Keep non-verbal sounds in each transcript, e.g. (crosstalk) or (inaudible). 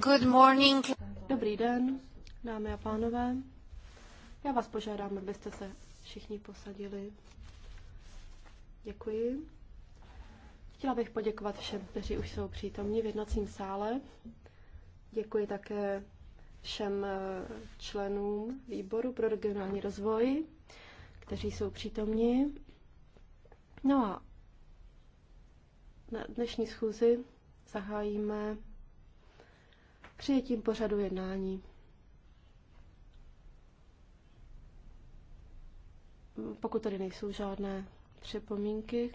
Good morning. Dobrý den, dámy a pánové. Já vás požádám, abyste se všichni posadili. Děkuji. Chtěla bych poděkovat všem, kteří už jsou přítomní v jednacím sále. Děkuji také všem eh, členům výboru pro regionální rozvoj, kteří jsou přítomní. No a na dnešní schůzi zahájíme přijetím pořadu jednání. Pokud tady nejsou žádné připomínky,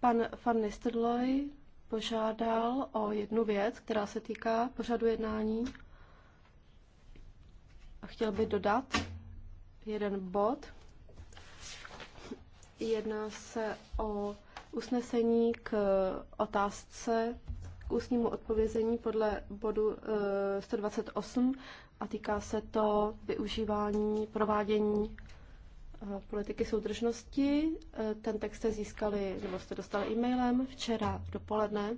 pan Van Nistelrooy požádal o jednu věc, která se týká pořadu jednání a chtěl by dodat jeden bod. Jedná se o usnesení k otázce, k ústnímu odpovězení podle bodu 128 eh, a týká se to využívání, provádění eh, politiky soudržnosti. Eh, ten text jste získali, nebo jste dostali e-mailem včera dopoledne.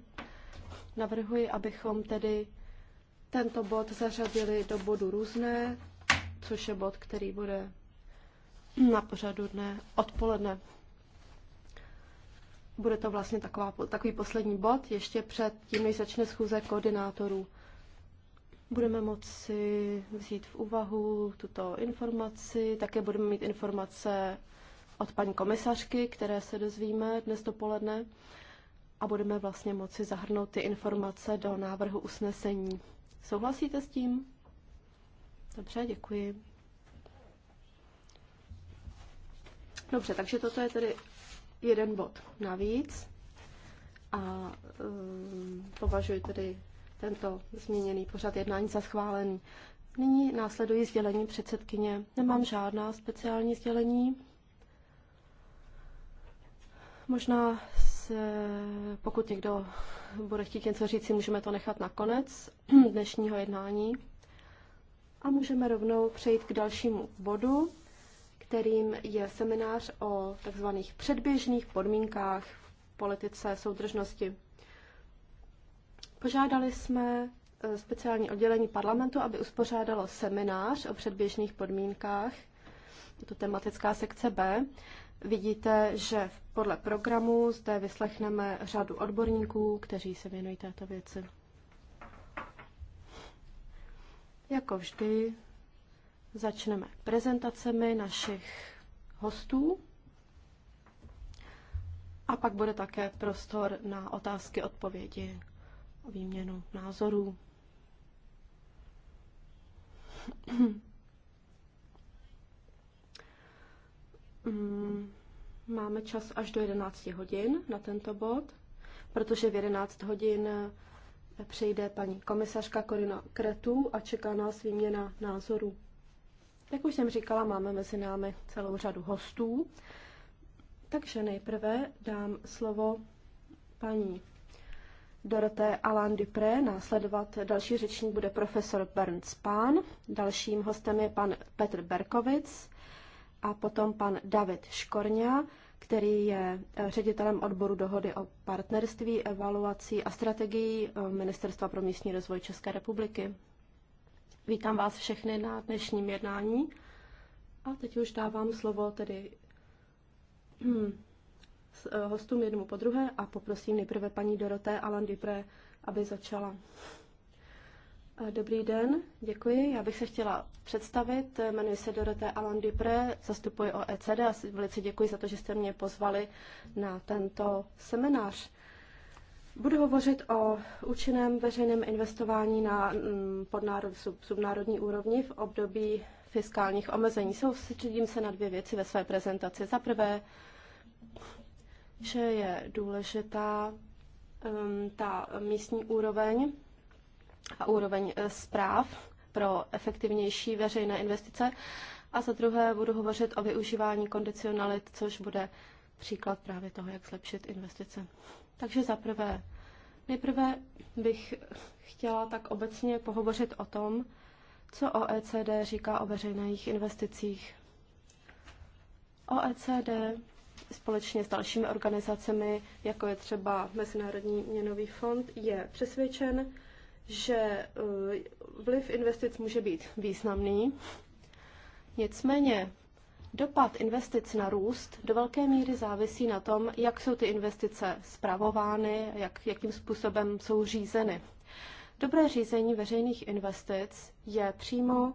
Navrhuji, abychom tedy tento bod zařadili do bodu různé, což je bod, který bude na pořadu dne odpoledne. Bude to vlastně taková, takový poslední bod, ještě před tím, než začne schůze koordinátorů. Budeme moci vzít v úvahu tuto informaci, také budeme mít informace od paní komisařky, které se dozvíme dnes dopoledne a budeme vlastně moci zahrnout ty informace do návrhu usnesení. Souhlasíte s tím? Dobře, děkuji. Dobře, takže toto je tedy jeden bod navíc a um, považuji tedy tento změněný pořad jednání za schválený. Nyní následují sdělení předsedkyně. Nemám žádná speciální sdělení. Možná, se, pokud někdo bude chtít něco říct, si můžeme to nechat na konec dnešního jednání. A můžeme rovnou přejít k dalšímu bodu kterým je seminář o tzv. předběžných podmínkách v politice soudržnosti. Požádali jsme eh, speciální oddělení parlamentu, aby uspořádalo seminář o předběžných podmínkách. Je to tematická sekce B. Vidíte, že podle programu zde vyslechneme řadu odborníků, kteří se věnují této věci. Jako vždy Začneme prezentacemi našich hostů a pak bude také prostor na otázky, odpovědi výměnu názorů. Mm, máme čas až do 11 hodin na tento bod, protože v 11 hodin přejde paní komisařka Korina Kretu a čeká nás výměna názorů. Jak už jsem říkala, máme mezi námi celou řadu hostů, takže nejprve dám slovo paní Doroté Alain Dupré. Následovat další řečník bude profesor Bernd Spahn. Dalším hostem je pan Petr Berkovic a potom pan David Škorňa, který je eh, ředitelem odboru dohody o partnerství, evaluací a strategií eh, Ministerstva pro místní rozvoj České republiky. Vítám vás všechny na dnešním jednání. A teď už dávám slovo tedy hm, eh, hostům jednomu po druhé a poprosím nejprve paní Doroté Alan Dupré, aby začala. Eh, dobrý den, děkuji. Já bych se chtěla představit. Jmenuji se Doroté Alan Dupré, zastupuji OECD a velice děkuji za to, že jste mě pozvali na tento seminář. Budu hovořit o účinném veřejném investování na mm, podnárod, sub, subnárodní úrovni v období fiskálních omezení. Soustředím se na dvě věci ve své prezentaci. Za prvé, že je důležitá um, ta místní úroveň a úroveň eh, zpráv pro efektivnější veřejné investice. A za druhé budu hovořit o využívání kondicionalit, což bude příklad právě toho, jak zlepšit investice. Takže za prvé, nejprve bych chtěla tak obecně pohovořit o tom, co OECD říká o veřejných investicích. OECD společně s dalšími organizacemi, jako je třeba Mezinárodní měnový fond, je přesvědčen, že eh, vliv investic může být významný. Nicméně Dopad investic na růst do velké míry závisí na tom, jak jsou ty investice zpravovány, jak, jakým způsobem jsou řízeny. Dobré řízení veřejných investic je přímo um,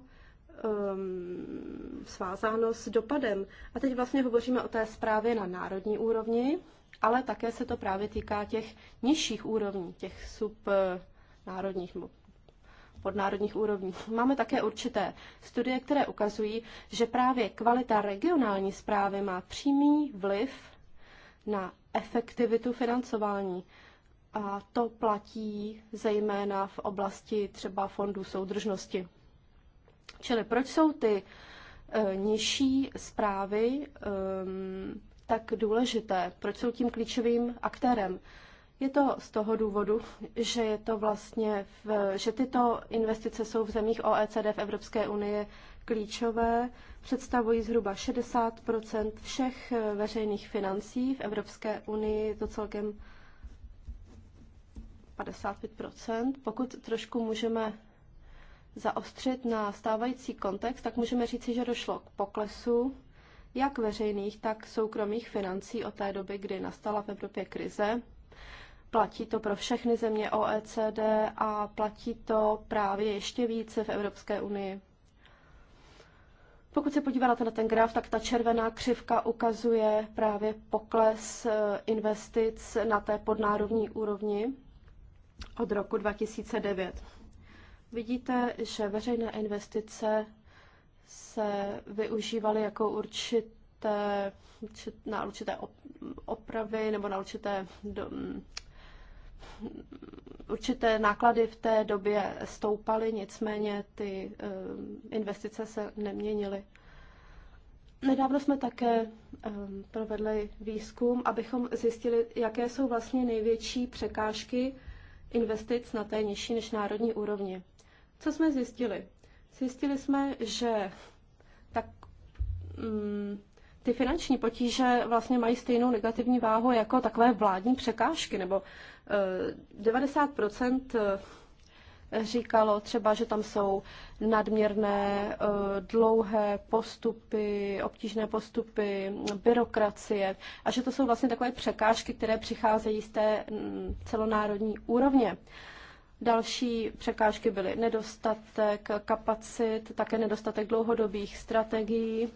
svázáno s dopadem. A teď vlastně hovoříme o té zprávě na národní úrovni, ale také se to právě týká těch nižších úrovní, těch subnárodních podnárodních úrovní. Máme také určité studie, které ukazují, že právě kvalita regionální zprávy má přímý vliv na efektivitu financování. A to platí zejména v oblasti třeba fondů soudržnosti. Čili proč jsou ty e, nižší zprávy e, tak důležité? Proč jsou tím klíčovým aktérem? Je to z toho důvodu, že je to vlastně, v, že tyto investice jsou v zemích OECD v Evropské unii klíčové, představují zhruba 60 všech eh, veřejných financí v Evropské unii, je to celkem 55 Pokud trošku můžeme zaostřit na stávající kontext, tak můžeme říci, že došlo k poklesu jak veřejných, tak soukromých financí od té doby, kdy nastala v Evropě krize. Platí to pro všechny země OECD a platí to právě ještě více v Evropské unii. Pokud se podíváte na ten graf, tak ta červená křivka ukazuje právě pokles eh, investic na té podnárodní úrovni od roku 2009. Vidíte, že veřejné investice se využívaly jako určité, na určité opravy nebo na určité určité náklady v té době stoupaly, nicméně ty eh, investice se neměnily. Nedávno jsme také eh, provedli výzkum, abychom zjistili, jaké jsou vlastně největší překážky investic na té nižší než národní úrovni. Co jsme zjistili? Zjistili jsme, že tak, mm, ty finanční potíže vlastně mají stejnou negativní váhu jako takové vládní překážky nebo 90 eh, eh, říkalo třeba, že tam jsou nadměrné, eh, dlouhé postupy, obtížné postupy, byrokracie a že to jsou vlastně takové překážky, které přicházejí z té mm, celonárodní úrovně. Další překážky byly nedostatek kapacit, také nedostatek dlouhodobých strategií,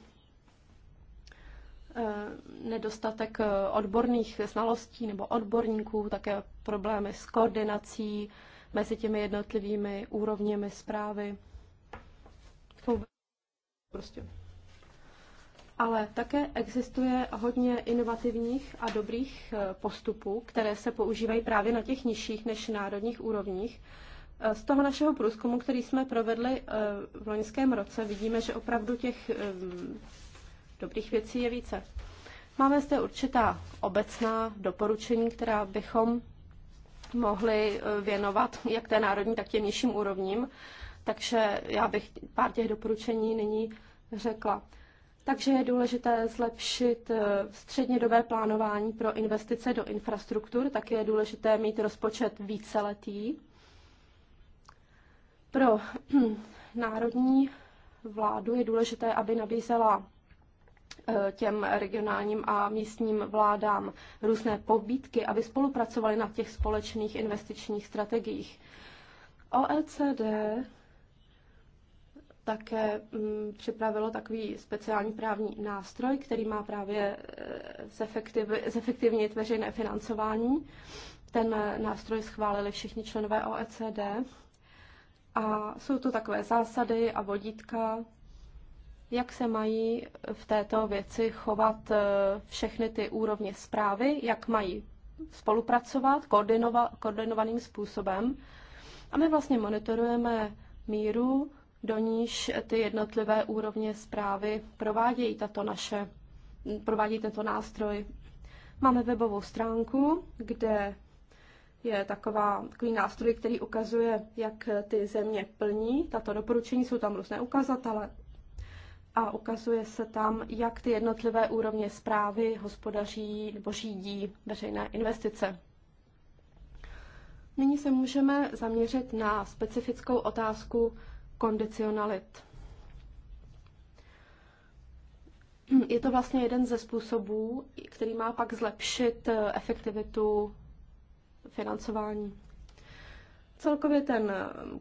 Eh, nedostatek eh, odborných znalostí nebo odborníků, také problémy s koordinací mezi těmi jednotlivými úrovněmi zprávy. Prostě. Ale také existuje hodně inovativních a dobrých eh, postupů, které se používají právě na těch nižších než národních úrovních. Z toho našeho průzkumu, který jsme provedli v loňském roce, vidíme, že opravdu těch dobrých věcí je více. Máme zde určitá obecná doporučení, která bychom mohli eh, věnovat jak té národní, tak těm nižším úrovním. Takže já bych pár těch doporučení nyní řekla. Takže je důležité zlepšit eh, střednědobé plánování pro investice do infrastruktur, také je důležité mít rozpočet víceletý. Pro (clears throat) národní vládu je důležité, aby nabízela Eh, těm regionálním a místním vládám různé pobídky, aby spolupracovali na těch společných investičních strategiích. OECD také mm, připravilo takový speciální právní nástroj, který má právě eh, zefektiv, zefektivnit veřejné financování. Ten eh, nástroj schválili všichni členové OECD. A jsou to takové zásady a vodítka, jak se mají v této věci chovat eh, všechny ty úrovně zprávy, jak mají spolupracovat koordinova, koordinovaným způsobem. A my vlastně monitorujeme míru, do níž ty jednotlivé úrovně zprávy provádějí, tato naše, provádějí tento nástroj. Máme webovou stránku, kde je taková, takový nástroj, který ukazuje, jak ty země plní tato doporučení. Jsou tam různé ukazatele, a ukazuje se tam, jak ty jednotlivé úrovně zprávy hospodaří nebo řídí veřejné investice. Nyní se můžeme zaměřit na specifickou otázku kondicionalit. Je to vlastně jeden ze způsobů, který má pak zlepšit efektivitu financování. Celkově ten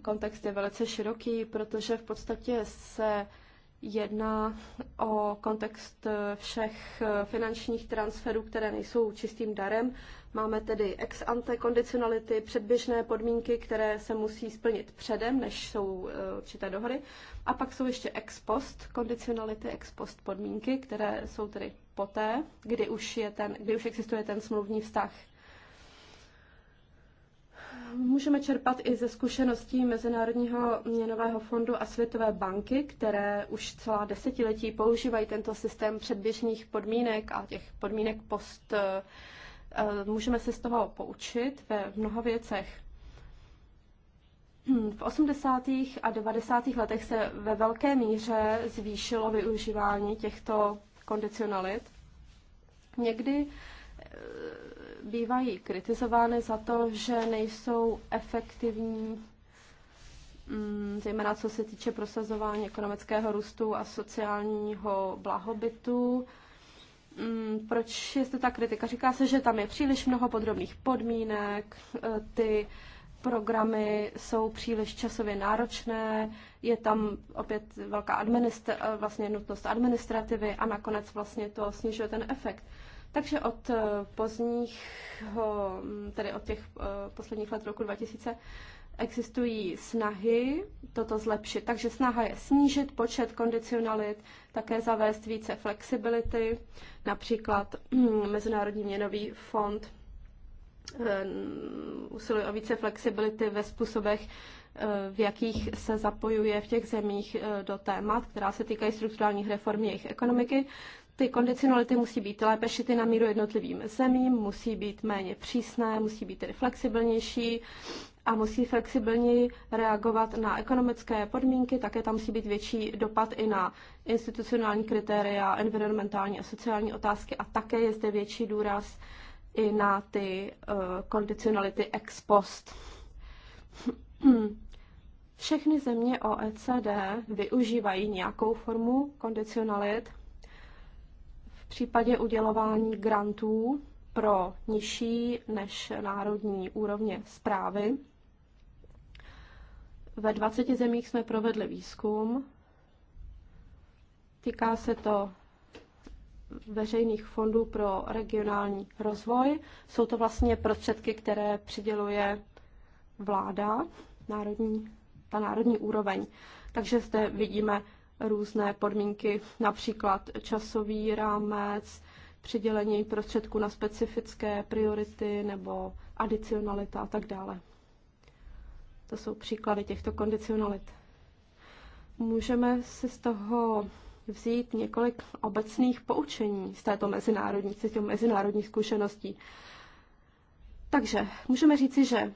kontext je velice široký, protože v podstatě se jedná o kontext všech finančních transferů, které nejsou čistým darem. Máme tedy ex ante kondicionality, předběžné podmínky, které se musí splnit předem, než jsou eh, určité dohody. A pak jsou ještě ex post kondicionality, ex post podmínky, které jsou tedy poté, kdy už, je ten, kdy už existuje ten smluvní vztah Můžeme čerpat i ze zkušeností Mezinárodního měnového fondu a Světové banky, které už celá desetiletí používají tento systém předběžných podmínek a těch podmínek post. Eh, eh, můžeme se z toho poučit ve mnoha věcech. Hmm, v 80. a 90. letech se ve velké míře zvýšilo využívání těchto kondicionalit. Někdy eh, bývají kritizovány za to, že nejsou efektivní, mm, zejména co se týče prosazování ekonomického růstu a sociálního blahobytu. Mm, proč je zde ta kritika? Říká se, že tam je příliš mnoho podrobných podmínek, e, ty programy jsou příliš časově náročné, je tam opět velká administra- e, vlastně nutnost administrativy a nakonec vlastně to snižuje ten efekt. Takže od eh, pozdních, mm, tedy od těch eh, posledních let roku 2000, existují snahy toto zlepšit. Takže snaha je snížit počet kondicionalit, také zavést více flexibility, například mm, Mezinárodní měnový fond eh, usiluje o více flexibility ve způsobech, v jakých se zapojuje v těch zemích do témat, která se týkají strukturálních reform jejich ekonomiky ty kondicionality musí být lépe šity na míru jednotlivým zemím, musí být méně přísné, musí být tedy flexibilnější a musí flexibilněji reagovat na ekonomické podmínky, také tam musí být větší dopad i na institucionální kritéria, environmentální a sociální otázky a také je zde větší důraz i na ty uh, kondicionality ex post. Všechny země OECD využívají nějakou formu kondicionalit, případě udělování grantů pro nižší než národní úrovně zprávy. Ve 20 zemích jsme provedli výzkum. Týká se to veřejných fondů pro regionální rozvoj. Jsou to vlastně prostředky, které přiděluje vláda, národní, ta národní úroveň. Takže zde vidíme různé podmínky, například časový rámec, přidělení prostředků na specifické priority nebo adicionalita a tak dále. To jsou příklady těchto kondicionalit. Můžeme si z toho vzít několik obecných poučení z této mezinárodní, z těch mezinárodních zkušeností. Takže můžeme říci, že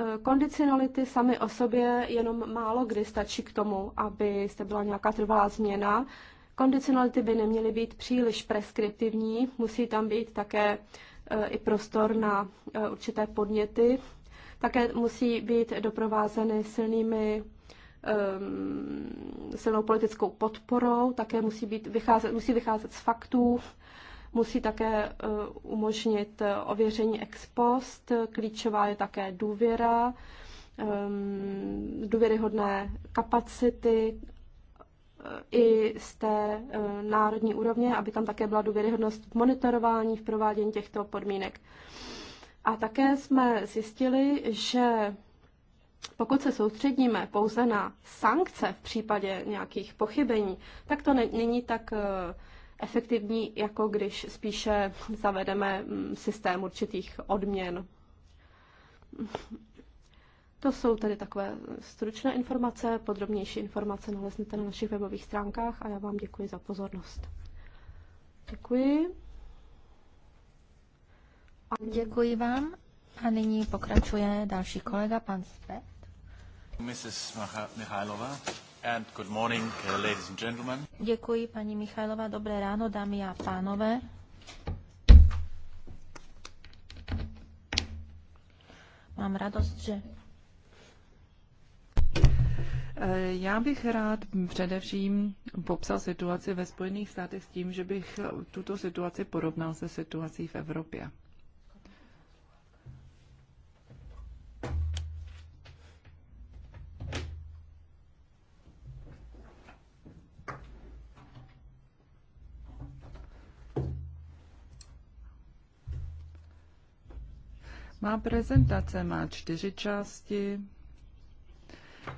Eh, kondicionality sami o sobě jenom málo kdy stačí k tomu, aby jste byla nějaká trvalá změna. Kondicionality by neměly být příliš preskriptivní, musí tam být také eh, i prostor na eh, určité podněty. Také musí být doprovázeny silnými ehm, silnou politickou podporou, také musí, být, vycházet, musí vycházet z faktů Musí také eh, umožnit eh, ověření ex post, klíčová je také důvěra, ehm, důvěryhodné kapacity eh, i z té národní úrovně, aby tam také byla důvěryhodnost v monitorování, v provádění těchto podmínek. A také jsme zjistili, že pokud se soustředíme pouze na sankce v případě nějakých pochybení, tak to není tak efektivní, jako když spíše zavedeme mm, systém určitých odměn. To jsou tedy takové stručné informace, podrobnější informace naleznete na našich webových stránkách a já vám děkuji za pozornost. Děkuji. A děkuji vám. A nyní pokračuje další kolega, pan Svet. Mrs. Michailová. Uh, Děkuji, paní Michajlova. Dobré ráno, dámy a pánové. Mám radost, že eh, já bych rád především popsal situaci ve Spojených státech s tím, že bych tuto situaci porovnal se situací v Evropě. Má prezentace má čtyři části.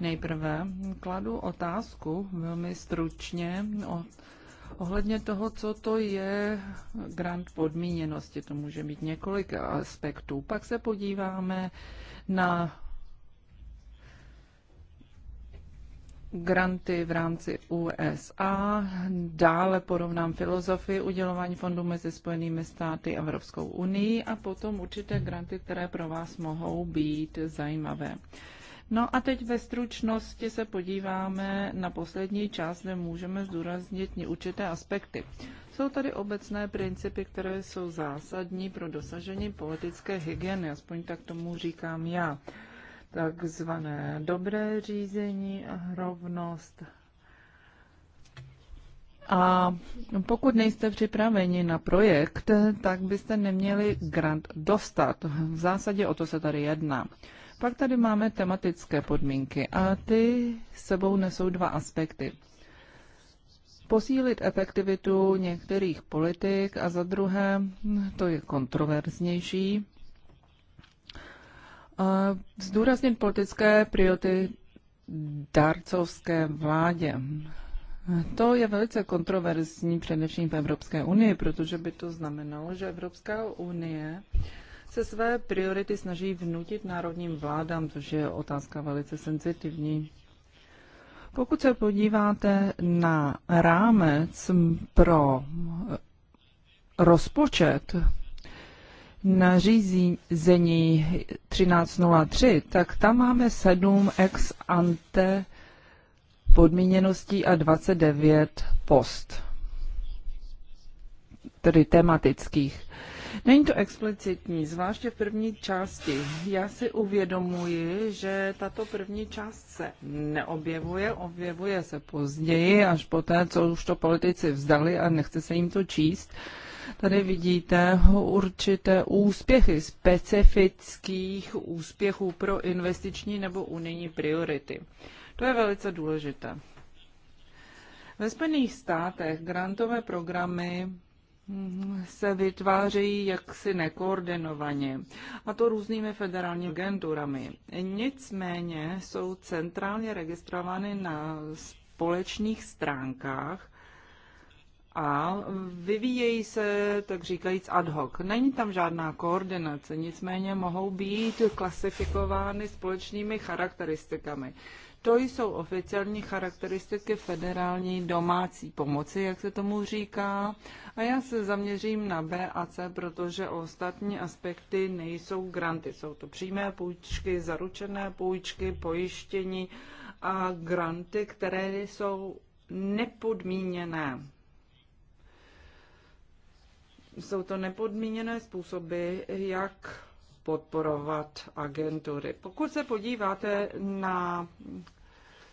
Nejprve kladu otázku velmi stručně o, ohledně toho, co to je grant podmíněnosti. To může mít několik aspektů. Pak se podíváme na granty v rámci USA, dále porovnám filozofii udělování fondů mezi Spojenými státy a Evropskou unii a potom určité granty, které pro vás mohou být zajímavé. No a teď ve stručnosti se podíváme na poslední část, kde můžeme zdůraznit určité aspekty. Jsou tady obecné principy, které jsou zásadní pro dosažení politické hygieny, aspoň tak tomu říkám já takzvané dobré řízení a rovnost. A pokud nejste připraveni na projekt, tak byste neměli grant dostat. V zásadě o to se tady jedná. Pak tady máme tematické podmínky a ty sebou nesou dva aspekty. Posílit efektivitu některých politik a za druhé, to je kontroverznější, zdůraznit politické priority darcovské vládě. To je velice kontroverzní především v Evropské unii, protože by to znamenalo, že Evropská unie se své priority snaží vnutit národním vládám, což je otázka velice senzitivní. Pokud se podíváte na rámec pro rozpočet nařízení 1303, tak tam máme 7 ex ante podmíněností a 29 post, tedy tematických. Není to explicitní, zvláště v první části. Já si uvědomuji, že tato první část se neobjevuje, objevuje se později, až poté, co už to politici vzdali a nechce se jim to číst. Uh, Tady vidíte určité úspěchy specifických úspěchů pro investiční nebo unijní priority. To je velice důležité. Ve Spojených státech grantové programy mm, se vytvářejí jaksi nekoordinovaně, a to různými federálními agenturami. Nicméně jsou centrálně registrovány na společných stránkách a vyvíjejí se, tak říkajíc, ad hoc. Není tam žádná koordinace, nicméně mohou být klasifikovány společnými charakteristikami. To jsou oficiální charakteristiky federální domácí pomoci, jak se tomu říká. A já se zaměřím na B a C, protože ostatní aspekty nejsou granty. Jsou to přímé půjčky, zaručené půjčky, pojištění a granty, které jsou nepodmíněné. Jsou to nepodmíněné způsoby, jak podporovat agentury. Pokud se podíváte na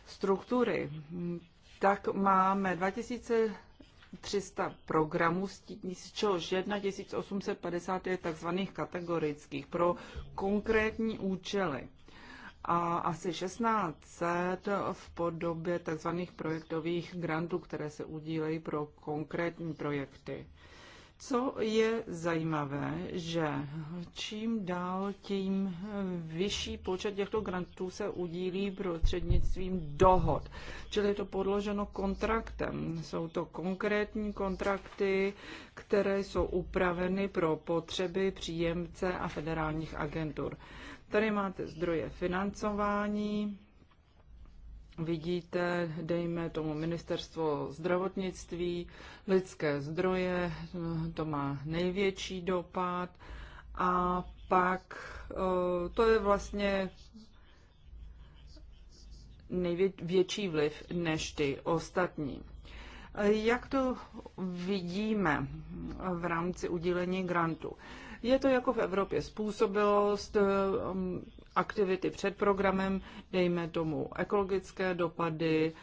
struktury, tak máme 2300 programů, z čehož 1850 je takzvaných kategorických pro konkrétní účely a asi 1600 v podobě takzvaných projektových grantů, které se udílejí pro konkrétní projekty. Co je zajímavé, že čím dál tím vyšší počet těchto grantů se udílí prostřednictvím dohod. Čili je to podloženo kontraktem. Jsou to konkrétní kontrakty, které jsou upraveny pro potřeby příjemce a federálních agentur. Tady máte zdroje financování, vidíte, dejme tomu ministerstvo zdravotnictví, lidské zdroje, to má největší dopad. A pak eh, to je vlastně největší vliv než ty ostatní. Jak to vidíme v rámci udílení grantu? Je to jako v Evropě způsobilost, eh, aktivity před programem, dejme tomu ekologické dopady,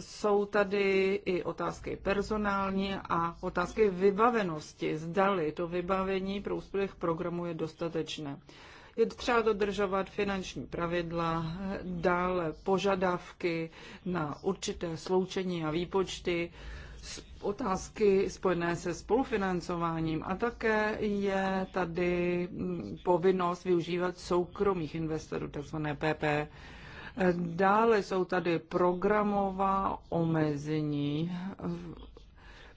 jsou tady i otázky personální a otázky vybavenosti. Zdali to vybavení pro úspěch programu je dostatečné. Je třeba dodržovat finanční pravidla, dále požadavky na určité sloučení a výpočty, otázky spojené se spolufinancováním a také je tady mm, povinnost využívat soukromých investorů, takzvané PP. Dále jsou tady programová omezení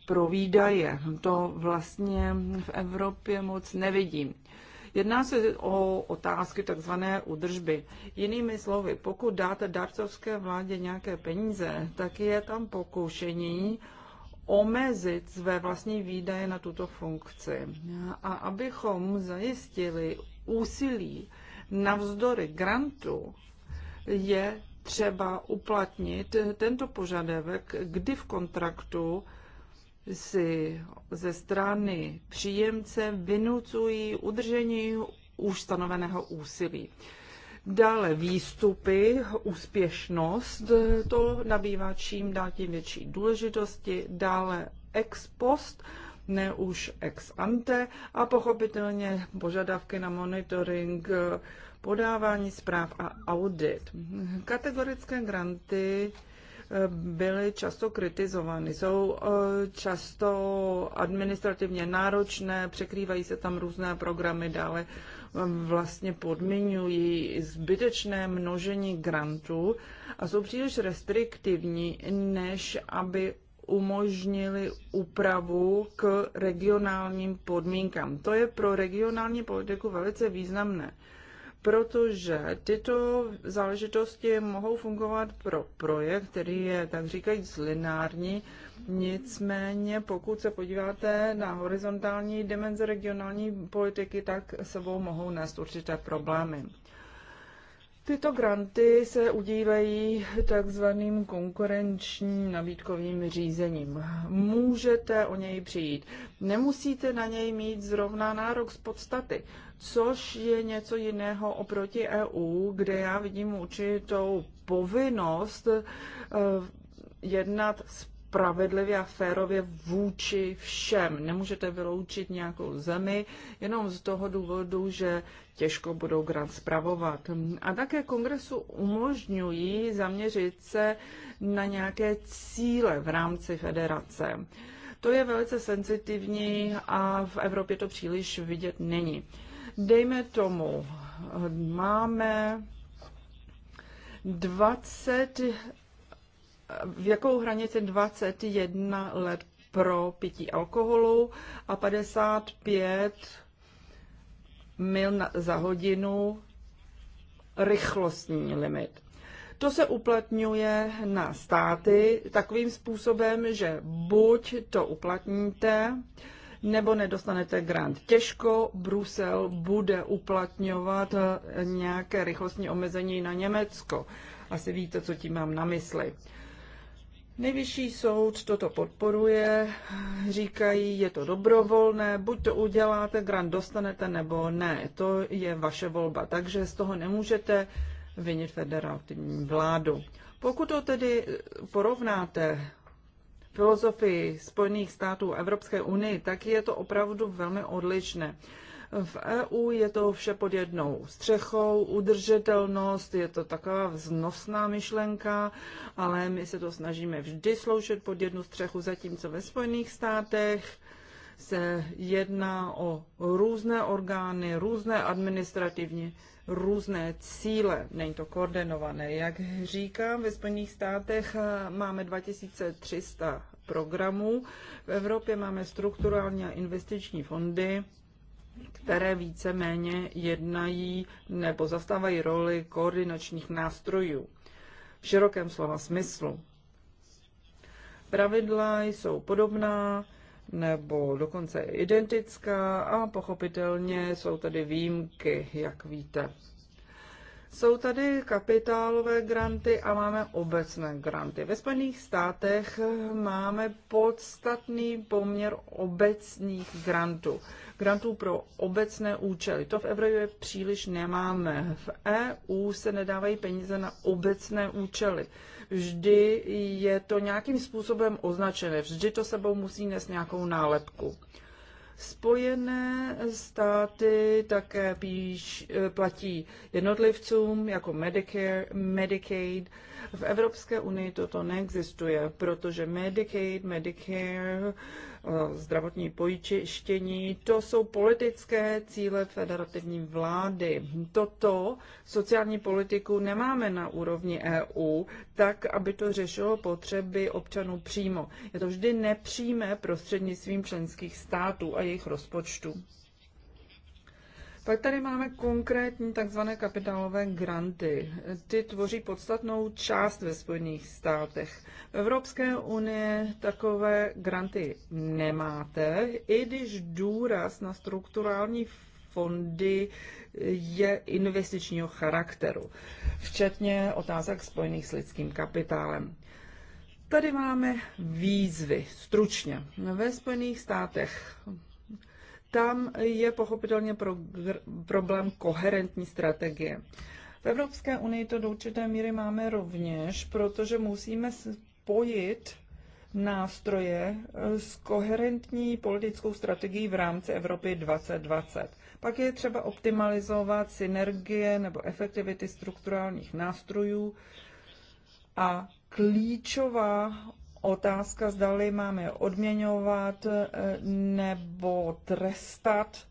pro výdaje. To vlastně v Evropě moc nevidím. Jedná se o otázky takzvané udržby. Jinými slovy, pokud dáte darcovské vládě nějaké peníze, tak je tam pokoušení omezit své vlastní výdaje na tuto funkci. A abychom zajistili úsilí navzdory grantu, je třeba uplatnit tento požadavek, kdy v kontraktu si ze strany příjemce vynucují udržení už stanoveného úsilí. Dále výstupy, úspěšnost, to nabývá čím dál tím větší důležitosti. Dále ex post, ne už ex ante a pochopitelně požadavky na monitoring podávání zpráv a audit. Kategorické granty byly často kritizovány. Jsou eh, často administrativně náročné, překrývají se tam různé programy, dále eh, vlastně podmiňují zbytečné množení grantů a jsou příliš restriktivní, než aby umožnili úpravu k regionálním podmínkám. To je pro regionální politiku velice významné protože tyto záležitosti mohou fungovat pro projekt, který je, tak říkají, zlinární. Nicméně, pokud se podíváte na horizontální dimenze regionální politiky, tak sebou mohou nést určité problémy. Tyto granty se udílejí takzvaným konkurenčním nabídkovým řízením. Můžete o něj přijít. Nemusíte na něj mít zrovna nárok z podstaty což je něco jiného oproti EU, kde já vidím určitou povinnost eh, jednat spravedlivě a férově vůči všem. Nemůžete vyloučit nějakou zemi jenom z toho důvodu, že těžko budou grant spravovat. A také kongresu umožňují zaměřit se na nějaké cíle v rámci federace. To je velice senzitivní a v Evropě to příliš vidět není. Dejme tomu, máme 20, v jakou hranici 21 let pro pití alkoholu a 55 mil za hodinu rychlostní limit. To se uplatňuje na státy takovým způsobem, že buď to uplatníte, nebo nedostanete grant. Těžko Brusel bude uplatňovat eh, nějaké rychlostní omezení na Německo. Asi víte, co tím mám na mysli. Nejvyšší soud toto podporuje, říkají, je to dobrovolné, buď to uděláte, grant dostanete, nebo ne. To je vaše volba, takže z toho nemůžete vinit federativní vládu. Pokud to tedy porovnáte filozofii Spojených států Evropské unii, tak je to opravdu velmi odlišné. V EU je to vše pod jednou střechou, udržitelnost, je to taková vznosná myšlenka, ale my se to snažíme vždy sloužit pod jednu střechu, zatímco ve Spojených státech se jedná o různé orgány, různé administrativní různé cíle, není to koordinované. Jak říkám, ve Spojených státech eh, máme 2300 programů, v Evropě máme strukturální a investiční fondy, které víceméně jednají nebo zastávají roli koordinačních nástrojů v širokém slova smyslu. Pravidla jsou podobná, nebo dokonce identická a pochopitelně jsou tady výjimky, jak víte. Jsou tady kapitálové granty a máme obecné granty. Ve Spojených státech máme podstatný poměr obecných grantů. Grantů pro obecné účely. To v Evropě příliš nemáme. V EU se nedávají peníze na obecné účely vždy je to nějakým způsobem označené, vždy to sebou musí nést nějakou nálepku. Spojené státy také píš, eh, platí jednotlivcům jako Medicare, Medicaid. V Evropské unii toto neexistuje, protože Medicaid, Medicare Eh, zdravotní pojištění, to jsou politické cíle federativní vlády. Toto sociální politiku nemáme na úrovni EU tak, aby to řešilo potřeby občanů přímo. Je to vždy nepřímé prostřednictvím členských států a jejich rozpočtu. Pak tady máme konkrétní tzv. kapitálové granty. Ty tvoří podstatnou část ve Spojených státech. V Evropské unie takové granty nemáte, i když důraz na strukturální fondy je investičního charakteru, včetně otázek spojených s lidským kapitálem. Tady máme výzvy, stručně. Ve Spojených státech tam je pochopitelně pro, problém koherentní strategie. V Evropské unii to do určité míry máme rovněž, protože musíme spojit nástroje eh, s koherentní politickou strategií v rámci Evropy 2020. Pak je třeba optimalizovat synergie nebo efektivity strukturálních nástrojů a klíčová otázka, zdali máme odměňovat eh, nebo trestat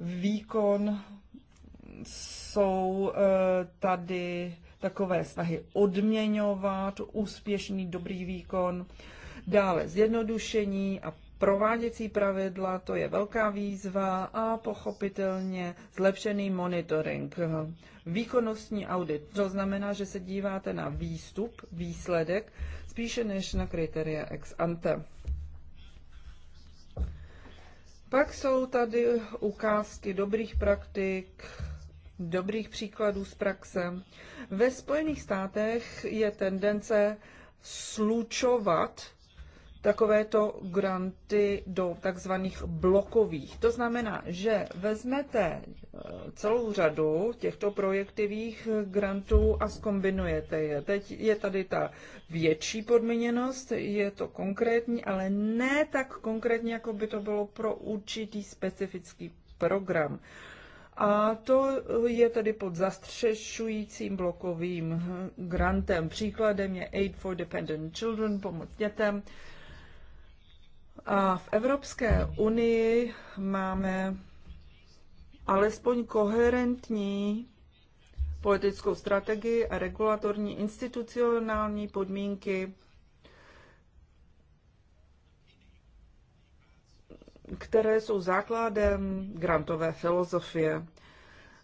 výkon. Jsou eh, tady takové snahy odměňovat úspěšný dobrý výkon, dále zjednodušení a prováděcí pravidla, to je velká výzva a pochopitelně zlepšený monitoring. Výkonnostní audit, to znamená, že se díváte na výstup, výsledek, spíše než na kritéria ex ante. Pak jsou tady ukázky dobrých praktik, dobrých příkladů z praxe. Ve Spojených státech je tendence slučovat takovéto granty do takzvaných blokových. To znamená, že vezmete eh, celou řadu těchto projektivých grantů a zkombinujete je. Teď je tady ta větší podmíněnost, je to konkrétní, ale ne tak konkrétní, jako by to bylo pro určitý specifický program. A to je tedy pod zastřešujícím blokovým grantem. Příkladem je Aid for Dependent Children, pomoc dětem, a v Evropské unii máme alespoň koherentní politickou strategii a regulatorní institucionální podmínky, které jsou základem grantové filozofie.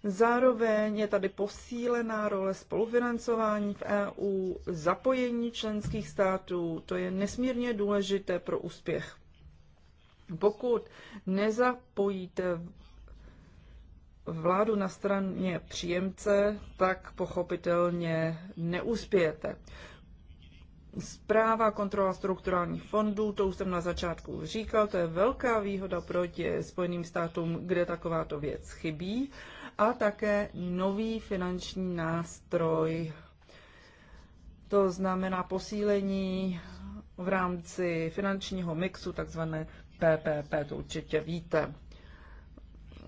Zároveň je tady posílená role spolufinancování v EU, zapojení členských států, to je nesmírně důležité pro úspěch. Pokud nezapojíte vládu na straně příjemce, tak pochopitelně neuspějete. Zpráva kontrola strukturálních fondů, to už jsem na začátku říkal, to je velká výhoda proti Spojeným státům, kde takováto věc chybí. A také nový finanční nástroj, to znamená posílení v rámci finančního mixu, takzvané PPP, to určitě víte.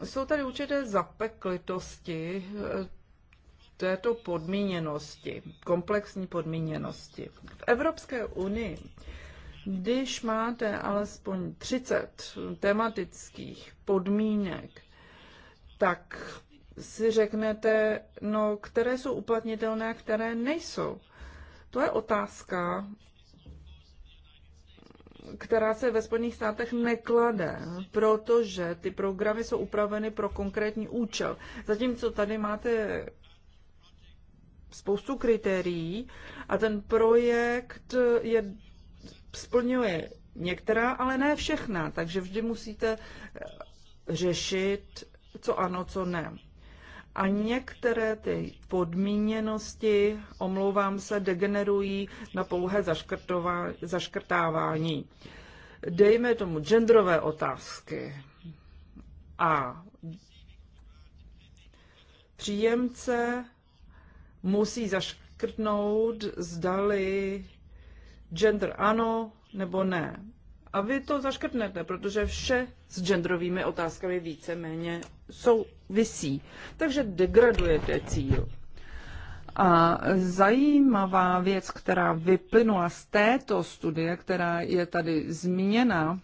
Jsou tady určité zapeklitosti eh, této podmíněnosti, komplexní podmíněnosti. V Evropské unii, když máte alespoň 30 tematických podmínek, tak si řeknete, no, které jsou uplatnitelné a které nejsou. To je otázka, která se ve Spojených státech neklade, protože ty programy jsou upraveny pro konkrétní účel. Zatímco tady máte spoustu kritérií a ten projekt je, splňuje některá, ale ne všechna, takže vždy musíte řešit, co ano, co ne a některé ty podmíněnosti, omlouvám se, degenerují na pouhé zaškrtávání. Dejme tomu genderové otázky a příjemce musí zaškrtnout, zdali gender ano nebo ne. A vy to zaškrtnete, protože vše s genderovými otázkami víceméně vysí, Takže degradujete cíl. A zajímavá věc, která vyplynula z této studie, která je tady zmíněna,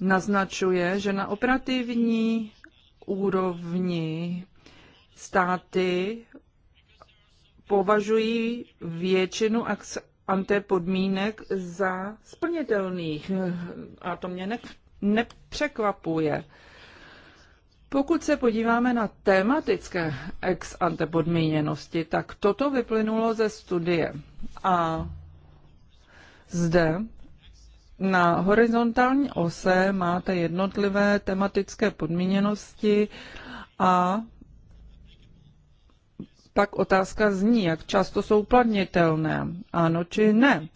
naznačuje, že na operativní úrovni státy považují většinu ante podmínek za splnitelných. A to mě nepřekvapuje. Pokud se podíváme na tematické ex ante podmíněnosti, tak toto vyplynulo ze studie. A zde na horizontální ose máte jednotlivé tematické podmíněnosti a pak otázka zní, jak často jsou uplatnitelné, ano či ne.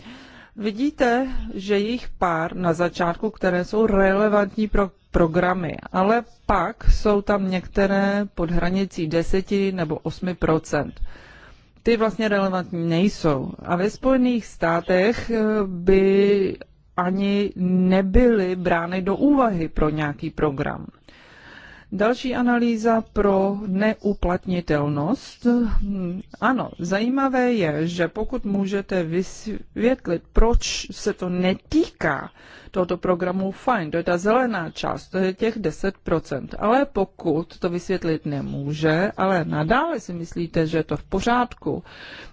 Vidíte, že jejich pár na začátku, které jsou relevantní pro programy, ale pak jsou tam některé pod hranicí 10 nebo 8 Ty vlastně relevantní nejsou. A ve Spojených státech eh, by ani nebyly brány do úvahy pro nějaký program. Další analýza pro neuplatnitelnost. Hm, ano, zajímavé je, že pokud můžete vysvětlit, proč se to netýká tohoto programu, Fine, to je ta zelená část, to je těch 10%. Ale pokud to vysvětlit nemůže, ale nadále si myslíte, že je to v pořádku,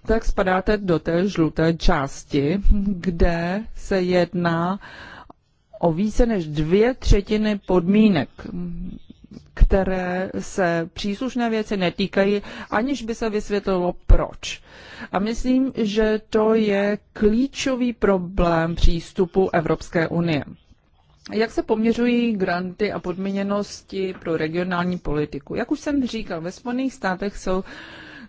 tak spadáte do té žluté části, kde se jedná o více než dvě třetiny podmínek které se příslušné věci netýkají, aniž by se vysvětlilo proč. A myslím, že to je klíčový problém přístupu Evropské unie. Jak se poměřují granty a podmíněnosti pro regionální politiku? Jak už jsem říkal, ve Spojených státech jsou uh,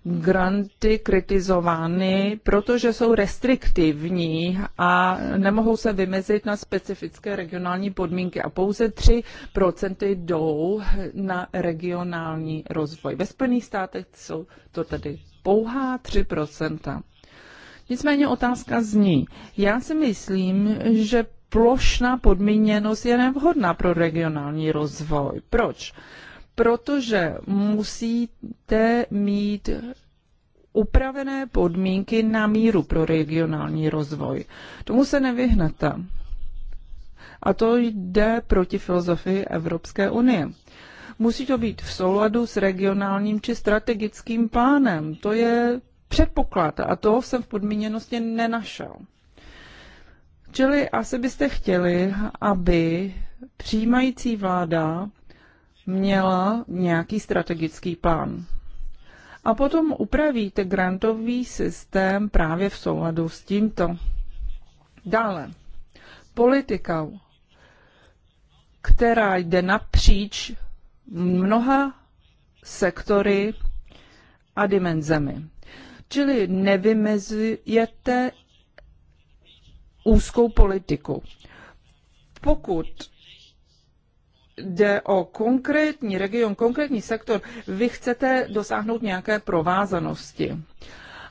granty kritizovány, protože jsou restriktivní a nemohou se vymezit na specifické regionální podmínky a pouze 3% jdou na regionální rozvoj. Ve Spojených státech jsou to tedy pouhá 3%. Nicméně otázka zní, já si myslím, že plošná podmíněnost je nevhodná pro regionální rozvoj. Proč? protože musíte mít upravené podmínky na míru pro regionální rozvoj. Tomu se nevyhnete. A to jde proti filozofii Evropské unie. Musí to být v souladu s regionálním či strategickým plánem. To je předpoklad a toho jsem v podmíněnosti nenašel. Čili asi byste chtěli, aby přijímající vláda měla nějaký strategický plán. A potom upravíte grantový systém právě v souladu s tímto. Dále, politika, která jde napříč mnoha sektory a dimenzemi. Čili nevymezujete úzkou politiku. Pokud jde o konkrétní region, konkrétní sektor, vy chcete dosáhnout nějaké provázanosti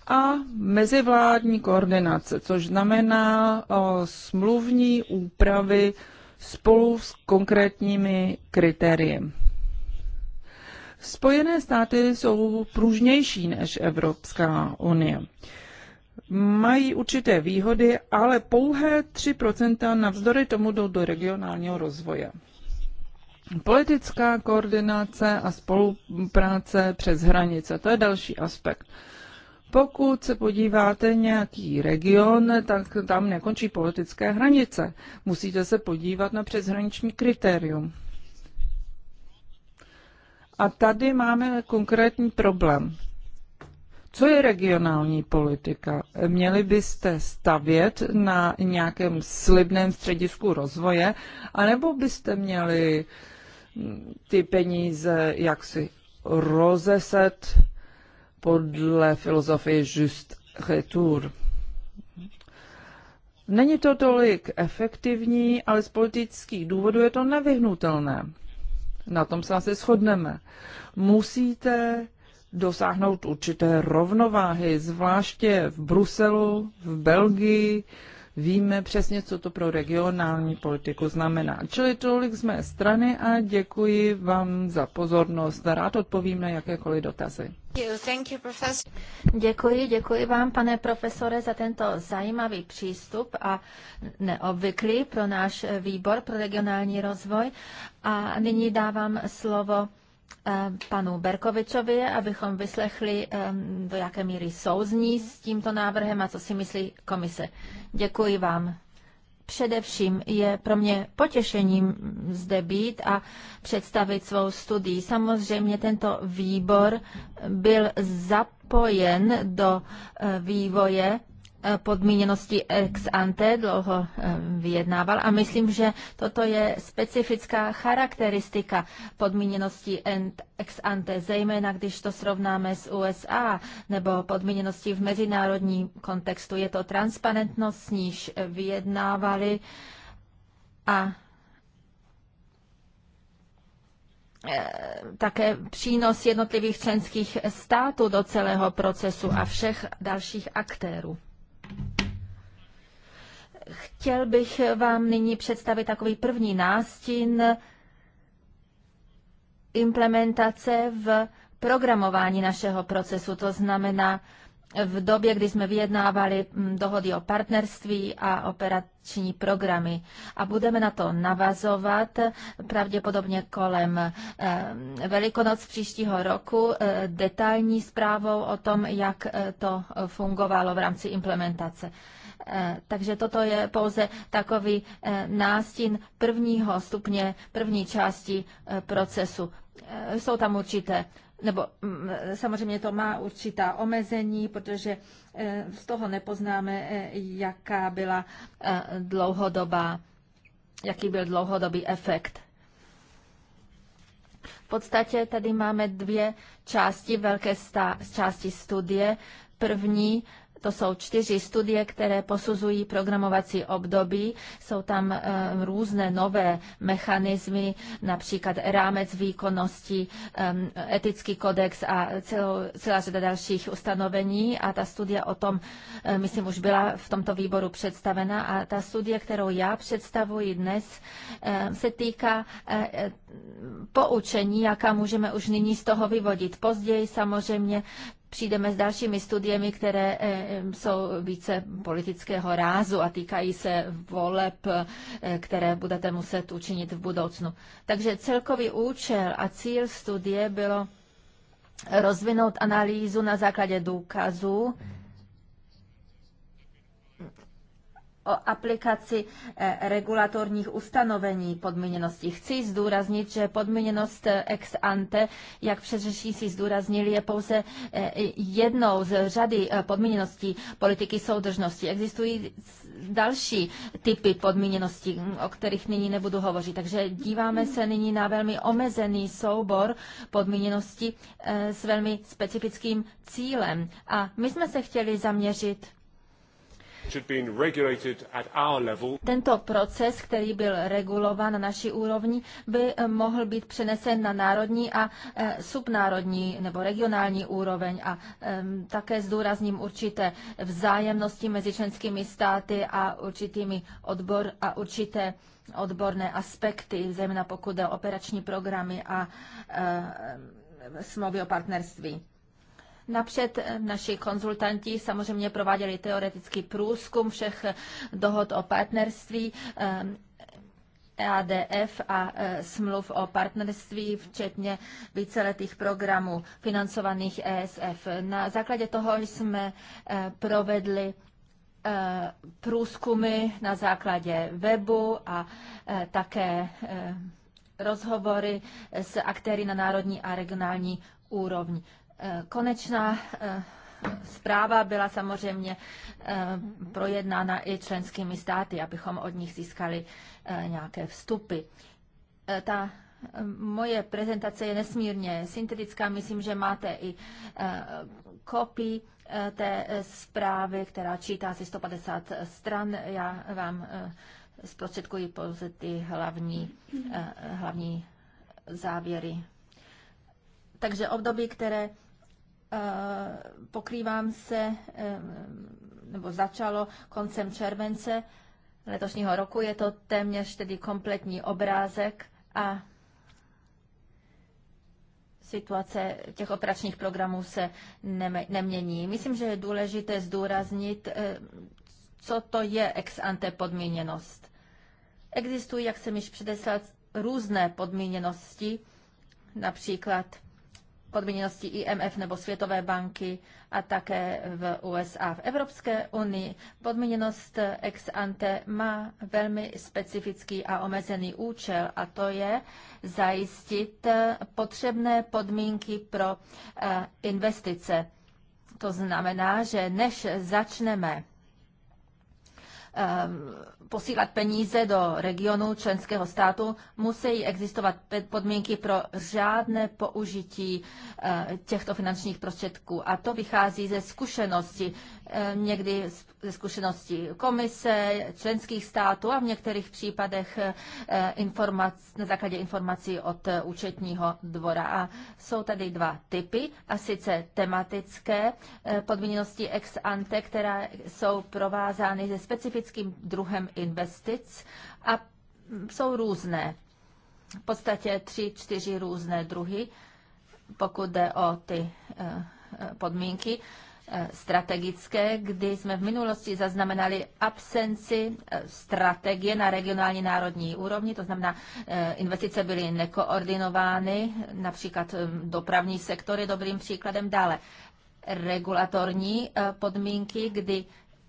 a mezivládní koordinace, což znamená smluvní úpravy spolu s konkrétními kritérii. Spojené státy jsou pružnější než Evropská unie. Mají určité výhody, ale pouhé 3% navzdory tomu jdou do regionálního rozvoje politická koordinace a spolupráce přes hranice. To je další aspekt. Pokud se podíváte nějaký region, tak tam nekončí politické hranice. Musíte se podívat na přeshraniční kritérium. A tady máme konkrétní problém. Co je regionální politika? Měli byste stavět na nějakém slibném středisku rozvoje, anebo byste měli hm, ty peníze jaksi rozeset podle filozofie just retour? Není to tolik efektivní, ale z politických důvodů je to nevyhnutelné. Na tom se asi shodneme. Musíte dosáhnout určité rovnováhy, zvláště v Bruselu, v Belgii. Víme přesně, co to pro regionální politiku znamená. Čili tolik z mé strany a děkuji vám za pozornost. Rád odpovím na jakékoliv dotazy. Děkuji, děkuji vám, pane profesore, za tento zajímavý přístup a neobvyklý pro náš výbor pro regionální rozvoj. A nyní dávám slovo Eh, panu Berkovičovi, abychom vyslechli, eh, do jaké míry souzní s tímto návrhem a co si myslí komise. Děkuji vám. Především je pro mě potěšením zde být a představit svou studii. Samozřejmě tento výbor byl zapojen do eh, vývoje podmíněnosti ex ante dlouho eh, vyjednával a myslím, že toto je specifická charakteristika podmíněnosti ex ante, zejména když to srovnáme s USA nebo podmíněnosti v mezinárodním kontextu. Je to transparentnost, s níž vyjednávali a eh, také přínos jednotlivých členských států do celého procesu a všech dalších aktérů. Chtěl bych vám nyní představit takový první nástin implementace v programování našeho procesu, to znamená v době, kdy jsme vyjednávali mm, dohody o partnerství a operační programy. A budeme na to navazovat pravděpodobně kolem eh, Velikonoc příštího roku eh, detailní zprávou o tom, jak eh, to fungovalo v rámci implementace. Takže toto je pouze takový nástin prvního stupně, první části procesu. Jsou tam určité nebo mm, samozřejmě to má určitá omezení, protože eh, z toho nepoznáme, eh, jaká byla eh, dlouhodobá, jaký byl dlouhodobý efekt. V podstatě tady máme dvě části, velké sta části studie. První to jsou čtyři studie, které posuzují programovací období. Jsou tam eh, různé nové mechanismy, například rámec výkonnosti, eh, etický kodex a celou, celá řada dalších ustanovení. A ta studie o tom, eh, myslím, už byla v tomto výboru představena. A ta studie, kterou já představuji dnes, se týká e, poučení, jaká můžeme už nyní z toho vyvodit. Později samozřejmě přijdeme s dalšími studiemi, které eh, jsou více politického rázu a týkají se voleb, eh, které budete muset učinit v budoucnu. Takže celkový účel a cíl studie bylo rozvinout analýzu na základě důkazů, o aplikaci eh, regulatorních ustanovení podmíněnosti. Chci zdůraznit, že podmíněnost eh, ex ante, jak předřečníci zdůraznili, je pouze eh, jednou z řady podmíněností politiky soudržnosti. Existují další typy podmíněností, mm, o kterých nyní nebudu hovořit. Takže díváme se nyní na velmi omezený soubor podmíněností s velmi specifickým cílem. A my jsme se chtěli zaměřit tento proces, který byl regulován na naší úrovni, by eh, mohl být přenesen na národní a eh, subnárodní nebo regionální úroveň a ehm, také zdůrazním určité vzájemnosti mezi členskými státy a určitými odbor a určité odborné aspekty, zejména pokud jde o operační programy a eh, smlouvy o partnerství. Napřed naši konzultanti samozřejmě prováděli teoretický průzkum všech dohod o partnerství. EADF eh, e a eh, smluv o partnerství, včetně víceletých programů financovaných ESF. Na základě toho jsme eh, provedli průzkumy na základě webu a také rozhovory s aktéry na národní a regionální úrovni. Konečná eh, zpráva byla samozřejmě eh, projednána i členskými státy, abychom od nich získali eh, nějaké vstupy. Ta moje prezentace je nesmírně syntetická. Myslím, že máte i kopii té zprávy, která čítá asi 150 stran. Já vám zprostředkuji pouze ty hlavní, hlavní závěry. Takže období, které Eh, pokrývám se, eh, nebo začalo koncem července letošního roku. Je to téměř tedy kompletní obrázek a situace těch operačních programů se nemění. Myslím, že je důležité zdůraznit, eh, co to je ex ante podmíněnost. Existují, jak jsem již předeslal, různé podmíněnosti, například podmienenosti IMF nebo Světové banky a také v USA. V Evropské unii podmienenost ex ante má velmi specifický a omezený účel a to je zajistit potřebné podmínky pro eh, investice. To znamená, že než začneme Ehm, posílat peníze do regionu členského státu, musí existovat podmínky pro řádné použití eh, těchto finančních prostředků. A to vychází ze zkušenosti Eh, někdy ze zkušeností komise, členských států a v některých případech eh, informac, na základě informací od eh, účetního dvora. A jsou tady dva typy, a sice tematické podmíněnosti ex ante, které jsou provázány se specifickým druhem investic a jsou různé. V podstatě tři, čtyři různé druhy, pokud jde o ty podmínky. Eh, strategické, kdy jsme v minulosti zaznamenali absenci eh, strategie na regionální národní úrovni, to znamená, eh, investice byly nekoordinovány, například dopravní sektor je dobrým příkladem dále. Regulatorní podmínky, kdy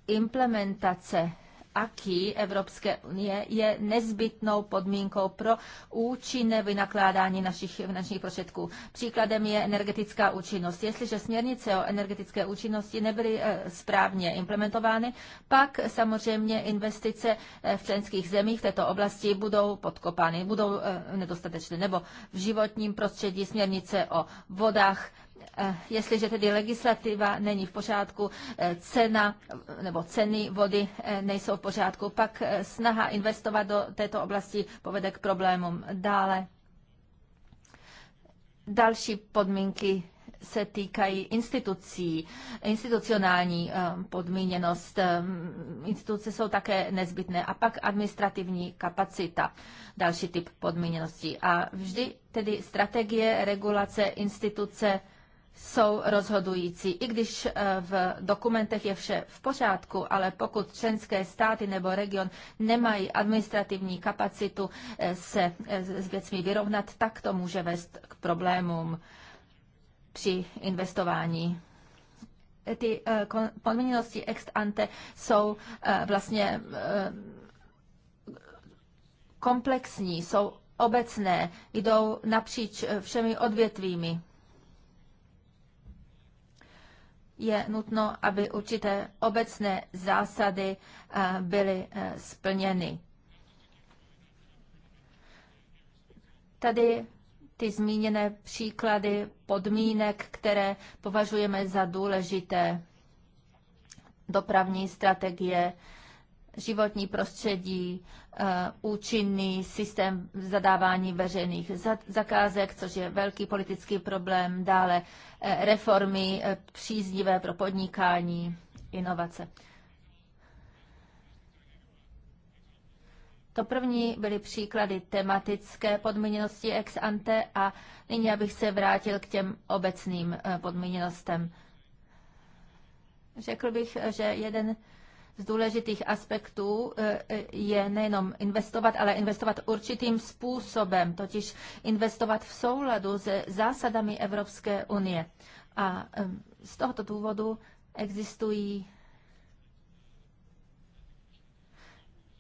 implementace aký Evropské unie je nezbytnou podmínkou pro účinné vynakládání našich finančních prostředků. Příkladem je energetická účinnost. Jestliže směrnice o energetické účinnosti nebyly eh, správně implementovány, pak samozřejmě investice eh, v členských zemích v této oblasti budou podkopány, budou eh, nedostatečné. Nebo v životním prostředí směrnice o vodách Eh, jestliže tedy legislativa není v pořádku, eh, cena nebo ceny vody eh, nejsou v pořádku, pak snaha investovat do této oblasti povede k problémům. Dále další podmínky se týkají institucí, institucionální podmíněnost. Instituce jsou také nezbytné. A pak administrativní kapacita, další typ podmíněnosti. A vždy tedy strategie, regulace, instituce jsou rozhodující. I když eh, v dokumentech je vše v pořádku, ale pokud členské státy nebo region nemají administrativní kapacitu eh, se eh, s věcmi vyrovnat, tak to může vést k problémům při investování ty podmíněnosti ex ante jsou vlastně komplexní, jsou obecné, jdou napříč všemi odvětvími. je nutno, aby určité obecné zásady eh, byly eh, splněny. Tady ty zmíněné příklady podmínek, které považujeme za důležité, dopravní strategie, životní prostředí, Eh, účinný systém zadávání veřejných zakázek, což je velký politický problém, dále eh, reformy eh, příznivé pro podnikání, inovace. To první byly příklady tematické podmíněnosti ex ante a nyní abych se vrátil k těm obecným podmíněnostem. Řekl bych, že jeden z důležitých aspektů e, e, je nejenom investovat, ale investovat určitým způsobem, totiž investovat v souladu se zásadami Evropské unie. A e, z tohoto důvodu existují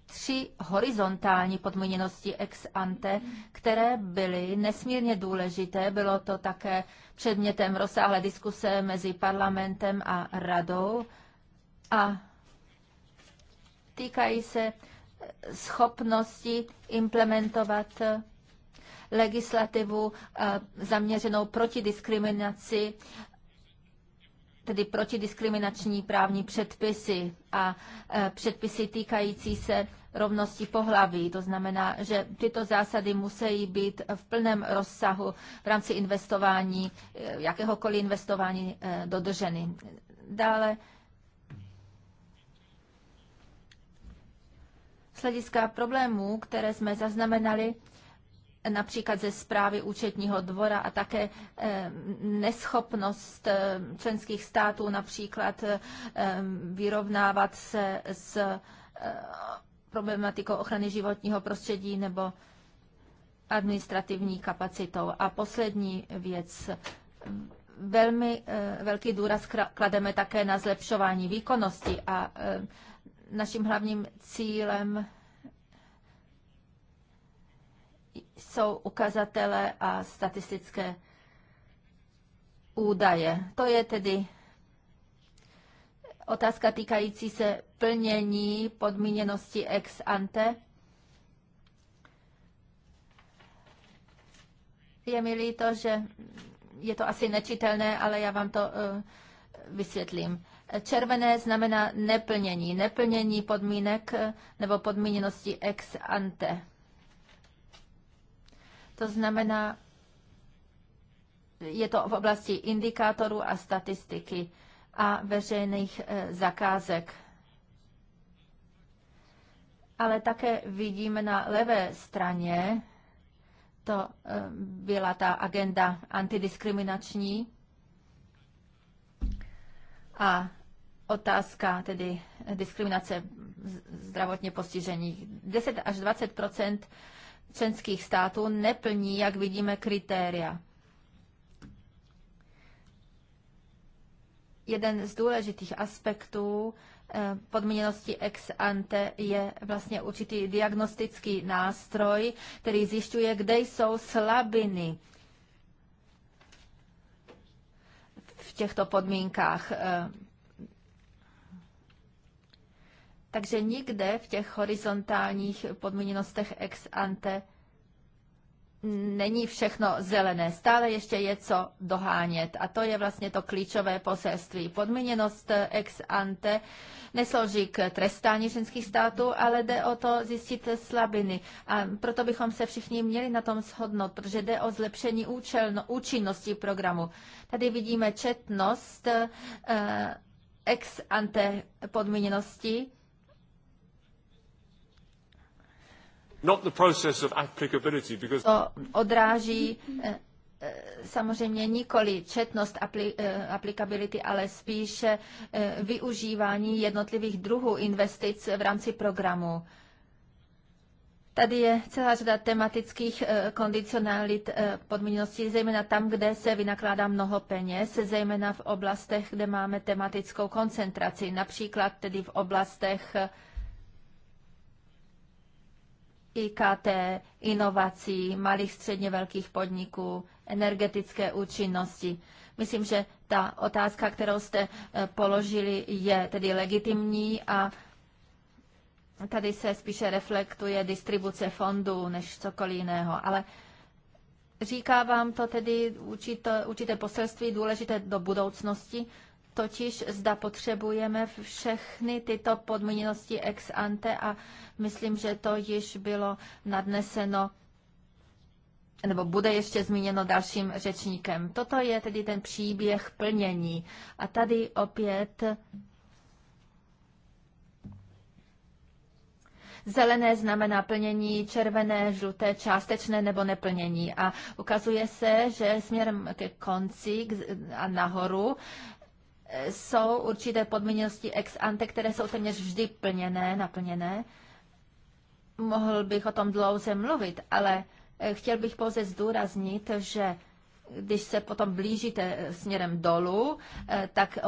tři horizontální podmíněnosti ex ante, které byly nesmírně důležité. Bylo to také předmětem rozsáhlé diskuse mezi parlamentem a radou. A týkají se schopnosti implementovat legislativu eh, zaměřenou proti diskriminaci, tedy protidiskriminační právní předpisy a eh, předpisy týkající se rovnosti pohlaví. To znamená, že tyto zásady musí být v plném rozsahu v rámci investování, eh, jakéhokoliv investování dodrženy. Dále hlediska problémů, které jsme zaznamenali, například ze zprávy účetního dvora a také eh, neschopnost eh, členských států například eh, vyrovnávat se s problematikou ochrany životního prostředí nebo administrativní kapacitou. A poslední věc. Velmi velký důraz klademe také na zlepšování výkonnosti a naším hlavním cílem jsou ukazatele a statistické údaje. To je tedy otázka týkající se plnění podmíněnosti ex ante. Je mi líto, že je to asi nečitelné, ale já vám to uh, vysvětlím. Červené znamená neplnění, neplnění podmínek eh, nebo podmíněnosti ex ante. To znamená, je to v oblasti indikátorů a statistiky a veřejných eh, zakázek. Ale také vidíme na levé straně, to eh, byla ta agenda antidiskriminační a otázka tedy diskriminace zdravotně postižených. 10 až 20 členských států neplní, jak vidíme, kritéria. Jeden z důležitých aspektů eh, podmíněnosti ex ante je vlastně určitý diagnostický nástroj, který zjišťuje, kde jsou slabiny v těchto podmínkách eh, Takže nikde v těch horizontálních podmíněnostech ex ante není všechno zelené. Stále ještě je co dohánět. A to je vlastně to klíčové poselství. Podmíněnost ex ante neslouží k trestání ženských států, ale jde o to zjistit slabiny. A proto bychom se všichni měli na tom shodnout, protože jde o zlepšení účelno, účinnosti programu. Tady vidíme četnost eh, ex ante podmíněnosti To odráží eh, eh, samozřejmě nikoli četnost eh, aplikability, ale spíše využívání jednotlivých druhů investic v rámci programu. Tady je celá řada tematických kondicionalit podmíněností, zejména tam, kde se vynakládá mnoho peněz, zejména v oblastech, kde máme tematickou koncentraci, například tedy v oblastech IKT, inovací, malých středně velkých podniků, energetické účinnosti. Myslím, že ta otázka, kterou jste e, položili, je tedy legitimní a tady se spíše reflektuje distribuce fondů než cokoliv jiného. Ale říká vám to tedy určité, poselství důležité do budoucnosti, totiž zda potřebujeme všechny tyto podmíněnosti ex ante a myslím, že to již bylo nadneseno nebo bude ještě zmíněno dalším řečníkem. Toto je tedy ten příběh plnění. A tady opět Zelené znamená plnění, červené, žluté, částečné nebo neplnění. A ukazuje se, že směrem ke konci a nahoru jsou určité podmíněnosti ex ante, které jsou téměř vždy plněné, naplněné. Mohl bych o tom dlouze mluvit, ale eh, chtěl bych pouze zdůraznit, že když se potom blížíte eh, směrem dolů, eh, tak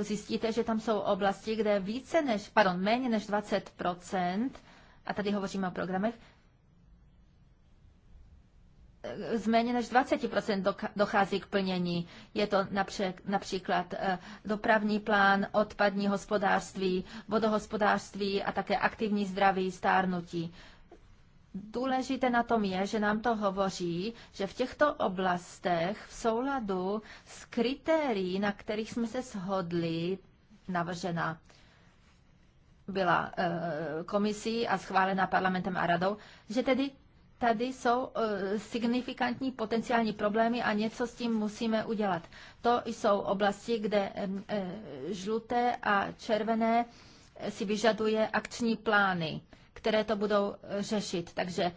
zjistíte, že tam jsou oblasti, kde více než, pardon, méně než 20 a tady hovoříme o programech, z méně než 20% dochází k plnění. Je to například eh, dopravní plán, odpadní hospodářství, vodohospodářství a také aktivní zdraví stárnutí. Důležité na tom je, že nám to hovoří, že v těchto oblastech v souladu s kritérií, na kterých jsme se shodli, navržena byla eh, komisí a schválena parlamentem a radou, že tedy tady jsou eh, signifikantní potenciální problémy a něco s tím musíme udělat. To jsou oblasti, kde eh, žluté a červené eh, si vyžaduje akční plány, které to budou řešit. Takže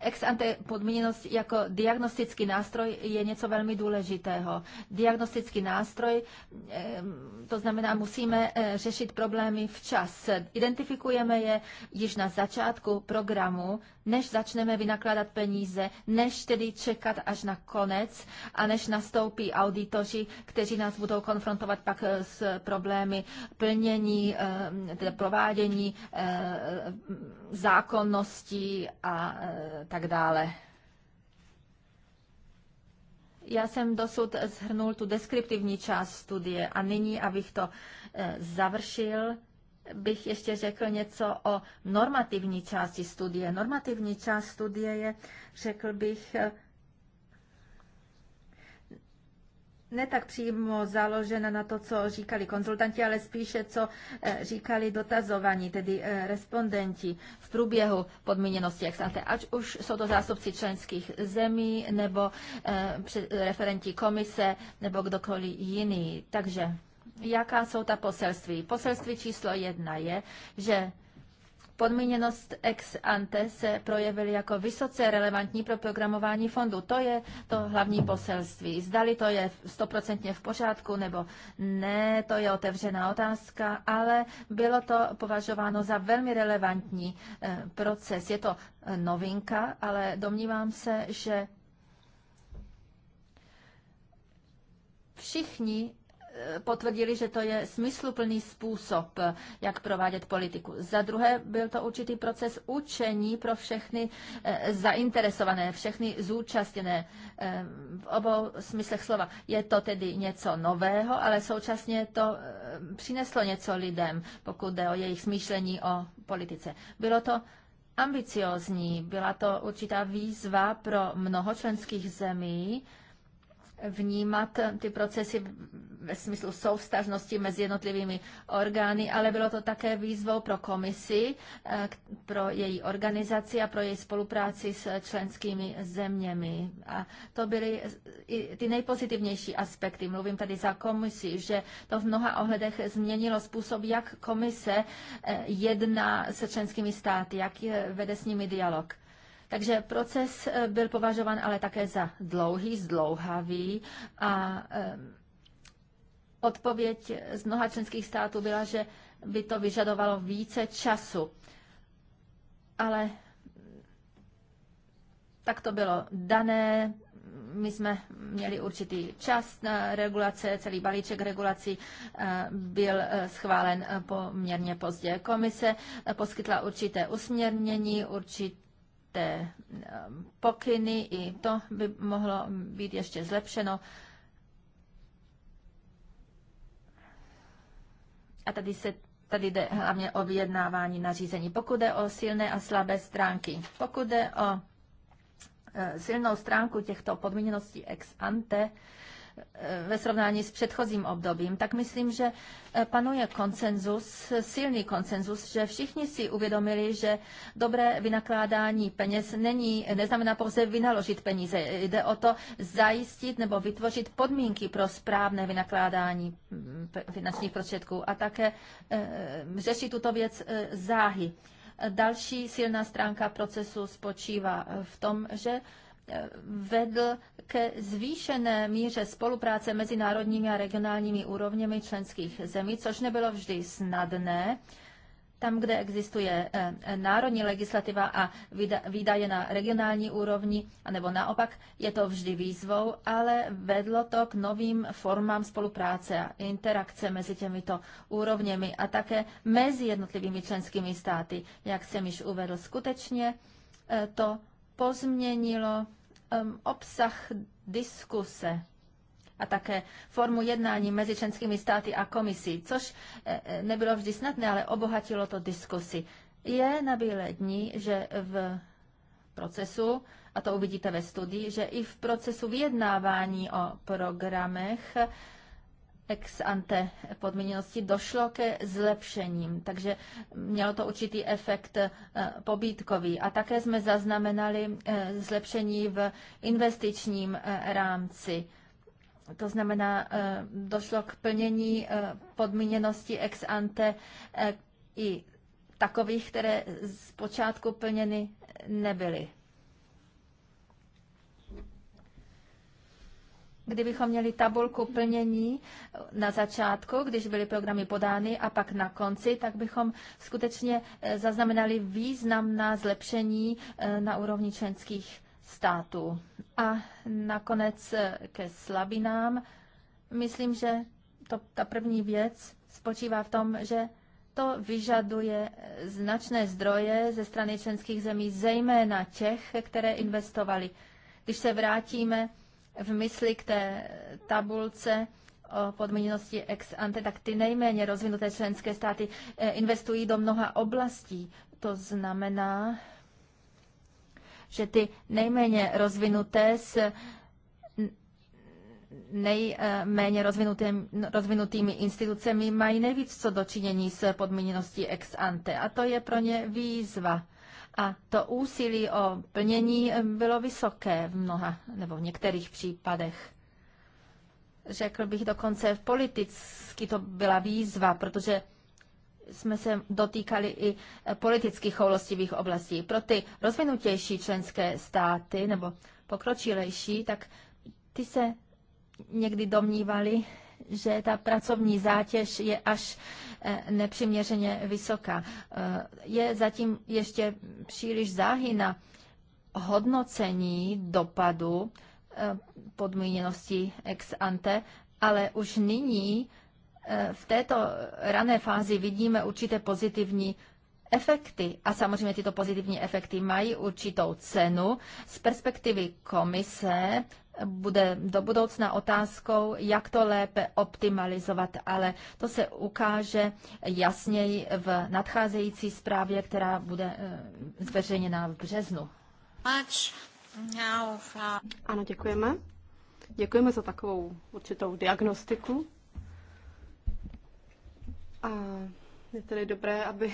Ex ante podmíněnost jako diagnostický nástroj je něco velmi důležitého. Diagnostický nástroj, to znamená, musíme eh, řešit problémy včas. Identifikujeme je již na začátku programu, než začneme vynakládat peníze, než tedy čekat až na konec a než nastoupí auditoři, kteří nás budou konfrontovat pak eh, s problémy plnění, eh, tedy provádění zákonnosti a tak dále. Já jsem dosud zhrnul tu deskriptivní část studie a nyní, abych to eh, završil, bych ještě řekl něco o normativní části studie. Normativní část studie je, řekl bych, eh, ne tak přímo založena na to, co říkali konzultanti, ale spíše, co eh, říkali dotazovaní, tedy eh, respondenti v průběhu podmíněnosti ex-ante, ať už jsou to zástupci členských zemí, nebo eh, referenti komise, nebo kdokoliv jiný. Takže jaká jsou ta poselství? Poselství číslo jedna je, že Podmíněnost ex ante se projevily jako vysoce relevantní pro programování fondu. To je to hlavní poselství. Zdali to je stoprocentně v pořádku nebo ne, to je otevřená otázka, ale bylo to považováno za velmi relevantní eh, proces. Je to eh, novinka, ale domnívám se, že všichni potvrdili, že to je smysluplný způsob, jak provádět politiku. Za druhé byl to určitý proces učení pro všechny eh, zainteresované, všechny zúčastněné eh, v obou smyslech slova. Je to tedy něco nového, ale současně to eh, přineslo něco lidem, pokud jde o jejich smýšlení o politice. Bylo to ambiciozní, byla to určitá výzva pro mnoho členských zemí, vnímat ty procesy ve smyslu souvstažnosti mezi jednotlivými orgány, ale bylo to také výzvou pro komisi, eh, pro její organizaci a pro její spolupráci s členskými zeměmi. A to byly i ty nejpozitivnější aspekty. Mluvím tady za komisi, že to v mnoha ohledech změnilo způsob, jak komise eh, jedná se členskými státy, jak vede s nimi dialog. Takže proces eh, byl považován ale také za dlouhý, zdlouhavý a eh, odpověď z mnoha členských států byla, že by to vyžadovalo více času. Ale tak to bylo dané, my jsme měli určitý čas na regulace, celý balíček regulací eh, byl schválen poměrně pozdě. Komise poskytla určité usměrnění, určit té ehm, pokyny, i to by mohlo být ještě zlepšeno. A tady se Tady jde hlavně o vyjednávání nařízení. Pokud jde o silné a slabé stránky, pokud jde o e, silnou stránku těchto podmíněností ex ante, Eh, ve srovnání s předchozím obdobím, tak myslím, že eh, panuje konsenzus, silný konsenzus, že všichni si uvědomili, že dobré vynakládání peněz není, neznamená pouze vynaložit peníze. Jde o to zajistit nebo vytvořit podmínky pro správné vynakládání mm, finančních prostředků a také eh, řešit tuto věc záhy. Další silná stránka procesu spočívá v tom, že vedl ke zvýšené míře spolupráce mezi národními a regionálními úrovněmi členských zemí, což nebylo vždy snadné. Tam, kde existuje eh, národní legislativa a výdaje na regionální úrovni, anebo naopak, je to vždy výzvou, ale vedlo to k novým formám spolupráce a interakce mezi těmito úrovněmi a také mezi jednotlivými členskými státy. Jak jsem již uvedl, skutečně eh, to pozměnilo um, obsah diskuse a také formu jednání mezi členskými státy a komisí, což eh, eh, nebylo vždy snadné, ale obohatilo to diskusi. Je na bílé dní, že v procesu, a to uvidíte ve studii, že i v procesu vyjednávání o programech ex ante podmíněnosti došlo ke zlepšením, takže mělo to určitý efekt eh, pobídkový. A také jsme zaznamenali eh, zlepšení v investičním eh, rámci. To znamená, došlo k plnění podmíněnosti ex ante i takových, které zpočátku plněny nebyly. kdybychom měli tabulku plnění na začátku, když byly programy podány a pak na konci, tak bychom skutečně eh, zaznamenali významná zlepšení eh, na úrovni členských států. A nakonec eh, ke slabinám. Myslím, že to, ta první věc spočívá v tom, že to vyžaduje značné zdroje ze strany členských zemí, zejména těch, které investovali. Když se vrátíme v mysli k té tabulce o podmíněnosti ex ante, tak ty nejméně rozvinuté členské státy eh, investují do mnoha oblastí. To znamená, že ty nejméně rozvinuté s nejméně rozvinutým, rozvinutými institucemi mají nejvíc co dočinění s podmíněností ex ante. A to je pro ně výzva. A to úsilí o plnění bylo vysoké v mnoha nebo v některých případech. Řekl bych dokonce v politicky to byla výzva, protože jsme se dotýkali i e, politických choulostivých oblastí. Pro ty rozvinutější členské státy nebo pokročilejší, tak ty se někdy domnívali, že ta pracovní zátěž je až eh, nepřiměřeně vysoká. Eh, je zatím ještě příliš záhy na hodnocení dopadu eh, podmíněnosti ex ante, ale už nyní v této rané fázi vidíme určité pozitivní efekty. A samozřejmě tyto pozitivní efekty mají určitou cenu. Z perspektivy komise bude do budoucna otázkou, jak to lépe optimalizovat, ale to se ukáže jasněji v nadcházející zprávě, která bude eh, zveřejněna v březnu. Ano, děkujeme. Děkujeme za takovou určitou diagnostiku. A je tedy dobré, aby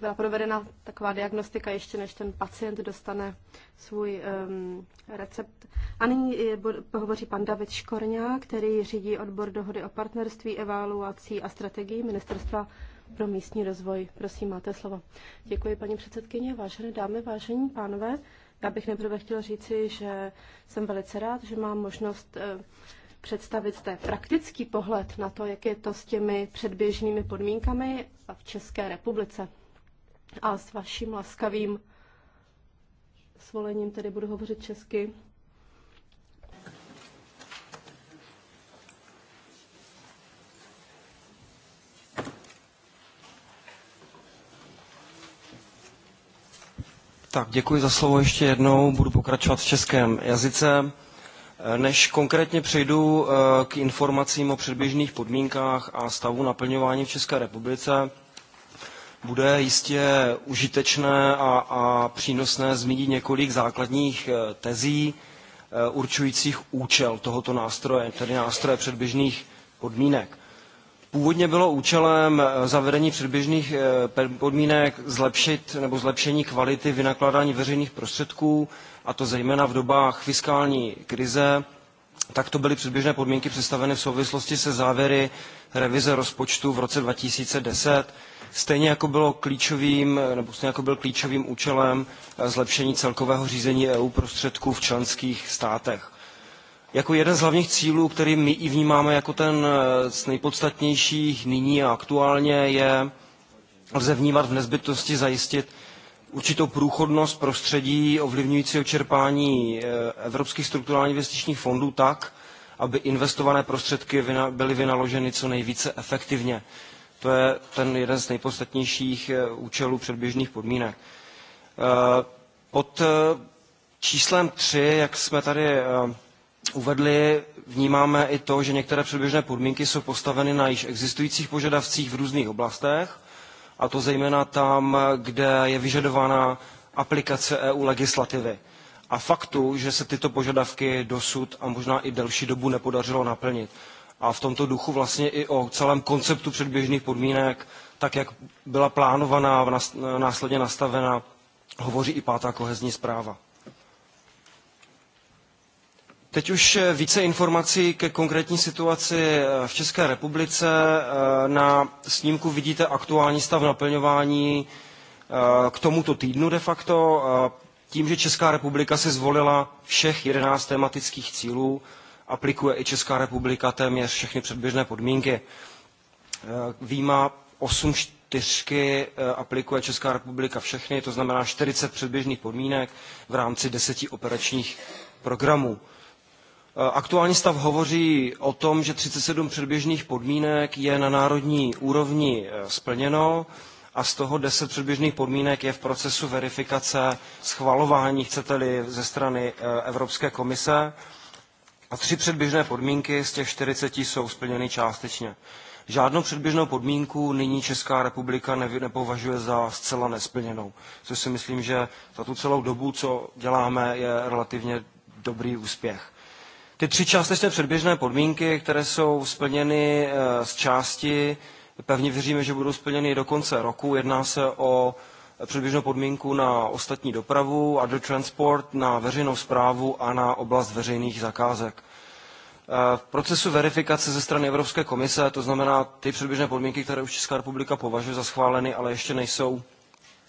byla provedena taková diagnostika ještě než ten pacient dostane svůj um, recept. A nyní je, pohovoří pan David Škorňa, který řídí odbor dohody o partnerství, evaluací a strategii Ministerstva pro místní rozvoj. Prosím, máte slovo. Děkuji, paní předsedkyně, vážené dámy, vážení pánové. Já bych nejprve chtěla říci, že jsem velice rád, že mám možnost eh, představit zde praktický pohled na to, jak je to s těmi předběžnými podmínkami v České republice a s vaším laskavým svolením tedy budu hovořit česky. Tak, děkuji za slovo ještě jednou. Budu pokračovat v českém jazyce. Než konkrétně přejdu eh, k informacím o předběžných podmínkách a stavu naplňování v České republice, bude jistě užitečné a, a přínosné zmínit několik základních eh, tezí eh, určujících účel tohoto nástroje, tedy nástroje předběžných podmínek. Původně bylo účelem eh, zavedení předběžných podmínek zlepšit nebo zlepšení kvality vynakládání veřejných prostředků, a to zejména v dobách fiskální krize. Takto byly předběžné podmínky představeny v souvislosti se závěry revize rozpočtu v roce 2010 Stejně jako bylo klíčovým, nebo stejně jako byl klíčovým účelem eh, zlepšení celkového řízení EU prostředků v členských státech. Jako jeden z hlavních cílů, který my i vnímáme jako ten eh, z nejpodstatnějších nyní a aktuálně, je lze vnímat v nezbytnosti zajistit určitou průchodnost prostředí ovlivňujícího čerpání eh, evropských strukturálních investičních fondů tak, aby investované prostředky byly vynaloženy co nejvíce efektivně. To je ten jeden z nejpodstatnějších eh, účelů předběžných podmínek. Eh, pod eh, číslem 3, jak jsme tady uvedli, vnímáme i to, že některé předběžné podmínky jsou postaveny na již existujících požadavcích v různých oblastech, a to zejména tam, kde je vyžadována aplikace EU legislativy. A faktu, že se tyto požadavky dosud a možná i delší dobu nepodařilo naplnit a v tomto duchu vlastně i o celém konceptu předběžných podmínek, tak jak byla plánovaná a následně nastavena, hovoří i pátá kohezní zpráva. Teď už více informací ke konkrétní situaci eh, v České republice. Eh, na snímku vidíte aktuální stav naplňování eh, k tomuto týdnu de facto. Tím, že Česká republika si zvolila všech 11 tematických cílů, aplikuje i Česká republika téměř všechny předběžné podmínky. Eh, výjima 8 čtyřky eh, aplikuje Česká republika všechny, to znamená 40 předběžných podmínek v rámci deseti operačních programů. Eh, aktuální stav hovoří o tom, že 37 předběžných podmínek je na národní úrovni splněno a z toho 10 předběžných podmínek je v procesu verifikace schvalování, chcete-li, ze strany Evropské komise. A tři předběžné podmínky z těch 40 jsou splněny částečně. Žádnou předběžnou podmínku nyní Česká republika nepovažuje za zcela nesplněnou, což si myslím, že za tu celou dobu, co děláme, je relativně dobrý úspěch. Ty tři částečné předběžné podmínky, které jsou splněny eh, z části, pevně věříme, že budou splněny do konce roku. Jedná se o předběžnou podmínku na ostatní dopravu a do transport, na veřejnou zprávu a na oblast veřejných zakázek. E, v procesu verifikace ze strany Evropské komise, to znamená ty předběžné podmínky, které už Česká republika považuje za schváleny, ale ještě nejsou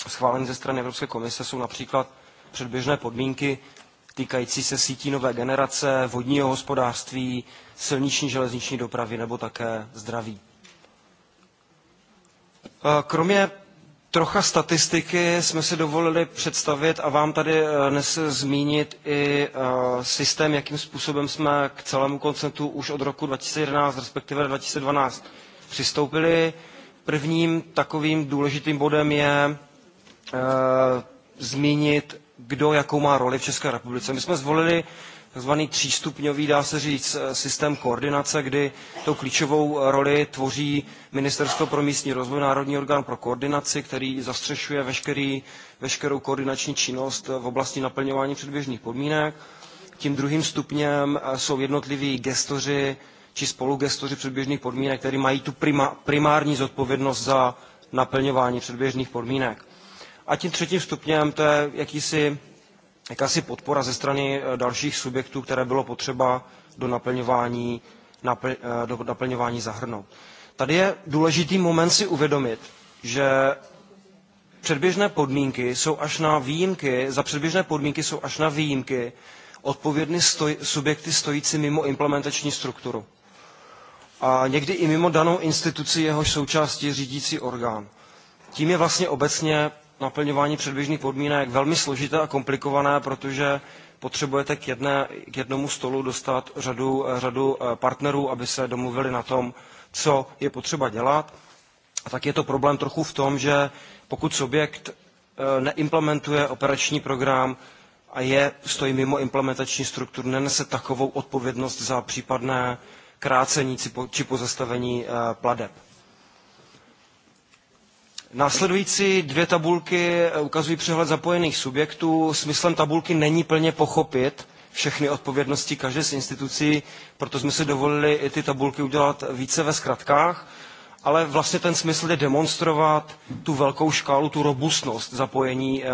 schváleny ze strany Evropské komise, jsou například předběžné podmínky týkající se sítí nové generace, vodního hospodářství, silniční železniční dopravy nebo také zdraví. E, kromě Trocha statistiky jsme si dovolili představit a vám tady eh, dnes zmínit i eh, systém, jakým způsobem jsme k celému koncentu už od roku 2011, respektive 2012 přistoupili. Prvním takovým důležitým bodem je eh, zmínit, kdo jakou má roli v České republice. My jsme zvolili tzv. třístupňový, dá se říct, eh, systém koordinace, kdy tou klíčovou roli tvoří Ministerstvo pro místní rozvoj, Národní orgán pro koordinaci, který zastřešuje veškerý, veškerou koordinační činnost eh, v oblasti naplňování předběžných podmínek. Tím druhým stupněm eh, jsou jednotliví gestoři či spolugestoři předběžných podmínek, kteří mají tu primární zodpovědnost za naplňování předběžných podmínek. A tím třetím stupněm to je jakýsi jakási podpora ze strany eh, dalších subjektů, které bylo potřeba do naplňování, napl, eh, do naplňování zahrnout. Tady je důležitý moment si uvědomit, že předběžné podmínky jsou až na výjimky, za předběžné podmínky jsou až na výjimky odpovědny stoj, subjekty stojící mimo implementační strukturu. A někdy i mimo danou instituci jehož součástí řídící orgán. Tím je vlastně obecně naplňování předběžných podmínek velmi složité a komplikované, protože potřebujete k, jedné, k jednomu stolu dostat řadu, řadu eh, partnerů, aby se domluvili na tom, co je potřeba dělat. A tak je to problém trochu v tom, že pokud subjekt eh, neimplementuje operační program a je, stojí mimo implementační strukturu, nenese takovou odpovědnost za případné krácení či pozastavení eh, plateb. Následující dvě tabulky eh, ukazují přehled zapojených subjektů. Smyslem tabulky není plně pochopit všechny odpovědnosti každé z institucí, proto jsme si dovolili i ty tabulky udělat více ve zkratkách, ale vlastně ten smysl je demonstrovat tu velkou škálu, tu robustnost zapojení eh,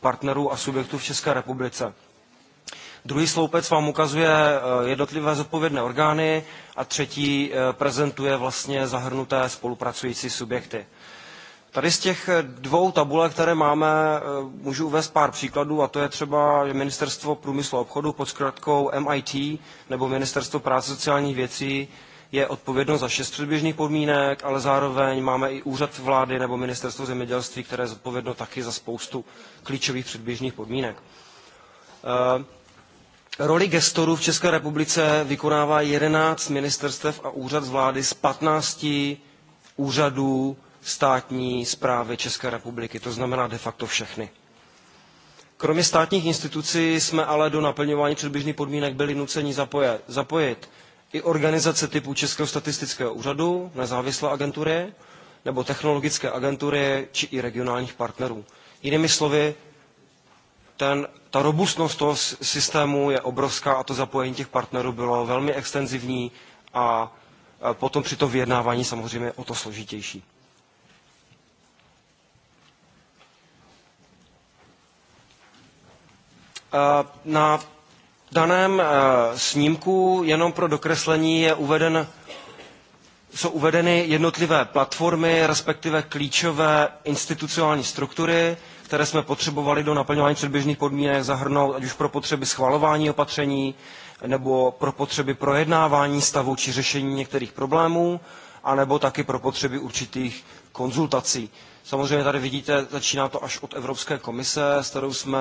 partnerů a subjektů v České republice. Druhý sloupec vám ukazuje eh, jednotlivé zodpovědné orgány a třetí prezentuje vlastně zahrnuté spolupracující subjekty. Tady z těch eh, dvou tabulek, které máme, eh, můžu uvést pár příkladů, a to je třeba Ministerstvo průmyslu a obchodu pod zkratkou MIT nebo Ministerstvo práce sociálních věcí je odpovědno za šest předběžných podmínek, ale zároveň máme i úřad vlády nebo ministerstvo zemědělství, které je zodpovědno taky za spoustu klíčových předběžných podmínek. Eh, roli gestorů v České republice vykonává 11 ministerstev a úřad vlády z 15 úřadů státní zprávy České republiky, to znamená de facto všechny. Kromě státních institucí jsme ale do naplňování předběžných podmínek byli nuceni zapojit i organizace typu Českého statistického úřadu, nezávislé agentury, nebo technologické agentury, či i regionálních partnerů. Jinými slovy, ten, ta robustnost toho systému je obrovská a to zapojení těch partnerů bylo velmi extenzivní a potom při to vyjednávání samozřejmě o to složitější. Eh, na daném eh, snímku jenom pro dokreslení je uveden, jsou uvedeny jednotlivé platformy, respektive klíčové institucionální struktury, které jsme potřebovali do naplňování předběžných podmínek zahrnout, ať už pro potřeby schvalování opatření, nebo pro potřeby projednávání stavu či řešení některých problémů, anebo taky pro potřeby určitých konzultací. Samozřejmě tady vidíte, začíná to až od Evropské komise, s kterou jsme,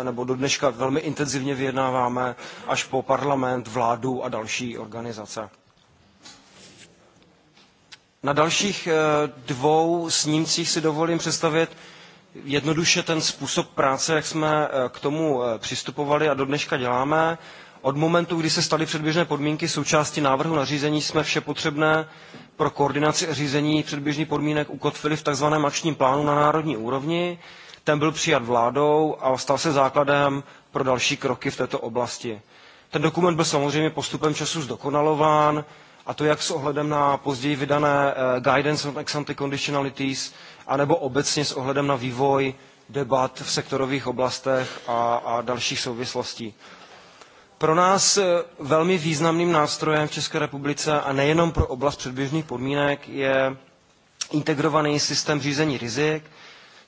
eh, nebo do dneška velmi intenzivně vyjednáváme, až po parlament, vládu a další organizace. Na dalších eh, dvou snímcích si dovolím představit jednoduše ten způsob práce, jak jsme eh, k tomu přistupovali a do dneška děláme. Od momentu, kdy se staly předběžné podmínky součástí návrhu nařízení, jsme vše potřebné pro koordinaci řízení předběžných podmínek ukotvili v tzv. akčním plánu na národní úrovni. Ten byl přijat vládou a stal se základem pro další kroky v této oblasti. Ten dokument byl samozřejmě postupem času zdokonalován, a to jak s ohledem na později vydané eh, Guidance on ex ante conditionalities, anebo obecně s ohledem na vývoj debat v sektorových oblastech a, a dalších souvislostí. Pro nás eh, velmi významným nástrojem v České republice a nejenom pro oblast předběžných podmínek je integrovaný systém řízení rizik,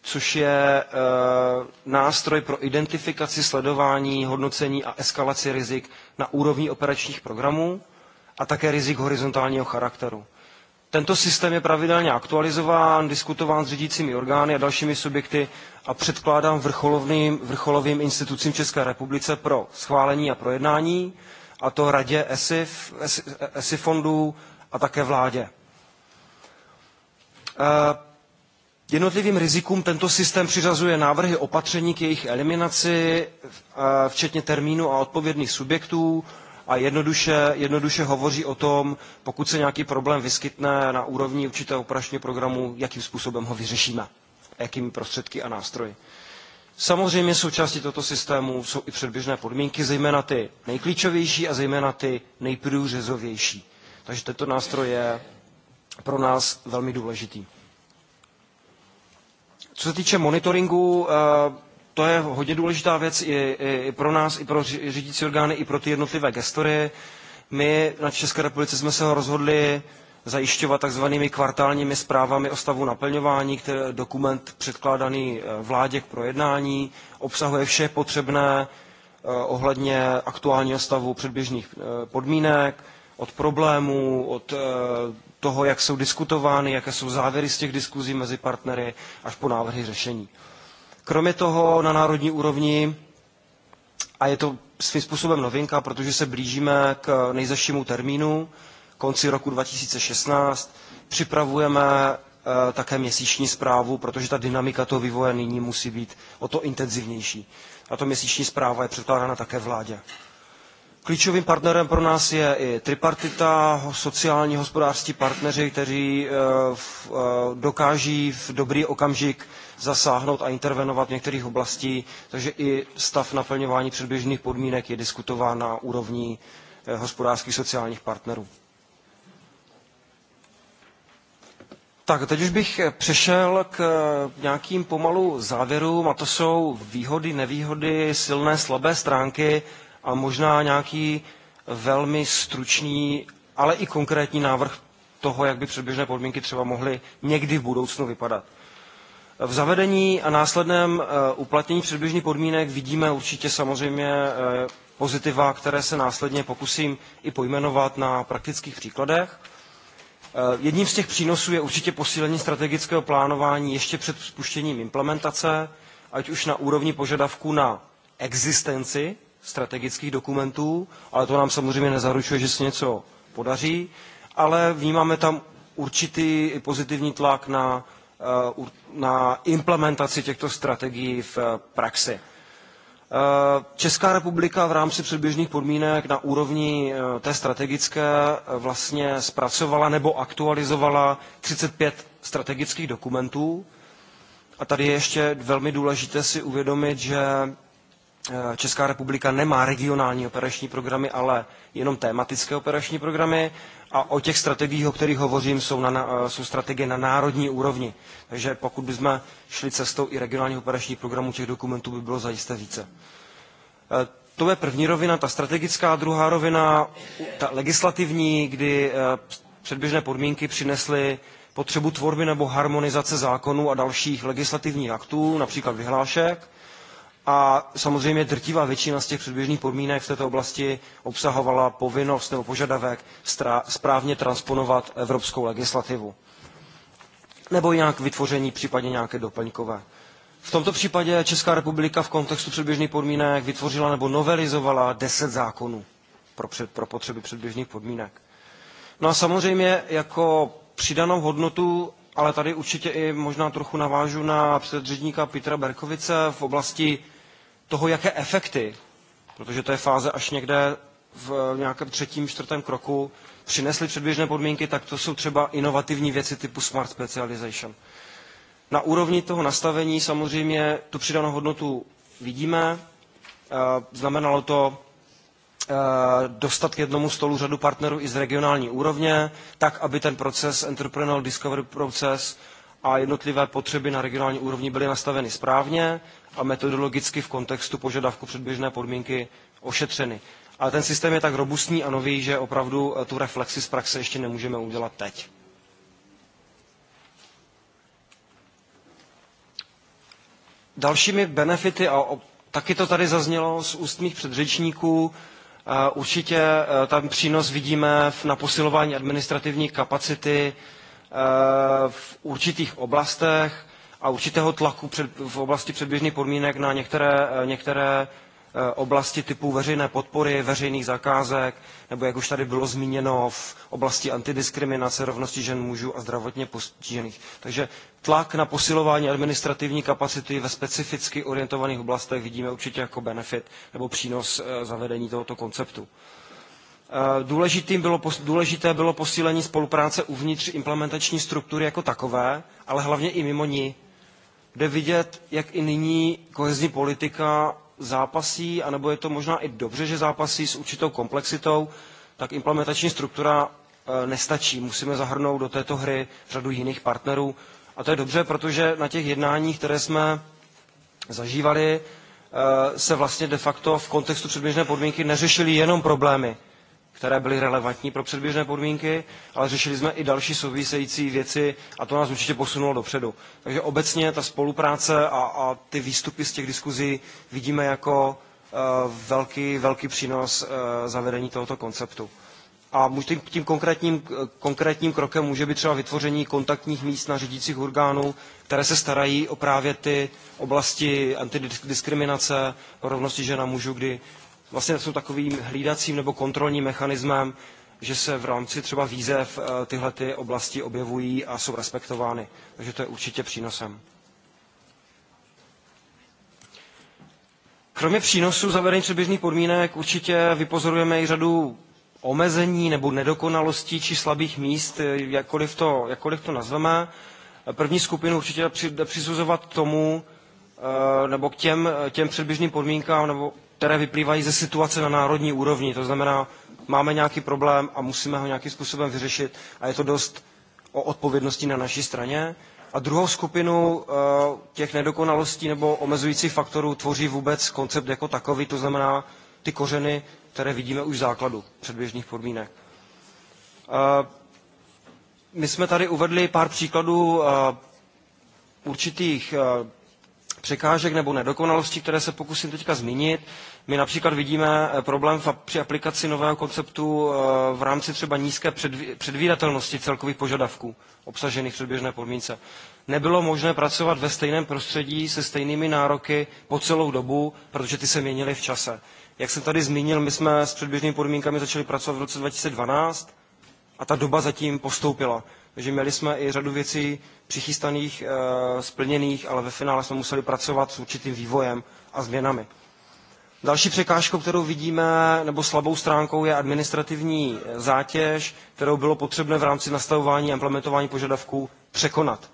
což je eh, nástroj pro identifikaci, sledování, hodnocení a eskalaci rizik na úrovni operačních programů a také rizik horizontálního charakteru. Tento systém je pravidelně aktualizován, diskutován s řídícími orgány a dalšími subjekty a předkládán vrcholovým, vrcholovým institucím České republice pro schválení a projednání, a to radě ESIF, ESIF fondů a také vládě. Eh, jednotlivým rizikům tento systém přiřazuje návrhy opatření k jejich eliminaci, eh, včetně termínu a odpovědných subjektů, a jednoduše, jednoduše hovoří o tom, pokud se nějaký problém vyskytne na úrovni určitého operačního programu, jakým způsobem ho vyřešíme, jakými prostředky a nástroji. Samozřejmě součástí tohoto systému jsou i předběžné podmínky, zejména ty nejklíčovější a zejména ty nejprůřezovější. Takže tento nástroj je pro nás velmi důležitý. Co se týče monitoringu, eh, to je hodně důležitá věc i, i, i pro nás, i pro řídící orgány, i pro ty jednotlivé gestory. My na České republice jsme se rozhodli zajišťovat takzvanými kvartálními zprávami o stavu naplňování, který dokument předkládaný eh, vládě k projednání obsahuje vše potřebné eh, ohledně aktuálního stavu předběžných eh, podmínek, od problémů, od toho, jak jsou diskutovány, jaké jsou závěry z těch diskuzí mezi partnery, až po návrhy řešení. Kromě toho na národní úrovni, a je to svým způsobem novinka, protože se blížíme k nejzašímu termínu, konci roku 2016, připravujeme eh, také měsíční zprávu, protože ta dynamika toho vývoje nyní musí být o to intenzivnější. A to měsíční zpráva je předkládána také vládě. Klíčovým partnerem pro nás je i tripartita, sociální hospodářství partneři, kteří eh, eh, dokáží v dobrý okamžik zasáhnout a intervenovat v některých oblastí, takže i stav naplňování předběžných podmínek je diskutován na úrovni eh, hospodářských sociálních partnerů. Tak, teď už bych eh, přešel k eh, nějakým pomalu závěrům, a to jsou výhody, nevýhody, silné, slabé stránky a možná nějaký velmi stručný, ale i konkrétní návrh toho, jak by předběžné podmínky třeba mohly někdy v budoucnu vypadat. V zavedení a následném eh, uplatnění předběžných podmínek vidíme určitě samozřejmě eh, pozitiva, které se následně pokusím i pojmenovat na praktických příkladech. Eh, jedním z těch přínosů je určitě posílení strategického plánování ještě před spuštěním implementace, ať už na úrovni požadavků na existenci strategických dokumentů, ale to nám samozřejmě nezaručuje, že se něco podaří, ale vnímáme tam určitý pozitivní tlak na Eh, na implementaci těchto strategií v eh, praxi. Eh, Česká republika v rámci předběžných podmínek na úrovni té strategické vlastně zpracovala nebo aktualizovala 35 strategických dokumentů. A tady je ještě velmi důležité si uvědomit, že Česká republika nemá regionální operační programy, ale jenom tematické operační programy a o těch strategiích, o kterých hovořím, jsou, na, eh, jsou strategie na národní úrovni. Takže pokud bychom šli cestou i regionálního operačního programu těch dokumentů by bylo zajisté více. Eh, to je první rovina, ta strategická, druhá rovina, ta legislativní, kdy eh, předběžné podmínky přinesly potřebu tvorby nebo harmonizace zákonů a dalších legislativních aktů, například vyhlášek, a samozřejmě drtivá většina z těch předběžných podmínek v této oblasti obsahovala povinnost nebo požadavek správně transponovat evropskou legislativu. Nebo nějak vytvoření případně nějaké doplňkové. V tomto případě Česká republika v kontextu předběžných podmínek vytvořila nebo novelizovala 10 zákonů pro, před, pro potřeby předběžných podmínek. No a samozřejmě jako přidanou hodnotu, ale tady určitě i možná trochu navážu na předředníka Petra Berkovice v oblasti toho, jaké efekty, protože to je fáze až někde v eh, nějakém třetím, čtvrtém kroku, přinesly předběžné podmínky, tak to jsou třeba inovativní věci typu smart specialization. Na úrovni toho nastavení samozřejmě tu přidanou hodnotu vidíme. Eh, znamenalo to eh, dostat k jednomu stolu řadu partnerů i z regionální úrovně, tak, aby ten proces, entrepreneurial discovery proces a jednotlivé potřeby na regionální úrovni byly nastaveny správně, a metodologicky v kontextu požadavku předběžné podmínky ošetřeny. Ale ten systém je tak robustní a nový, že opravdu eh, tu reflexi z praxe ještě nemůžeme udělat teď. Dalšími benefity, a taky to tady zaznělo z ústních předřečníků, eh, určitě eh, tam přínos vidíme na posilování administrativní kapacity v určitých oblastech, a určitého tlaku před, v oblasti předběžných podmínek na některé, eh, některé eh, oblasti typu veřejné podpory, veřejných zakázek, nebo jak už tady bylo zmíněno v oblasti antidiskriminace, rovnosti žen mužů a zdravotně postižených. Takže tlak na posilování administrativní kapacity ve specificky orientovaných oblastech vidíme určitě jako benefit nebo přínos eh, zavedení tohoto konceptu. Důležitým bylo, důležité bylo posílení spolupráce uvnitř implementační struktury jako takové, ale hlavně i mimo ní jde vidět, jak i nyní kohezní politika zápasí, anebo je to možná i dobře, že zápasí s určitou komplexitou, tak implementační struktura eh, nestačí. Musíme zahrnout do této hry řadu jiných partnerů. A to je dobře, protože na těch jednáních, které jsme zažívali, eh, se vlastně de facto v kontextu předběžné podmínky neřešily jenom problémy které byly relevantní pro předběžné podmínky, ale řešili jsme i další související věci a to nás určitě posunulo dopředu. Takže obecně ta spolupráce a, a ty výstupy z těch diskuzí vidíme jako uh, velký, velký přínos uh, zavedení tohoto konceptu. A tím, tím konkrétním, konkrétním krokem může být třeba vytvoření kontaktních míst na řídících orgánů, které se starají o právě ty oblasti antidiskriminace, rovnosti žena mužů, kdy vlastně jsou takovým hlídacím nebo kontrolním mechanismem, že se v rámci třeba výzev eh, tyhle ty oblasti objevují a jsou respektovány. Takže to je určitě přínosem. Kromě přínosu zavedení předběžných podmínek určitě vypozorujeme i řadu omezení nebo nedokonalostí či slabých míst, eh, jakkoliv to, jakkoliv to nazveme. První skupinu určitě přizuzovat tomu, eh, nebo k těm, těm předběžným podmínkám nebo které vyplývají ze situace na národní úrovni. To znamená, máme nějaký problém a musíme ho nějakým způsobem vyřešit a je to dost o odpovědnosti na naší straně. A druhou skupinu eh, těch nedokonalostí nebo omezujících faktorů tvoří vůbec koncept jako takový, to znamená ty kořeny, které vidíme už v základu předběžných podmínek. Eh, my jsme tady uvedli pár příkladů eh, určitých překážek nebo nedokonalostí, které se pokusím teďka zmínit. My například vidíme eh, problém při aplikaci nového konceptu eh, v rámci třeba nízké předvídatelnosti celkových požadavků obsažených v předběžné podmínce. Nebylo možné pracovat ve stejném prostředí se stejnými nároky po celou dobu, protože ty se měnily v čase. Jak jsem tady zmínil, my jsme s předběžnými podmínkami začali pracovat v roce 2012 a ta doba zatím postoupila. Takže měli jsme i řadu věcí přichystaných, eh, splněných, ale ve finále jsme museli pracovat s určitým vývojem a změnami. Další překážkou, kterou vidíme, nebo slabou stránkou, je administrativní zátěž, kterou bylo potřebné v rámci nastavování a implementování požadavků překonat.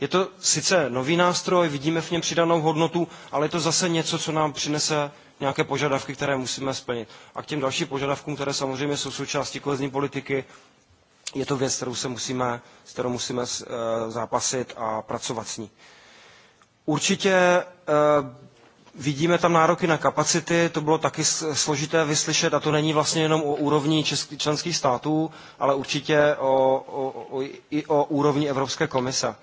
Je to sice nový nástroj, vidíme v něm přidanou hodnotu, ale je to zase něco, co nám přinese nějaké požadavky, které musíme splnit. A k těm dalším požadavkům, které samozřejmě jsou součástí kolezní politiky, je to věc, kterou se musíme, s kterou musíme eh, zápasit a pracovat s ní. Určitě eh, Vidíme tam nároky na kapacity, to bylo taky složité vyslyšet a to není vlastně jenom o úrovni český, členských států, ale určitě o, o, o, i o úrovni Evropské komise.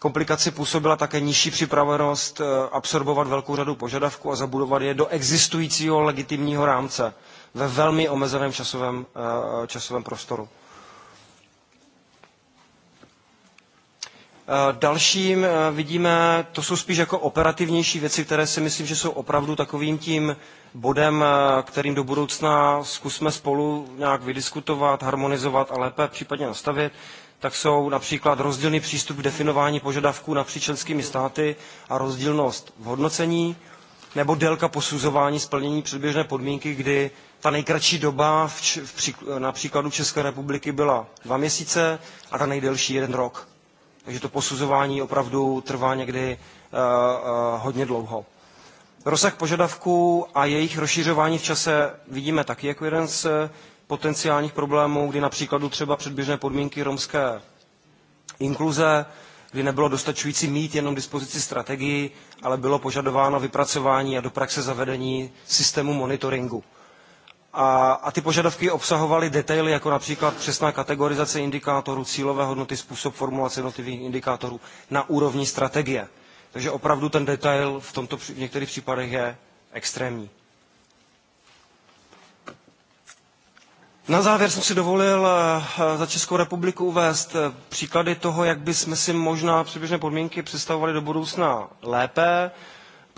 Komplikaci působila také nižší připravenost eh, absorbovat velkou řadu požadavků a zabudovat je do existujícího legitimního rámce ve velmi omezeném časovém, eh, časovém prostoru. Eh, dalším eh, vidíme, to jsou spíš jako operativnější věci, které si myslím, že jsou opravdu takovým tím bodem, eh, kterým do budoucna zkusme spolu nějak vydiskutovat, harmonizovat a lépe případně nastavit tak jsou například rozdílný přístup k definování požadavků napříč členskými státy a rozdílnost v hodnocení, nebo délka posuzování splnění předběžné podmínky, kdy ta nejkratší doba v, v, na příkladu České republiky byla dva měsíce a ta nejdelší jeden rok. Takže to posuzování opravdu trvá někdy eh, eh, hodně dlouho. Rozsah požadavků a jejich rozšířování v čase vidíme taky jako jeden z eh, potenciálních problémů, kdy například třeba předběžné podmínky romské inkluze, kdy nebylo dostačující mít jenom dispozici strategii, ale bylo požadováno vypracování a do praxe zavedení systému monitoringu. A, a ty požadavky obsahovaly detaily, jako například přesná kategorizace indikátorů, cílové hodnoty, způsob formulace jednotlivých indikátorů na úrovni strategie. Takže opravdu ten detail v, tomto, v některých případech je extrémní. Na závěr jsem si dovolil eh, za Českou republiku uvést eh, příklady toho, jak bychom si možná přibližné podmínky představovali do budoucna lépe,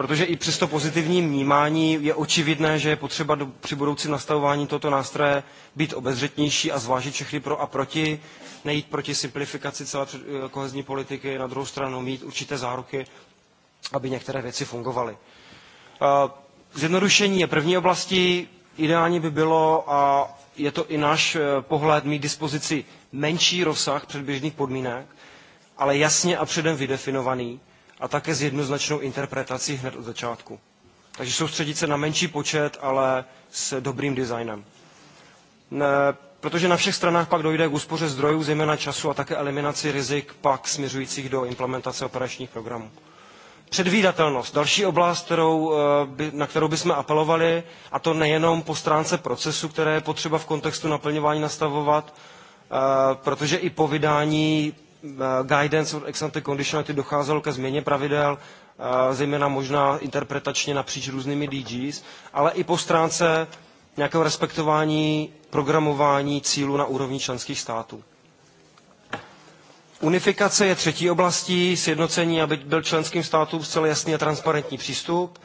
protože i přesto pozitivní vnímání je očividné, že je potřeba do, při budoucím nastavování tohoto nástroje být obezřetnější a zvážit všechny pro a proti, nejít proti simplifikaci celé eh, kohezní politiky, na druhou stranu mít určité záruky, aby některé věci fungovaly. Eh, zjednodušení je první oblastí, ideální by bylo, a je to i náš eh, pohled, mít dispozici menší rozsah předběžných podmínek, ale jasně a předem vydefinovaný, a také s jednoznačnou interpretací hned od začátku. Takže soustředit se na menší počet, ale s dobrým designem. Ne, protože na všech stranách pak dojde k úspoře zdrojů, zejména času a také eliminaci rizik pak směřujících do implementace operačních programů. Předvídatelnost. Další oblast, kterou, eh, na kterou bychom apelovali, a to nejenom po stránce procesu, které je potřeba v kontextu naplňování nastavovat, eh, protože i po vydání Eh, guidance od ex ante conditionality docházelo ke změně pravidel, eh, zejména možná interpretačně napříč různými DGs, ale i po stránce nějakého respektování programování cílů na úrovni členských států. Unifikace je třetí oblastí, sjednocení, aby byl členským státům zcela jasný a transparentní přístup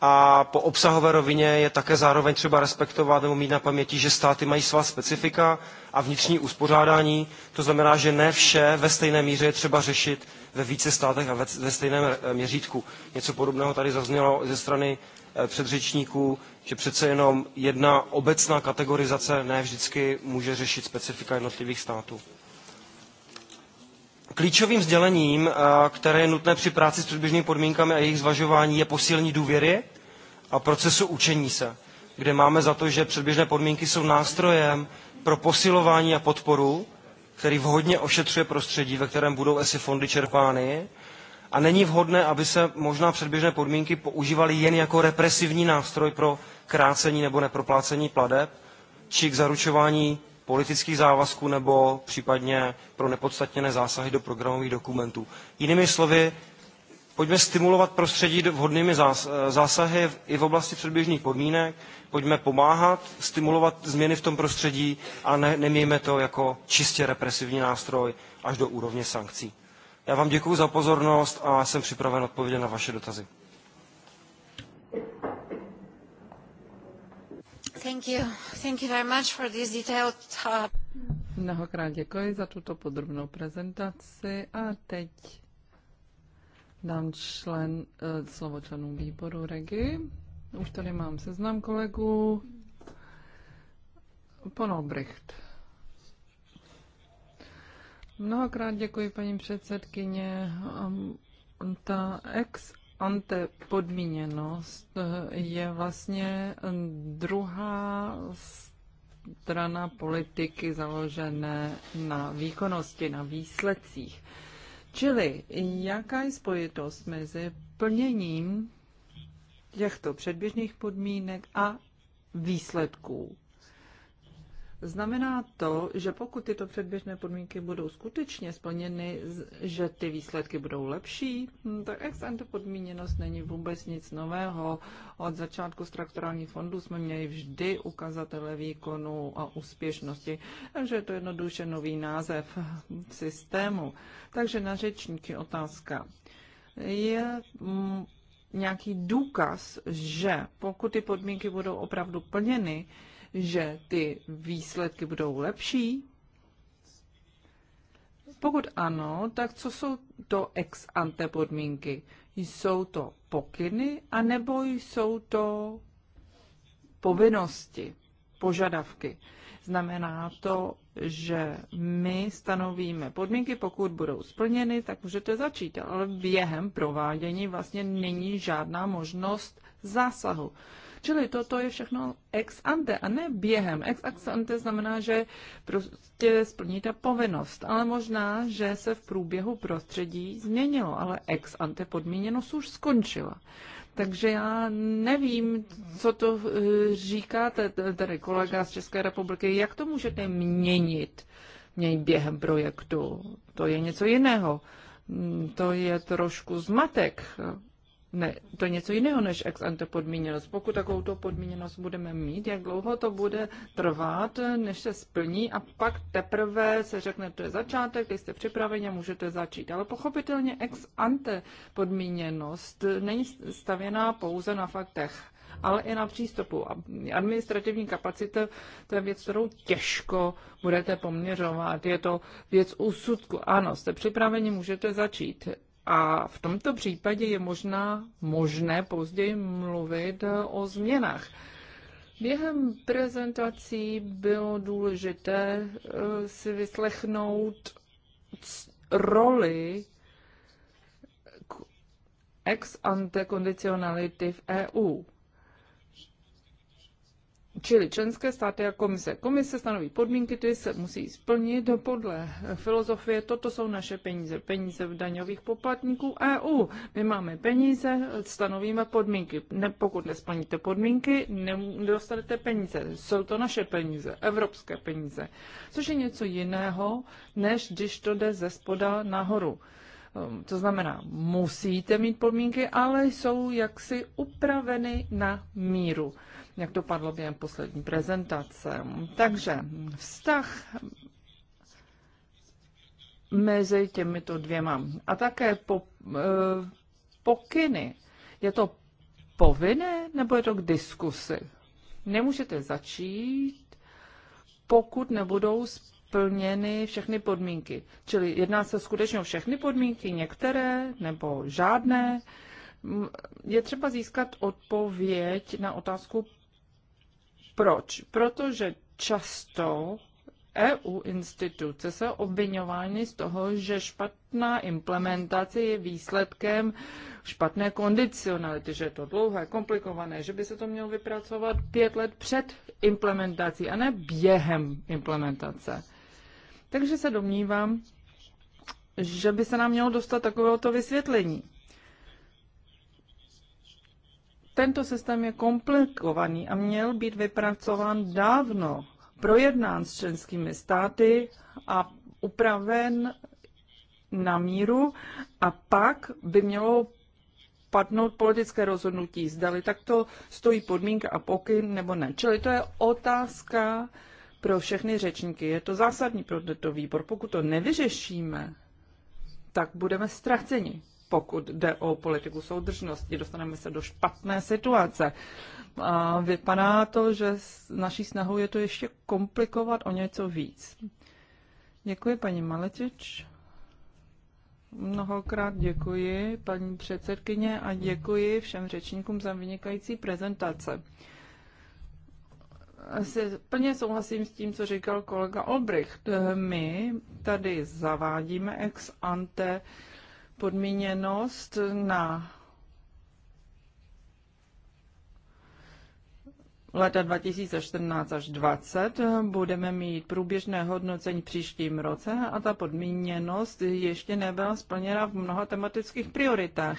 a po obsahové rovině je také zároveň třeba respektovat nebo mít na paměti, že státy mají svá specifika a vnitřní uspořádání. To znamená, že ne vše ve stejné míře je třeba řešit ve více státech a ve stejném eh, měřítku. Něco podobného tady zaznělo ze strany eh, předřečníků, že přece jenom jedna obecná kategorizace ne vždycky může řešit specifika jednotlivých států. Klíčovým sdělením, eh, které je nutné při práci s předběžnými podmínkami a jejich zvažování, je posílení důvěry a procesu učení se, kde máme za to, že předběžné podmínky jsou nástrojem pro posilování a podporu, který vhodně ošetřuje prostředí, ve kterém budou ESI fondy čerpány. A není vhodné, aby se možná předběžné podmínky používaly jen jako represivní nástroj pro krácení nebo neproplácení pladeb, či k zaručování politických závazků nebo případně pro nepodstatněné zásahy do programových dokumentů. Jinými slovy, pojďme stimulovat prostředí vhodnými zásahy i v oblasti předběžných podmínek, pojďme pomáhat, stimulovat změny v tom prostředí a ne, nemějme to jako čistě represivní nástroj až do úrovně sankcí. Já vám děkuji za pozornost a jsem připraven odpovědět na vaše dotazy. Thank you. Thank you very much for this detailed... Uh, Mnohokrát děkuji za tuto podrobnou prezentaci a teď dám člen, eh, slovo členům výboru Regi. Už tady mám seznam kolegů. Pan Obricht. Mnohokrát děkuji, paní předsedkyně. Ta ex antepodmíněnost eh, je vlastně eh, druhá strana politiky založené na výkonnosti, na výsledcích. Čili jaká je spojitost mezi plněním těchto předběžných podmínek a výsledků? Znamená to, že pokud tyto předběžné podmínky budou skutečně splněny, že ty výsledky budou lepší, hm, tak ex ante podmíněnost není vůbec nic nového. Od začátku strukturálních fondů jsme měli vždy ukazatele výkonu a úspěšnosti, takže je to jednoduše nový název systému. Takže na řečníky otázka. Je hm, nějaký důkaz, že pokud ty podmínky budou opravdu plněny, že ty výsledky budou lepší? Pokud ano, tak co jsou to ex ante podmínky? Jsou to pokyny, anebo jsou to povinnosti, požadavky? Znamená to, že my stanovíme podmínky, pokud budou splněny, tak můžete začít, ale během provádění vlastně není žádná možnost zásahu. Čili toto je všechno ex ante a ne během. Ex ex ante znamená, že prostě splníte povinnost, ale možná, že se v průběhu prostředí změnilo, ale ex ante podmíněnost už skončila. Takže já nevím, co to eh, říkáte, tady kolega z České republiky, jak to můžete měnit měj během projektu. To je něco jiného. Mm, to je trošku zmatek ne, to je něco jiného než ex ante podmíněnost. Pokud takovou podmíněnost budeme mít, jak dlouho to bude trvat, než se splní a pak teprve se řekne, to je začátek, teď jste připraveni a můžete začít. Ale pochopitelně ex ante podmíněnost není stavěná pouze na faktech ale i na přístupu. A administrativní kapacita to je věc, kterou těžko budete poměřovat. Je to věc úsudku. Ano, jste připraveni, můžete začít. A v tomto případě je možná možné později mluvit o změnách. Během prezentací bylo důležité eh, si vyslechnout roli ex ante kondicionality v EU. Čili členské státy a komise. Komise stanoví podmínky, ty se musí splnit podle filozofie. Toto jsou naše peníze, peníze v daňových poplatníků EU. My máme peníze, stanovíme podmínky. Ne, pokud nesplníte podmínky, nedostanete peníze. Jsou to naše peníze, evropské peníze. Což je něco jiného, než když to jde ze spoda nahoru. Um, to znamená, musíte mít podmínky, ale jsou jaksi upraveny na míru jak to padlo během poslední prezentace. Takže vztah mezi těmito dvěma a také po, e, pokyny. Je to povinné nebo je to k diskusi? Nemůžete začít, pokud nebudou splněny všechny podmínky. Čili jedná se skutečně o všechny podmínky, některé nebo žádné. Je třeba získat odpověď na otázku proč? Protože často EU instituce jsou obvinovány z toho, že špatná implementace je výsledkem špatné kondicionality, že je to dlouhé, komplikované, že by se to mělo vypracovat pět let před implementací a ne během implementace. Takže se domnívám, že by se nám mělo dostat takovéhoto vysvětlení. Tento systém je komplikovaný a měl být vypracován dávno, projednán s členskými státy a upraven na míru a pak by mělo padnout politické rozhodnutí, zdali takto stojí podmínka a pokyn nebo ne. Čili to je otázka pro všechny řečníky. Je to zásadní pro tento výbor. Pokud to nevyřešíme, tak budeme ztraceni pokud jde o politiku soudržnosti. Dostaneme se do špatné situace. A vypadá to, že naší snahou je to ještě komplikovat o něco víc. Děkuji, paní Maletič. Mnohokrát děkuji, paní předsedkyně, a děkuji všem řečníkům za vynikající prezentace. Asi plně souhlasím s tím, co říkal kolega Olbricht. My tady zavádíme ex ante podmíněnost na leta 2014 až 2020 budeme mít průběžné hodnocení příštím roce a ta podmíněnost ještě nebyla splněna v mnoha tematických prioritách.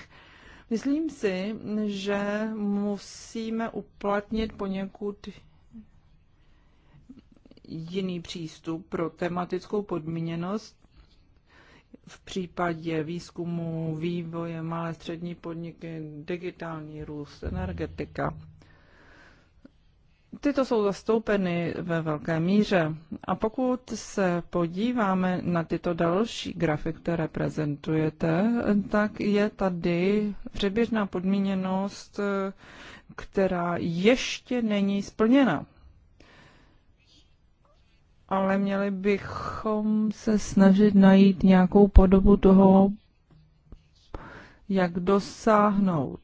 Myslím si, že musíme uplatnit poněkud jiný přístup pro tematickou podmíněnost v případě výzkumu, vývoje, malé střední podniky, digitální růst, energetika. Tyto jsou zastoupeny ve velké míře. A pokud se podíváme na tyto další grafy, které prezentujete, tak je tady předběžná podmíněnost, která ještě není splněna ale měli bychom se snažit najít nějakou podobu toho, jak dosáhnout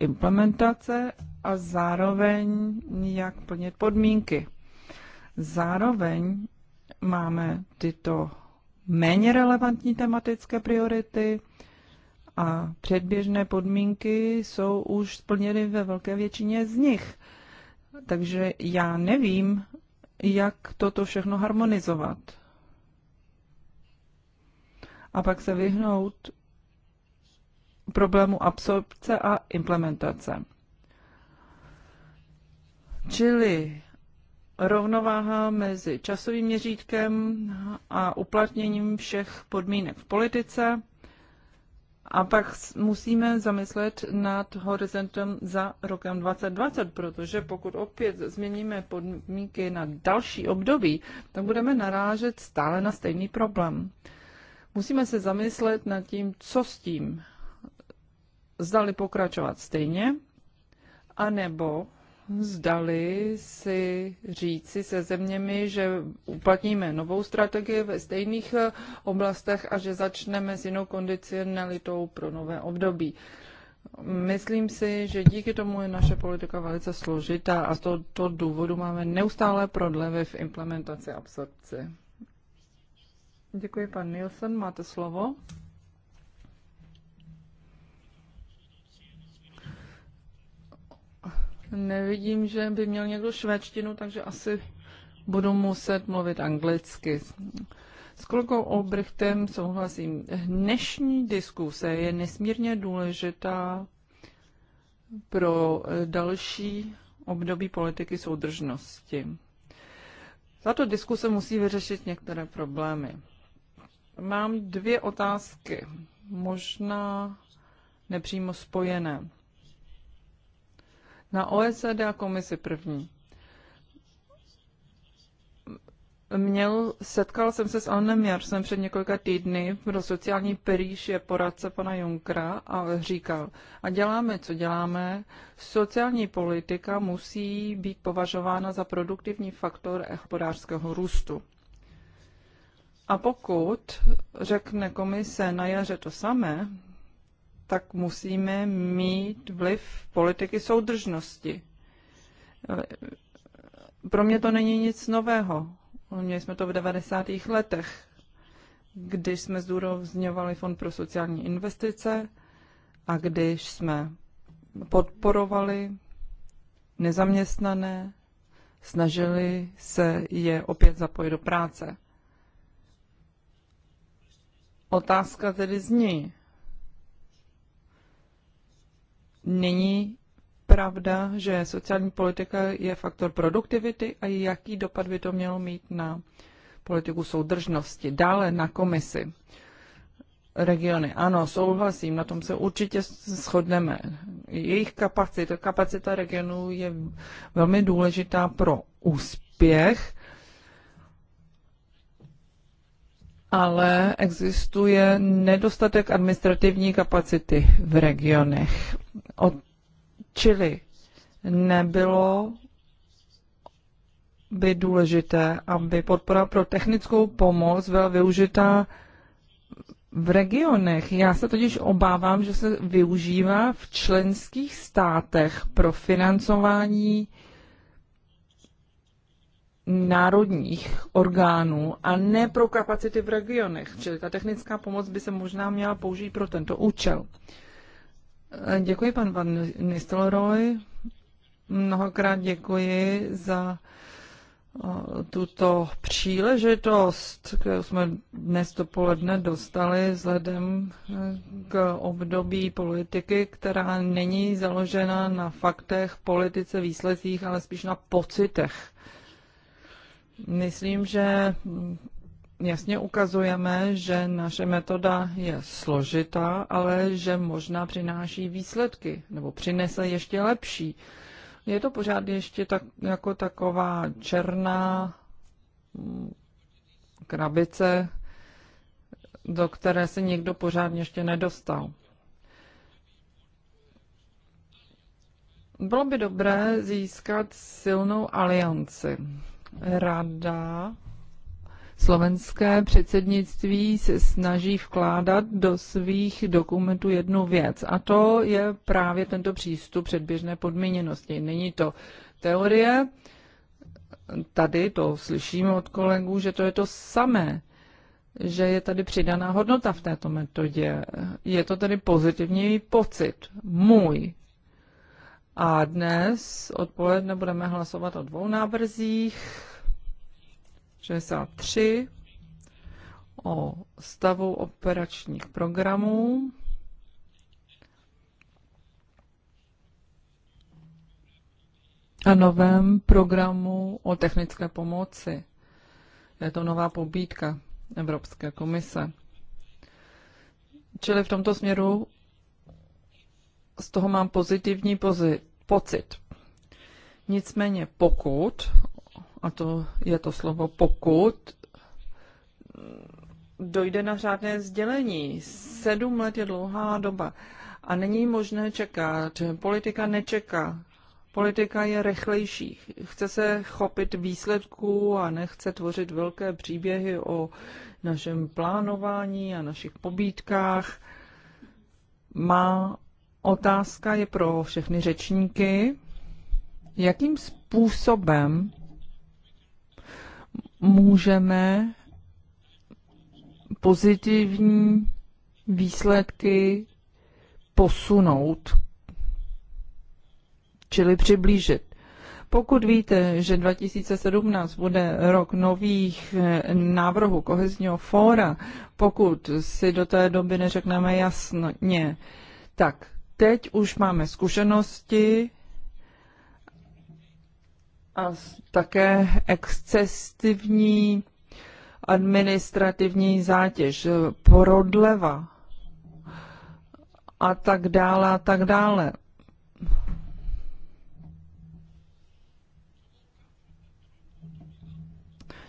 implementace a zároveň jak plnit podmínky. Zároveň máme tyto méně relevantní tematické priority a předběžné podmínky jsou už splněny ve velké většině z nich. Takže já nevím, jak toto všechno harmonizovat. A pak se vyhnout problému absorpce a implementace. Čili rovnováha mezi časovým měřítkem a uplatněním všech podmínek v politice – a pak musíme zamyslet nad horizontem za rokem 2020, protože pokud opět změníme podmínky na další období, tak budeme narážet stále na stejný problém. Musíme se zamyslet nad tím, co s tím. Zdali pokračovat stejně, anebo zdali si říci se zeměmi, že uplatníme novou strategii ve stejných eh, oblastech a že začneme s jinou kondicionalitou pro nové období. Myslím si, že díky tomu je naše politika velice složitá a z tohoto důvodu máme neustále prodlevy v implementaci absorpce. Děkuji, pan Nielsen, máte slovo. Nevidím, že by měl někdo švédštinu, takže asi budu muset mluvit anglicky. S kolegou Obrichtem souhlasím. Dnešní diskuse je nesmírně důležitá pro další období politiky soudržnosti. Tato diskuse musí vyřešit některé problémy. Mám dvě otázky, možná nepřímo spojené na OSD a komisi první. Měl, setkal jsem se s Annem Jarsem před několika týdny, pro sociální Períš je poradce pana Junkra a říkal, a děláme, co děláme, sociální politika musí být považována za produktivní faktor hospodářského růstu. A pokud řekne komise na jaře to samé, tak musíme mít vliv politiky soudržnosti. Pro mě to není nic nového. Měli jsme to v 90. letech, když jsme zdůrazňovali Fond pro sociální investice a když jsme podporovali nezaměstnané, snažili se je opět zapojit do práce. Otázka tedy zní, Není pravda, že sociální politika je faktor produktivity a jaký dopad by to mělo mít na politiku soudržnosti. Dále na komisi. Regiony. Ano, souhlasím, na tom se určitě shodneme. Jejich kapacita, kapacita regionů je velmi důležitá pro úspěch, ale existuje nedostatek administrativní kapacity v regionech od, čili nebylo by důležité, aby podpora pro technickou pomoc byla využita v regionech. Já se totiž obávám, že se využívá v členských státech pro financování národních orgánů a ne pro kapacity v regionech. Čili ta technická pomoc by se možná měla použít pro tento účel. Děkuji, pan Van Nistelrooy. Mnohokrát děkuji za tuto příležitost, kterou jsme dnes dopoledne dostali vzhledem eh, k období politiky, která není založena na faktech, politice, výsledcích, ale spíš na pocitech. Myslím, že jasně ukazujeme, že naše metoda je složitá, ale že možná přináší výsledky nebo přinese ještě lepší. Je to pořád ještě tak, jako taková černá mm, krabice, do které se někdo pořád ještě nedostal. Bylo by dobré získat silnou alianci. Rada Slovenské předsednictví se snaží vkládat do svých dokumentů jednu věc a to je právě tento přístup předběžné podmíněnosti. Není to teorie, tady to slyšíme od kolegů, že to je to samé, že je tady přidaná hodnota v této metodě. Je to tedy pozitivní pocit, můj. A dnes odpoledne budeme hlasovat o dvou návrzích 63 o stavu operačních programů. a novém programu o technické pomoci. Je to nová pobídka Evropské komise. Čili v tomto směru z toho mám pozitivní pozit pocit. Nicméně pokud a to je to slovo pokud, dojde na řádné sdělení. Sedm let je dlouhá doba a není možné čekat. Politika nečeká. Politika je rychlejší. Chce se chopit výsledků a nechce tvořit velké příběhy o našem plánování a našich pobídkách. Má otázka je pro všechny řečníky. Jakým způsobem můžeme pozitivní výsledky posunout, čili přiblížit. Pokud víte, že 2017 bude rok nových eh, návrhů kohezního fóra, pokud si do té doby neřekneme jasně, tak teď už máme zkušenosti a také excesivní administrativní zátěž, prodleva a tak dále a tak dále.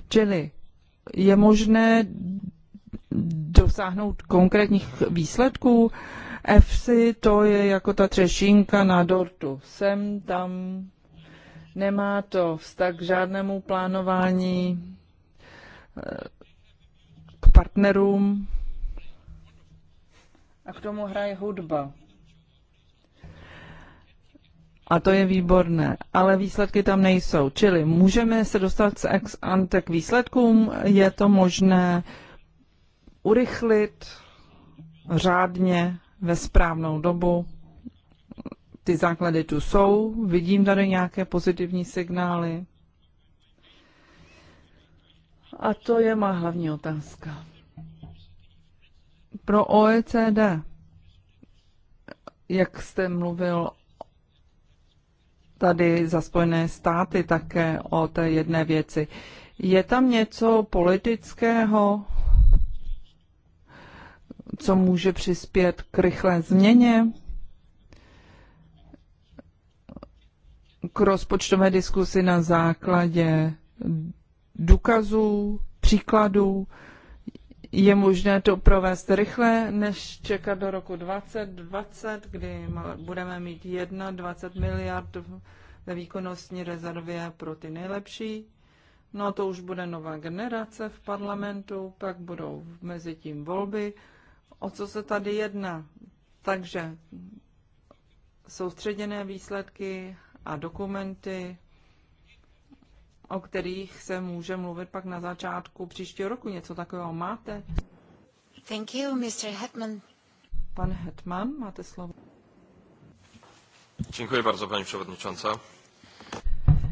Čili je možné dosáhnout konkrétních výsledků. FC to je jako ta třešínka na dortu. Sem tam Nemá to vztah k žádnému plánování, eh, k partnerům. A k tomu hraje hudba. A to je výborné, ale výsledky tam nejsou. Čili můžeme se dostat z ex ante k výsledkům, je to možné urychlit řádně ve správnou dobu ty základy tu jsou, vidím tady nějaké pozitivní signály. A to je má hlavní otázka. Pro OECD, jak jste mluvil tady za Spojené státy také o té jedné věci, je tam něco politického, co může přispět k rychlé změně? k rozpočtové diskusi na základě důkazů, příkladů. Je možné to provést rychle, než čekat do roku 2020, kdy budeme mít 21 20 miliard ve výkonnostní rezervě pro ty nejlepší. No a to už bude nová generace v parlamentu, pak budou mezi tím volby. O co se tady jedná? Takže soustředěné výsledky, a dokumenty, o kterých se může mluvit pak na začátku příštího roku. Něco takového máte? Thank you, Mr. Hetman. Pan Hetman, máte slovo. Děkuji bardzo, paní předsedkyně.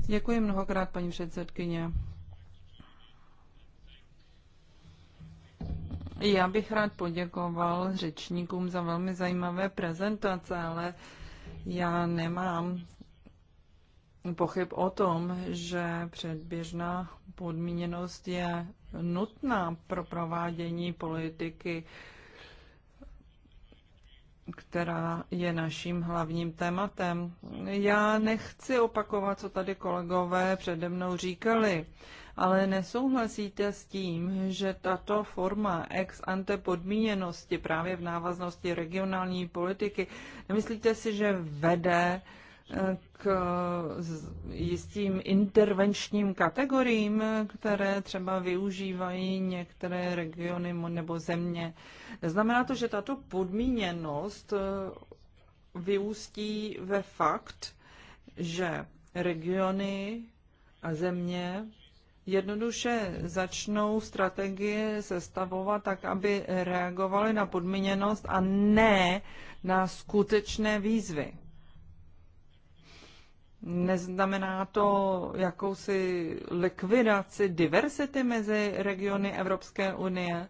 Děkuji mnohokrát, paní předsedkyně. Já bych rád poděkoval řečníkům za velmi zajímavé prezentace, ale já nemám pochyb o tom, že předběžná podmíněnost je nutná pro provádění politiky, která je naším hlavním tématem. Já nechci opakovat, co tady kolegové přede mnou říkali, ale nesouhlasíte s tím, že tato forma ex ante podmíněnosti právě v návaznosti regionální politiky, nemyslíte si, že vede k jistým intervenčním kategoriím, které třeba využívají některé regiony nebo země. Znamená to, že tato podmíněnost e, vyústí ve fakt, že regiony a země jednoduše začnou strategie sestavovat tak, aby reagovaly na podmíněnost a ne na skutečné výzvy. Neznamená to jakousi likvidaci diversity mezi regiony Evropské unie?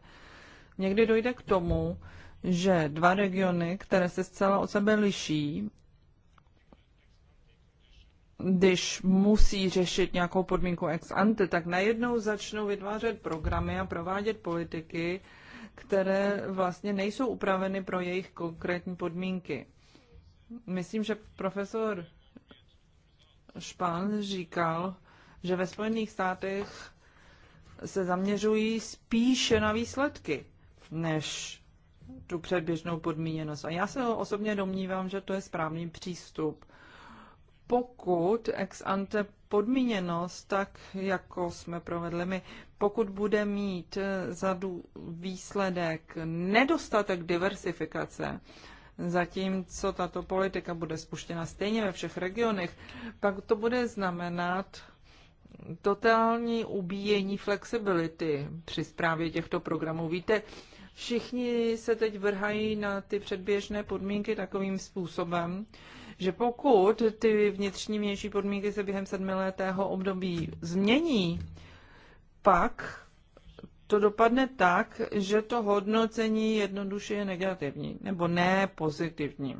Někdy dojde k tomu, že dva regiony, které se zcela od sebe liší, když musí řešit nějakou podmínku ex ante, tak najednou začnou vytvářet programy a provádět politiky, které vlastně nejsou upraveny pro jejich konkrétní podmínky. Myslím, že profesor Špán říkal, že ve Spojených státech se zaměřují spíše na výsledky, než tu předběžnou podmíněnost. A já se osobně domnívám, že to je správný přístup. Pokud ex ante podmíněnost, tak jako jsme provedli my, pokud bude mít zadu výsledek nedostatek diversifikace, Zatímco tato politika bude spuštěna stejně ve všech regionech, pak to bude znamenat totální ubíjení flexibility při zprávě těchto programů. Víte, všichni se teď vrhají na ty předběžné podmínky takovým způsobem, že pokud ty vnitřní mější podmínky se během sedmiletého období změní, pak to dopadne tak, že to hodnocení jednoduše je negativní, nebo ne pozitivní.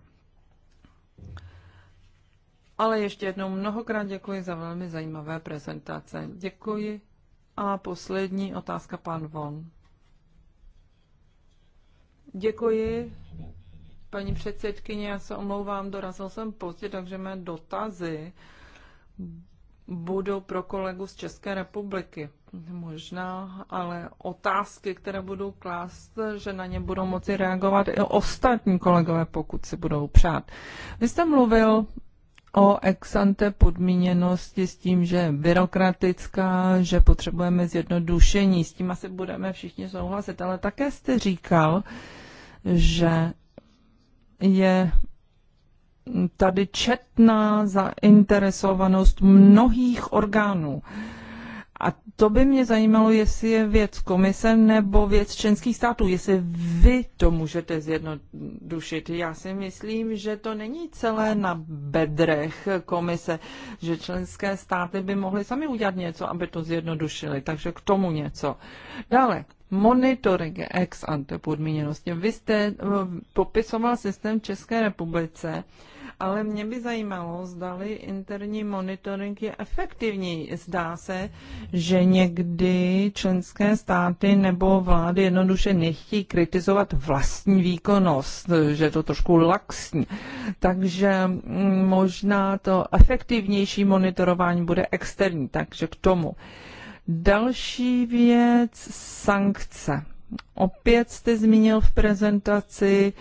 Ale ještě jednou mnohokrát děkuji za velmi zajímavé prezentace. Děkuji. A poslední otázka, pan Von. Děkuji, paní předsedkyně, já se omlouvám, dorazil jsem pozdě, takže mé dotazy budou pro kolegu z České republiky. Možná, ale otázky, které budou klást, že na ně budou moci reagovat i ostatní kolegové, pokud si budou přát. Vy jste mluvil o ex ante podmíněnosti s tím, že je byrokratická, že potřebujeme zjednodušení. S tím asi budeme všichni souhlasit, ale také jste říkal, že je tady četná zainteresovanost mnohých orgánů. A to by mě zajímalo, jestli je věc komise nebo věc členských států, jestli vy to můžete zjednodušit. Já si myslím, že to není celé na bedrech komise, že členské státy by mohly sami udělat něco, aby to zjednodušili, takže k tomu něco. Dále, monitoring ex ante podmíněnosti. Vy jste eh, popisoval systém České republice, ale mě by zajímalo, zdali interní monitoring je efektivní. Zdá se, že někdy členské státy nebo vlády jednoduše nechtí kritizovat vlastní výkonnost, že je to trošku laxní. Takže mm, možná to efektivnější monitorování bude externí, takže k tomu. Další věc, sankce. Opět jste zmínil v prezentaci,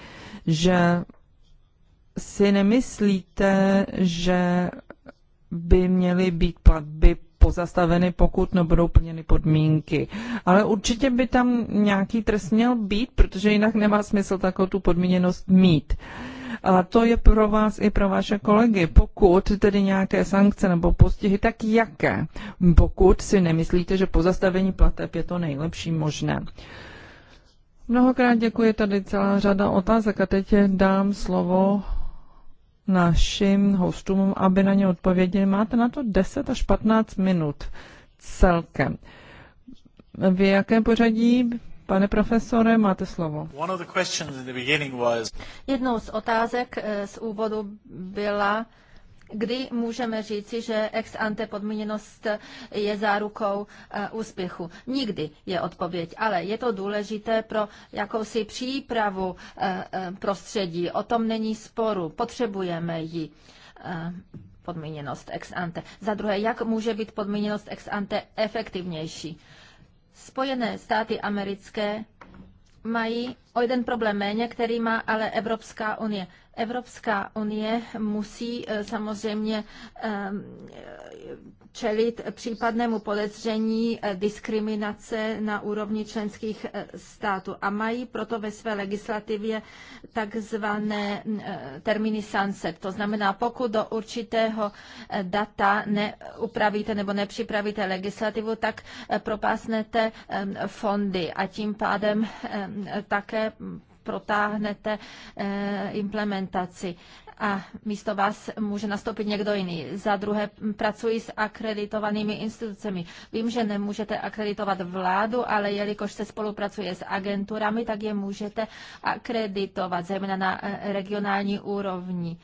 že si nemyslíte, že by měly být platby pozastaveny, pokud nebudou plněny podmínky. Ale určitě by tam nějaký trest měl být, protože jinak nemá smysl takovou tu podmíněnost mít. A to je pro vás i pro vaše kolegy. Pokud tedy nějaké sankce nebo postihy, tak jaké? Pokud si nemyslíte, že pozastavení plateb je to nejlepší možné. Mnohokrát děkuji, tady celá řada otázek a teď dám slovo našim hostům, aby na ně odpověděli. Máte na to 10 až 15 minut celkem. V jakém pořadí, pane profesore, máte slovo? Jednou z otázek eh, z úvodu byla, kdy můžeme říci, že ex ante podmíněnost je zárukou eh, úspěchu? Nikdy je odpověď, ale je to důležité pro jakousi přípravu eh, eh, prostředí. O tom není sporu, potřebujeme ji podmíněnost ex ante. Za druhé, jak může být podmíněnost ex ante efektivnější? Spojené státy americké mají o jeden problém méně, který má ale Evropská unie. Evropská unie musí eh, samozřejmě ehm, čelit případnému podezření eh, diskriminace na úrovni členských eh, států a mají proto ve své legislativě takzvané termíny sunset. To znamená, pokud do určitého data neupravíte nebo nepřipravíte legislativu, tak propásnete ehm, fondy a tím pádem ehm, také protáhnete eh, implementaci a místo vás může nastoupit někdo jiný. Za druhé, pracuji s akreditovanými institucemi. Vím, že nemůžete akreditovat vládu, ale jelikož se spolupracuje s agenturami, tak je můžete akreditovat, zejména na eh, regionální úrovni.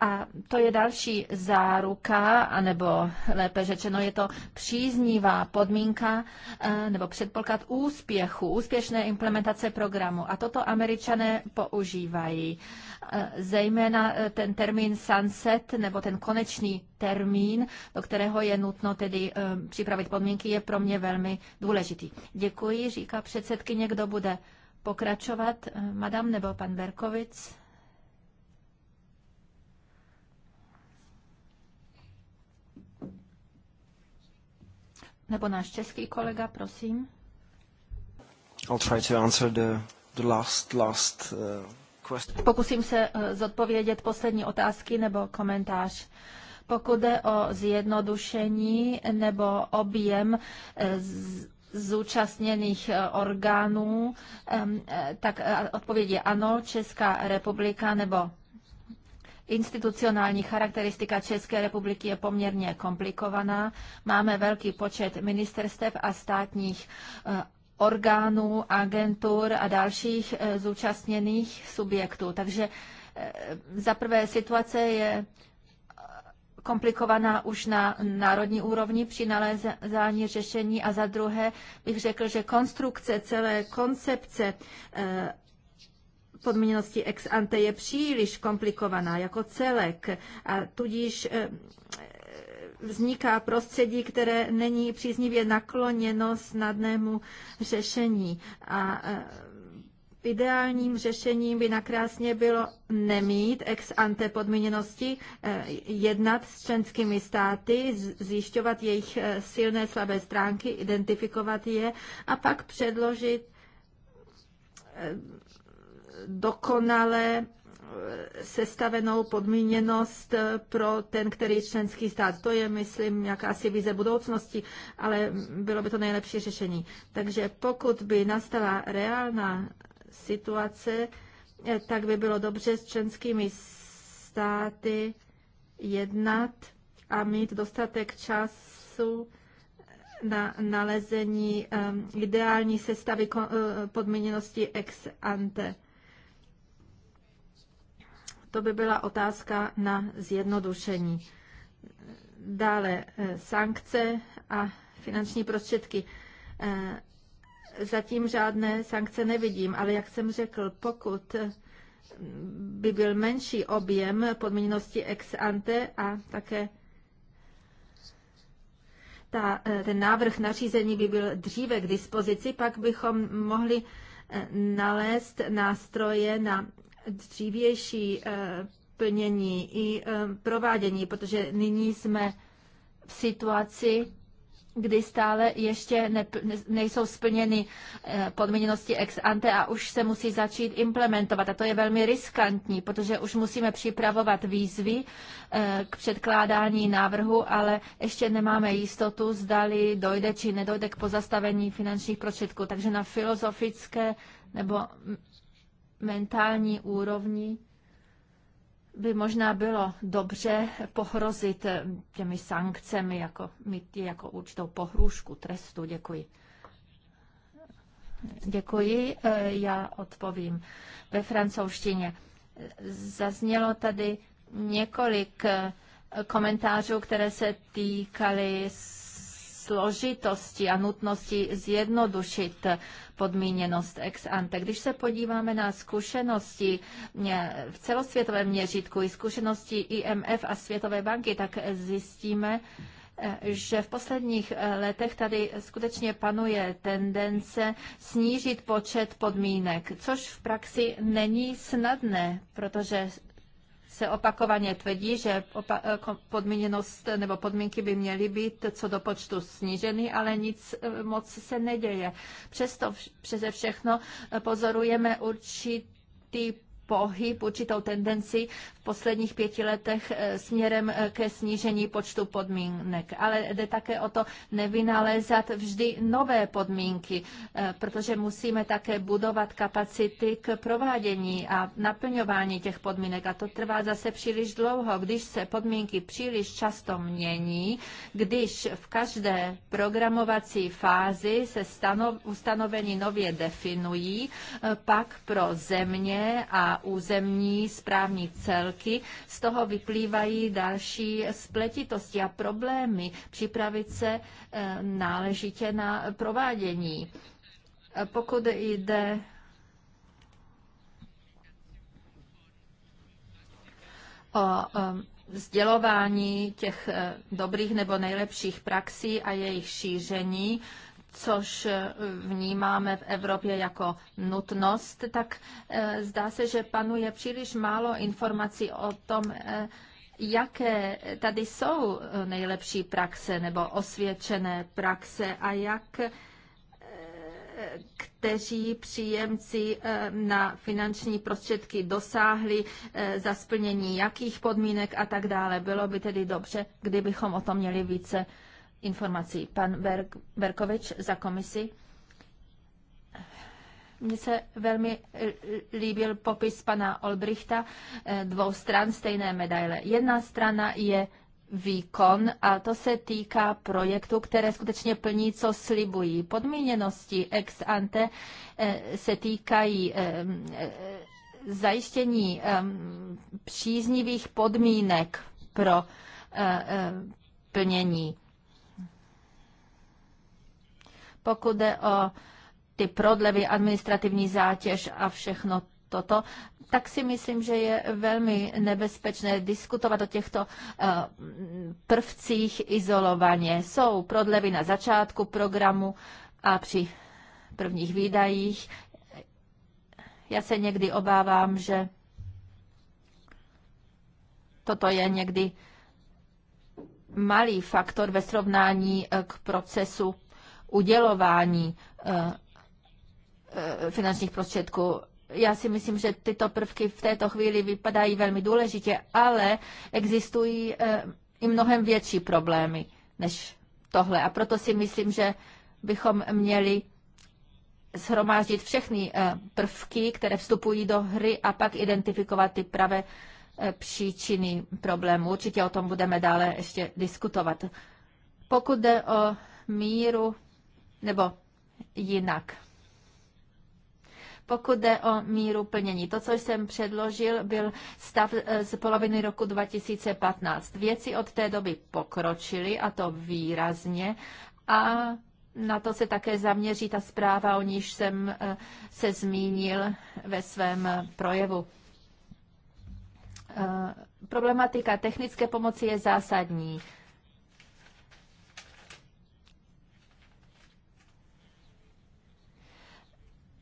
A to je další záruka, anebo lépe řečeno je to příznivá podmínka eh, nebo předpoklad úspěchu, úspěšné implementace programu. A toto američané používají. Eh, zejména eh, ten termín sunset nebo ten konečný termín, do kterého je nutno tedy připravit podmínky, je pro mě velmi důležitý. Děkuji, říká předsedky. někdo bude pokračovat, madam nebo pan Berkovic. nebo náš český kolega, prosím. I'll try to answer the, the last, last, uh, question. Pokusím se uh, zodpovědět poslední otázky nebo komentář. Pokud jde o zjednodušení nebo objem uh, zúčastněných uh, orgánů, um, tak odpověď je ano, Česká republika nebo Institucionální charakteristika České republiky je poměrně komplikovaná. Máme velký počet ministerstev a státních eh, orgánů, agentur a dalších eh, zúčastněných subjektů. Takže eh, za prvé situace je komplikovaná už na národní úrovni při nalézání řešení a za druhé bych řekl, že konstrukce celé koncepce podmíněnosti ex ante je příliš komplikovaná jako celek a tudíž eh, eh, vzniká prostředí, které není příznivě nakloněno snadnému řešení. A eh, ideálním řešením by nakrásně bylo nemít ex ante podmíněnosti, jednat s členskými státy, zjišťovat jejich silné slabé stránky, identifikovat je a pak předložit dokonale eh, sestavenou podmíněnost eh, pro ten, který členský stát. To je, myslím, jakási vize budoucnosti, ale bylo by to nejlepší řešení. Takže pokud by nastala reálná situace, eh, tak by bylo dobře s členskými státy jednat a mít dostatek času na nalezení um, ideální sestavy podmíněnosti ex ante to by byla otázka na zjednodušení. Dále eh, sankce a finanční prostředky. Eh, zatím žádné sankce nevidím, ale jak jsem řekl, pokud by byl menší objem podmíněnosti ex ante a také ta, eh, ten návrh nařízení by byl dříve k dispozici, pak bychom mohli nalézt nástroje na dřívější eh, plnění i eh, provádění, protože nyní jsme v situaci, kdy stále ještě ne, nejsou splněny eh, podmíněnosti ex ante a už se musí začít implementovat. A to je velmi riskantní, protože už musíme připravovat výzvy k předkládání návrhu, ale ještě nemáme jistotu, zdali dojde či nedojde k pozastavení finančních prostředků. Takže na filozofické nebo mentální úrovni by možná bylo dobře pohrozit těmi sankcemi, jako, mít jako určitou pohrůžku trestu. Děkuji. Děkuji, e, já odpovím ve francouzštině. Zaznělo tady několik e, komentářů, které se týkaly složitosti a nutnosti zjednodušit podmíněnost ex ante. Když se podíváme na zkušenosti v celosvětovém měřítku i zkušenosti IMF a Světové banky, tak zjistíme, eh, že v posledních eh, letech tady skutečně panuje tendence snížit počet podmínek, což v praxi není snadné, protože se opakovaně tvrdí, že eh, podmíněnost nebo podmínky by měly být co do počtu sníženy, ale nic eh, moc se neděje. Přesto přeze všechno eh, pozorujeme určitý pohyb, určitou tendenci posledních pěti letech eh, směrem eh, ke snížení počtu podmínek. Ale jde také o to nevynalézat vždy nové podmínky, eh, protože musíme také budovat kapacity k provádění a naplňování těch podmínek. A to trvá zase příliš dlouho, když se podmínky příliš často mění, když v každé programovací fázi se stanov, ustanovení nově definují, pak pro země a územní správní celky roky, z toho vyplývají další spletitosti a problémy připravit se eh, náležitě na provádění. Eh, pokud jde o eh, sdělování těch dobrých nebo nejlepších praxí a jejich šíření což eh, vnímáme v Evropě jako nutnost, tak eh, zdá se, že panuje příliš málo informací o tom, eh, jaké tady jsou nejlepší praxe nebo osvědčené praxe a jak kteří příjemci na finanční prostředky dosáhli za splnění jakých podmínek a tak dále. Bylo by tedy dobře, kdybychom o tom měli více informací. Pan Berk, Berkovič za komisi. Mně se velmi líbil popis pana Olbrichta eh, dvou stran stejné medaile. Jedna strana je výkon a to se týká projektu, které skutečně plní, co slibují. Podmíněnosti ex ante eh, se týkají eh, zajištění příznivých podmínek pro plnění. Pokud jde o ty prodlevy, administrativní zátěž a všechno toto, tak si myslím, že je velmi nebezpečné diskutovat o těchto eh, prvcích izolovaně. Jsou prodlevy na začátku programu a při prvních výdajích. Já se někdy obávám, že toto je někdy malý faktor ve srovnání eh, k procesu udělování eh, eh, finančních prostředků. Já si myslím, že tyto prvky v této chvíli vypadají velmi důležitě, ale existují eh, i mnohem větší problémy než tohle. A proto si myslím, že bychom měli shromáždit všechny prvky, které vstupují do hry a pak identifikovat ty pravé příčiny problému. Určitě o tom budeme dále ještě diskutovat. Pokud jde o míru nebo jinak. Pokud jde o míru plnění, to, co jsem předložil, byl stav eh, z poloviny roku 2015. Věci od té doby pokročily, a to výrazně, a na to se také zaměří ta zpráva, o níž jsem eh, se zmínil ve svém eh, projevu. Problematika technické pomoci je zásadní.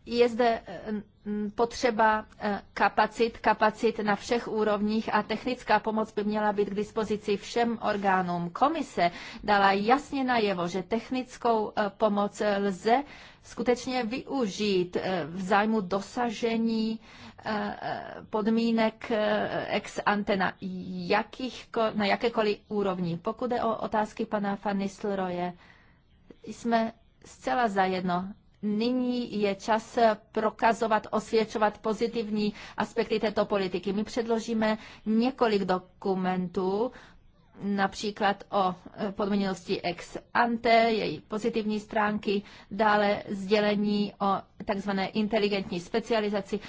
je zde eh, potřeba eh, kapacit, kapacit na všech úrovních a technická pomoc by měla být k dispozici všem orgánům. Komise dala jasně najevo, že technickou eh, pomoc lze skutečně využít v zájmu dosažení podmínek ex ante na, jakýchko, na jakékoliv úrovni. Pokud je o otázky pana Van jsme zcela zajedno nyní je čas prokazovat, osvědčovat pozitivní aspekty této politiky. My předložíme několik dokumentů, například o e, podmíněnosti ex ante, její pozitivní stránky, dále sdělení o takzvané inteligentní specializaci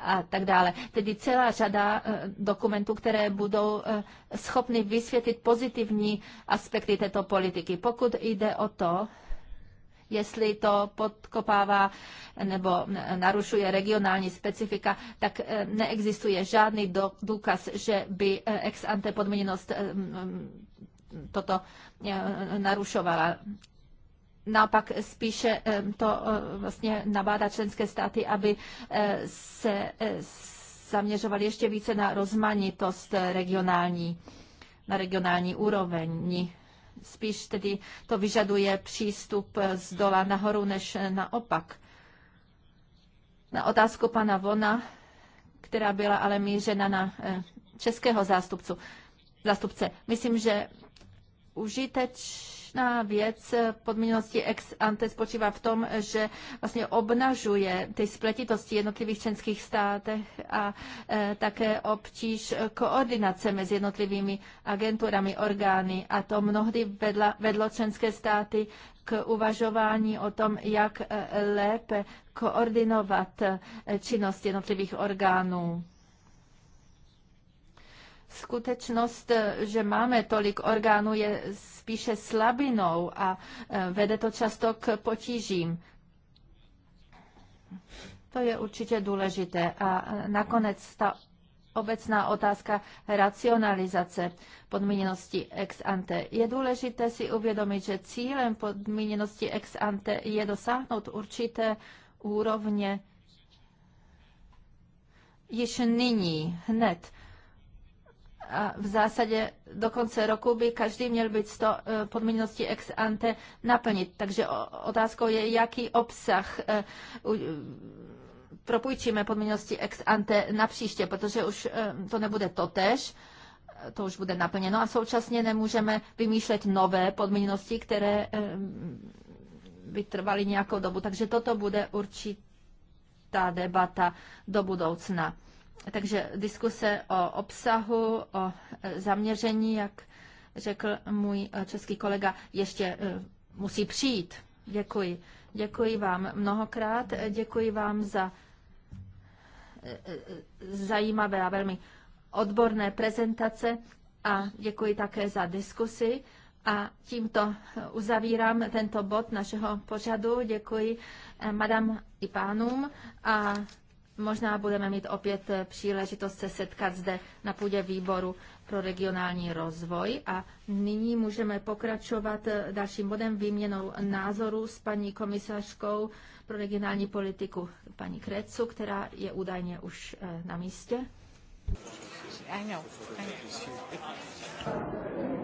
a tak dále. Tedy celá řada e, dokumentů, které budou e, schopny vysvětlit pozitivní aspekty této politiky. Pokud jde o to, jestli to podkopává nebo narušuje regionální specifika, tak eh, neexistuje žádný důkaz, že by eh, ex ante podmíněnost eh, toto narušovala. Naopak spíše to vlastně nabádá členské státy, aby se zaměřovali ještě více na rozmanitost regionální, na regionální úroveň. Spíš tedy to vyžaduje přístup z dola nahoru než naopak. Na otázku pana Vona, která byla ale mířena na eh, českého zástupcu, zástupce. Myslím, že užiteč Odlišná věc podmíněnosti ex ante spočívá v tom, že vlastně obnažuje ty spletitosti jednotlivých členských státech a e, také obtíž koordinace mezi jednotlivými agenturami, orgány a to mnohdy vedla, vedlo členské státy k uvažování o tom, jak e, lépe koordinovat e, činnost jednotlivých orgánů. Skutečnost, že máme tolik orgánů, je spíše slabinou a e, vede to často k potížím. To je určitě důležité. A e, nakonec ta obecná otázka racionalizace podmíněnosti ex ante. Je důležité si uvědomit, že cílem podmíněnosti ex ante je dosáhnout určité úrovně již nyní, hned, a v zásadě do konce roku by každý měl být 100 eh, podmínností ex ante naplnit. Takže otázkou je, jaký obsah eh, propůjčíme podmínosti ex ante na příště, protože už eh, to nebude totež, to už bude naplněno a současně nemůžeme vymýšlet nové podmínosti, které by trvaly nějakou dobu. Takže toto bude určitá debata do budoucna. Takže diskuse o obsahu, o e, zaměření, jak řekl můj e, český kolega, ještě e, musí přijít. Děkuji. Děkuji vám mnohokrát. Děkuji vám za zajímavé a velmi odborné prezentace a děkuji také za diskusi. A tímto uzavírám tento bod našeho pořadu. Děkuji madam i pánům a Možná budeme mít opět eh, příležitost se setkat zde na půdě výboru pro regionální rozvoj a nyní můžeme pokračovat eh, dalším bodem výměnou názoru s paní komisařkou pro regionální politiku paní Krecu, která je údajně už eh, na místě. I know. I know.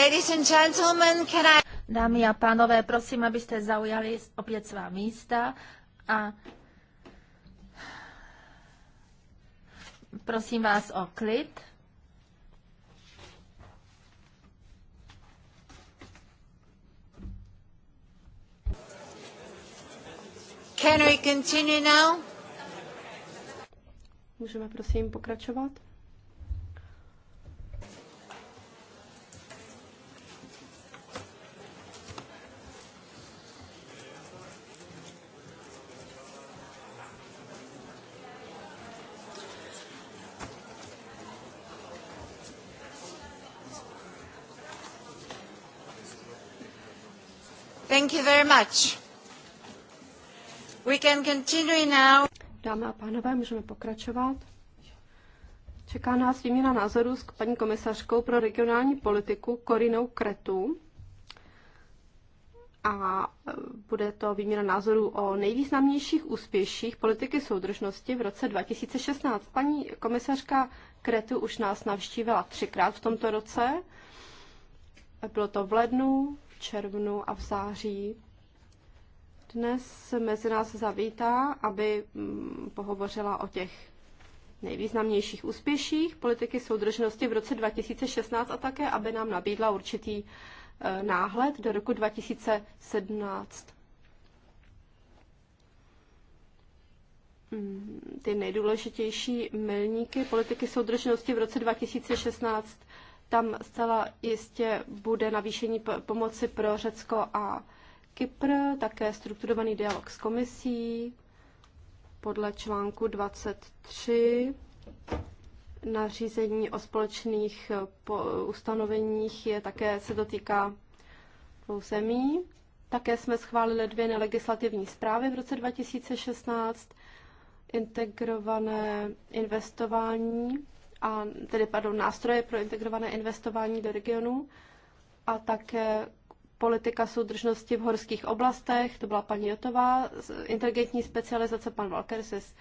Ladies and gentlemen, can I... Dámy a pánové, prosím, abyste zaujali opět svá místa a prosím vás o klid. Can we continue now? Můžeme prosím pokračovat? Thank you very much. We can continue now. Dámy a pánové, můžeme pokračovat. Čeká nás výměna názorů s paní komisařkou pro regionální politiku Korinou Kretu. A e, bude to výměna názorů o nejvýznamnějších úspěších politiky soudržnosti v roce 2016. Paní komisařka Kretu už nás navštívila třikrát v tomto roce. Bylo to v lednu, červnu a v září. Dnes mezi nás zavítá, aby mm, pohovořila o těch nejvýznamnějších úspěších politiky soudržnosti v roce 2016 a také, aby nám nabídla určitý e, náhled do roku 2017. Mm, ty nejdůležitější milníky politiky soudržnosti v roce 2016 tam zcela jistě bude navýšení pomoci pro Řecko a Kypr, také strukturovaný dialog s komisí podle článku 23 nařízení o společných eh, ustanoveních je také se dotýká dvou zemí. Také jsme schválili dvě nelegislativní zprávy v roce 2016, integrované investování a tedy pardon, nástroje pro integrované investování do regionu a také politika soudržnosti v horských oblastech, to byla paní Jotová, inteligentní specializace pan Valkersis.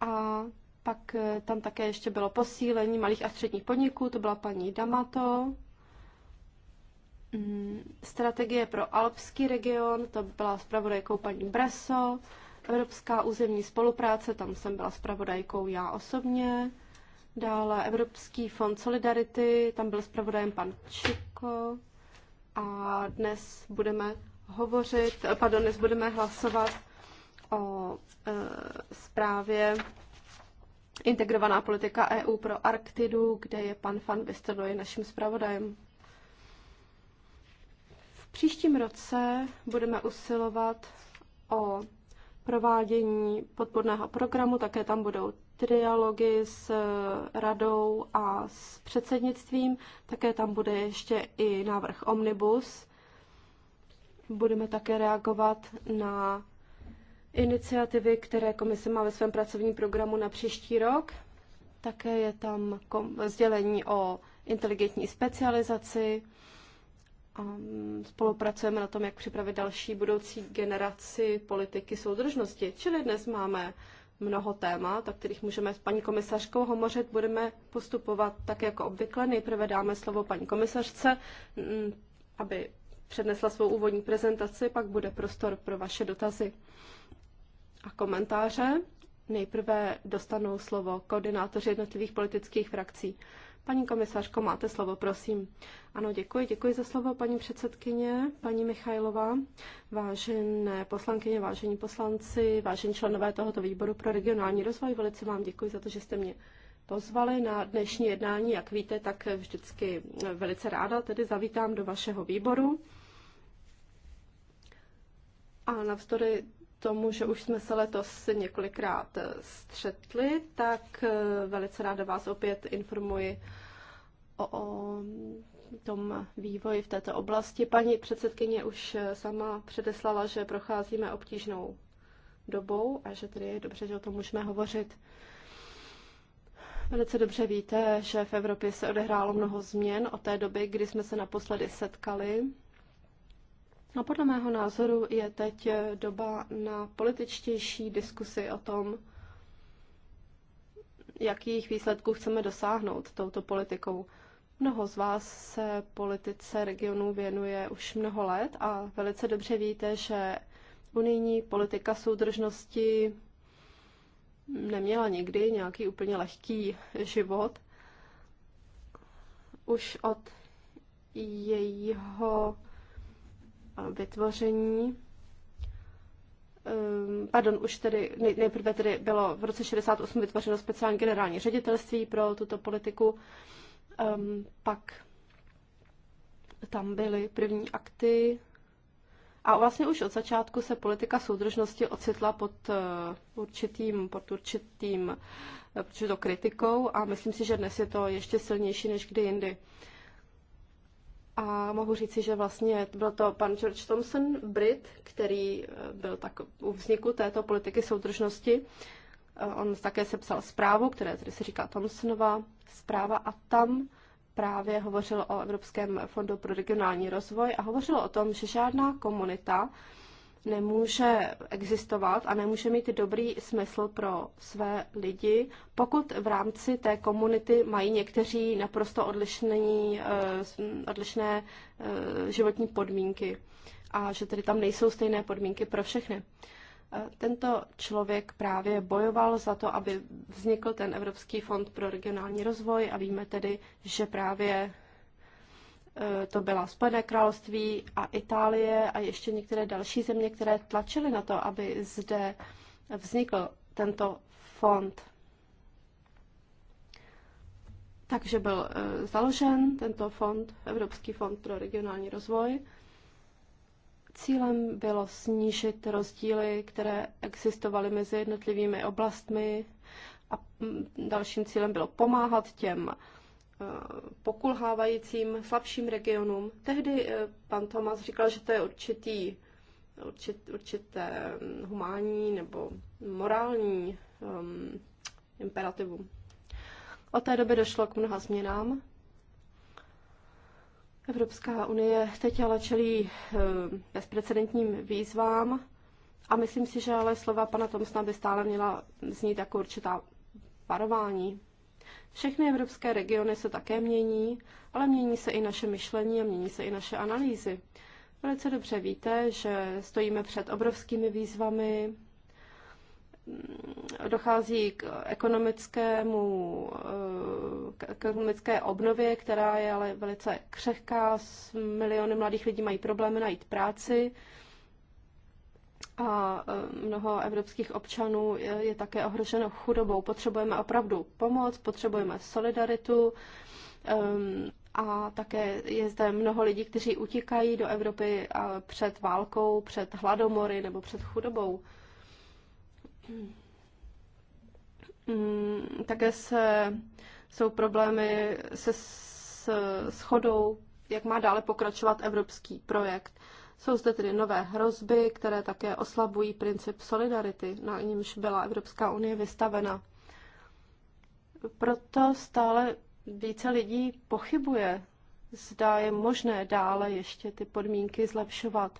A pak eh, tam také ještě bylo posílení malých a středních podniků, to byla paní Damato. Mm, strategie pro alpský region, to byla zpravodajkou paní Breso. Evropská územní spolupráce, tam jsem byla zpravodajkou já osobně. Dále Evropský fond Solidarity, tam byl zpravodajem pan Čiko a dnes budeme hovořit, pardon, dnes budeme hlasovat o e, zprávě Integrovaná politika EU pro Arktidu, kde je pan Van Vistelrooy naším zpravodajem. V příštím roce budeme usilovat o provádění podporného programu, také tam budou dialogy s radou a s předsednictvím. Také tam bude ještě i návrh Omnibus. Budeme také reagovat na iniciativy, které komise má ve svém pracovním programu na příští rok. Také je tam sdělení o inteligentní specializaci. A spolupracujeme na tom, jak připravit další budoucí generaci politiky soudržnosti. Čili dnes máme mnoho témat, o kterých můžeme s paní komisařkou hovořit. Budeme postupovat tak jako obvykle. Nejprve dáme slovo paní komisařce, mm, aby přednesla svou úvodní prezentaci, pak bude prostor pro vaše dotazy a komentáře. Nejprve dostanou slovo koordinátoři jednotlivých politických frakcí. Paní komisařko, máte slovo, prosím. Ano, děkuji, děkuji za slovo, paní předsedkyně, paní Michajlova, vážené poslankyně, vážení poslanci, vážení členové tohoto výboru pro regionální rozvoj. Velice vám děkuji za to, že jste mě pozvali na dnešní jednání. Jak víte, tak vždycky velice ráda tedy zavítám do vašeho výboru. A navzdory tomu, že už jsme se letos několikrát eh, střetli, tak eh, velice ráda vás opět informuji o, o tom vývoji v této oblasti. Paní předsedkyně už eh, sama předeslala, že procházíme obtížnou dobou a že tedy je dobře, že o tom můžeme hovořit. Velice dobře víte, že v Evropě se odehrálo mnoho změn od té doby, kdy jsme se naposledy setkali. No podle mého názoru je teď doba na političtější diskusy o tom, jakých výsledků chceme dosáhnout touto politikou. Mnoho z vás se politice regionů věnuje už mnoho let a velice dobře víte, že unijní politika soudržnosti neměla nikdy nějaký úplně lehký život. Už od jejího vytvoření. Ehm, pardon, už tedy nejprve tedy bylo v roce 68 vytvořeno speciální generální ředitelství pro tuto politiku. Ehm, pak tam byly první akty a vlastně už od začátku se politika soudržnosti ocitla pod eh, určitým, pod určitým eh, určitou kritikou a myslím si, že dnes je to ještě silnější než kdy jindy. A mohu říci, že vlastně byl to pan George Thompson, Brit, který eh, byl tak u vzniku této politiky soudržnosti. Eh, on také sepsal zprávu, která tedy se říká Thompsonova zpráva a tam právě hovořil o Evropském fondu pro regionální rozvoj a hovořil o tom, že žádná komunita nemůže existovat a nemůže mít dobrý smysl pro své lidi, pokud v rámci té komunity mají někteří naprosto odlišný, eh, odlišné eh, životní podmínky a že tedy tam nejsou stejné podmínky pro všechny. Eh, tento člověk právě bojoval za to, aby vznikl ten Evropský fond pro regionální rozvoj a víme tedy, že právě Eh, to byla Spojené království a Itálie a ještě některé další země, které tlačily na to, aby zde vznikl tento fond. Takže byl eh, založen tento fond, Evropský fond pro regionální rozvoj. Cílem bylo snížit rozdíly, které existovaly mezi jednotlivými oblastmi a mm, dalším cílem bylo pomáhat těm pokulhávajícím slabším regionům. Tehdy eh, pan Thomas říkal, že to je určitý, určit, určité mm, humánní nebo morální um, imperativum. Od té doby došlo k mnoha změnám. Evropská unie teď ale čelí eh, bezprecedentním výzvám a myslím si, že ale slova pana Tomsna by stále měla znít jako určitá varování. Všechny evropské regiony se také mění, ale mění se i naše myšlení a mění se i naše analýzy. Velice dobře víte, že stojíme před obrovskými výzvami, dochází k ekonomickému, eh, k ekonomické obnově, která je ale velice křehká. Miliony mladých lidí mají problémy najít práci a e, mnoho evropských občanů je také ohroženo chudobou. Potřebujeme opravdu pomoc, potřebujeme solidaritu a také je zde mnoho lidí, kteří utíkají do Evropy před válkou, před hladomory nebo před chudobou. Mm, také se, jsou problémy se schodou, jak má dále pokračovat evropský projekt. Jsou zde tedy nové hrozby, které také oslabují princip solidarity, na němž byla Evropská unie vystavena. Proto stále více lidí pochybuje, zda je možné dále ještě ty podmínky zlepšovat.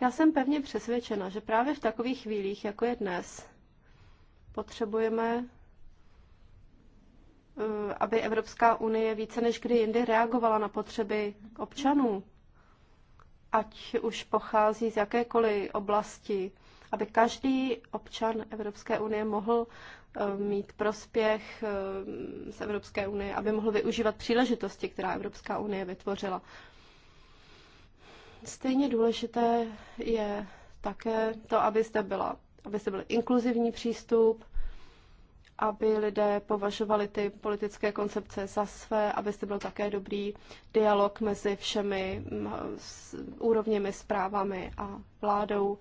Já jsem pevně přesvědčena, že právě v takových chvílích, jako je dnes, potřebujeme, eh, aby Evropská unie více než kdy jindy reagovala na potřeby občanů, ať už pochází z jakékoliv oblasti, aby každý občan Evropské unie mohl eh, mít prospěch eh, z Evropské unie, aby mohl využívat příležitosti, která Evropská unie vytvořila. Stejně důležité je také to, aby zde, byla, aby byl inkluzivní přístup, aby lidé považovali ty politické koncepce za své, aby zde byl také dobrý dialog mezi všemi úrovněmi, zprávami a vládou.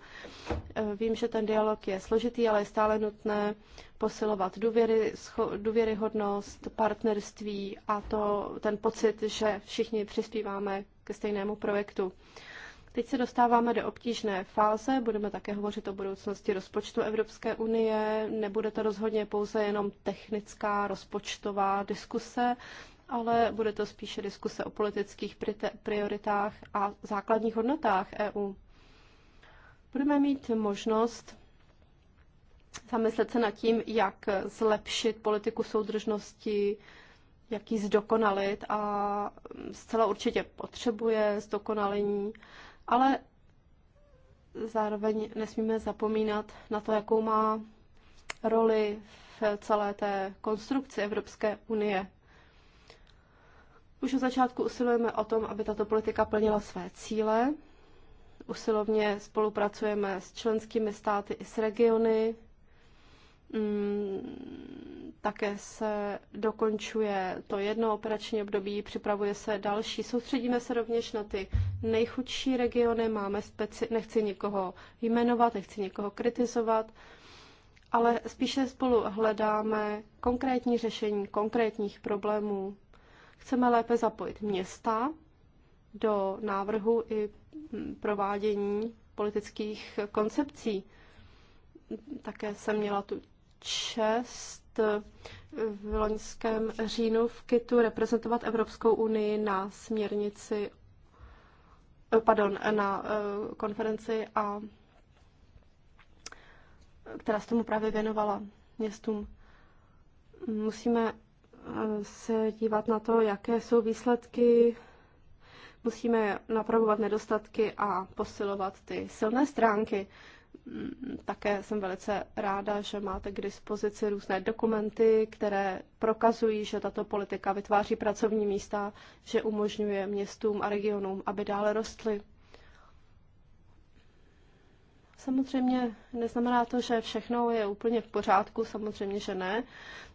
E, vím, že ten dialog je složitý, ale je stále nutné posilovat důvěry, důvěryhodnost, partnerství a to ten pocit, že všichni přispíváme ke stejnému projektu. Teď se dostáváme do obtížné fáze, budeme také hovořit o budoucnosti rozpočtu Evropské unie, nebude to rozhodně pouze jenom technická rozpočtová diskuse, ale bude to spíše diskuse o politických prioritách a základních hodnotách EU. Budeme mít možnost zamyslet se nad tím, jak zlepšit politiku soudržnosti, jak ji zdokonalit a zcela určitě potřebuje zdokonalení ale zároveň nesmíme zapomínat na to, jakou má roli v celé té konstrukci Evropské unie. Už od začátku usilujeme o tom, aby tato politika plnila své cíle. Usilovně spolupracujeme s členskými státy i s regiony, Mm, také se dokončuje to jedno operační období, připravuje se další. Soustředíme se rovněž na ty nejchudší regiony. Máme speci- nechci nikoho jmenovat, nechci nikoho kritizovat, ale spíše spolu hledáme konkrétní řešení konkrétních problémů. Chceme lépe zapojit města do návrhu i provádění politických koncepcí. Také jsem měla tu čest v loňském říjnu v Kitu reprezentovat Evropskou unii na směrnici, eh, pardon, na eh, konferenci a která se tomu právě věnovala městům. Musíme eh, se dívat na to, jaké jsou výsledky, musíme napravovat nedostatky a posilovat ty silné stránky. Mm, také jsem velice ráda, že máte k dispozici různé dokumenty, které prokazují, že tato politika vytváří pracovní místa, že umožňuje městům a regionům, aby dále rostly. Samozřejmě neznamená to, že všechno je úplně v pořádku, samozřejmě, že ne.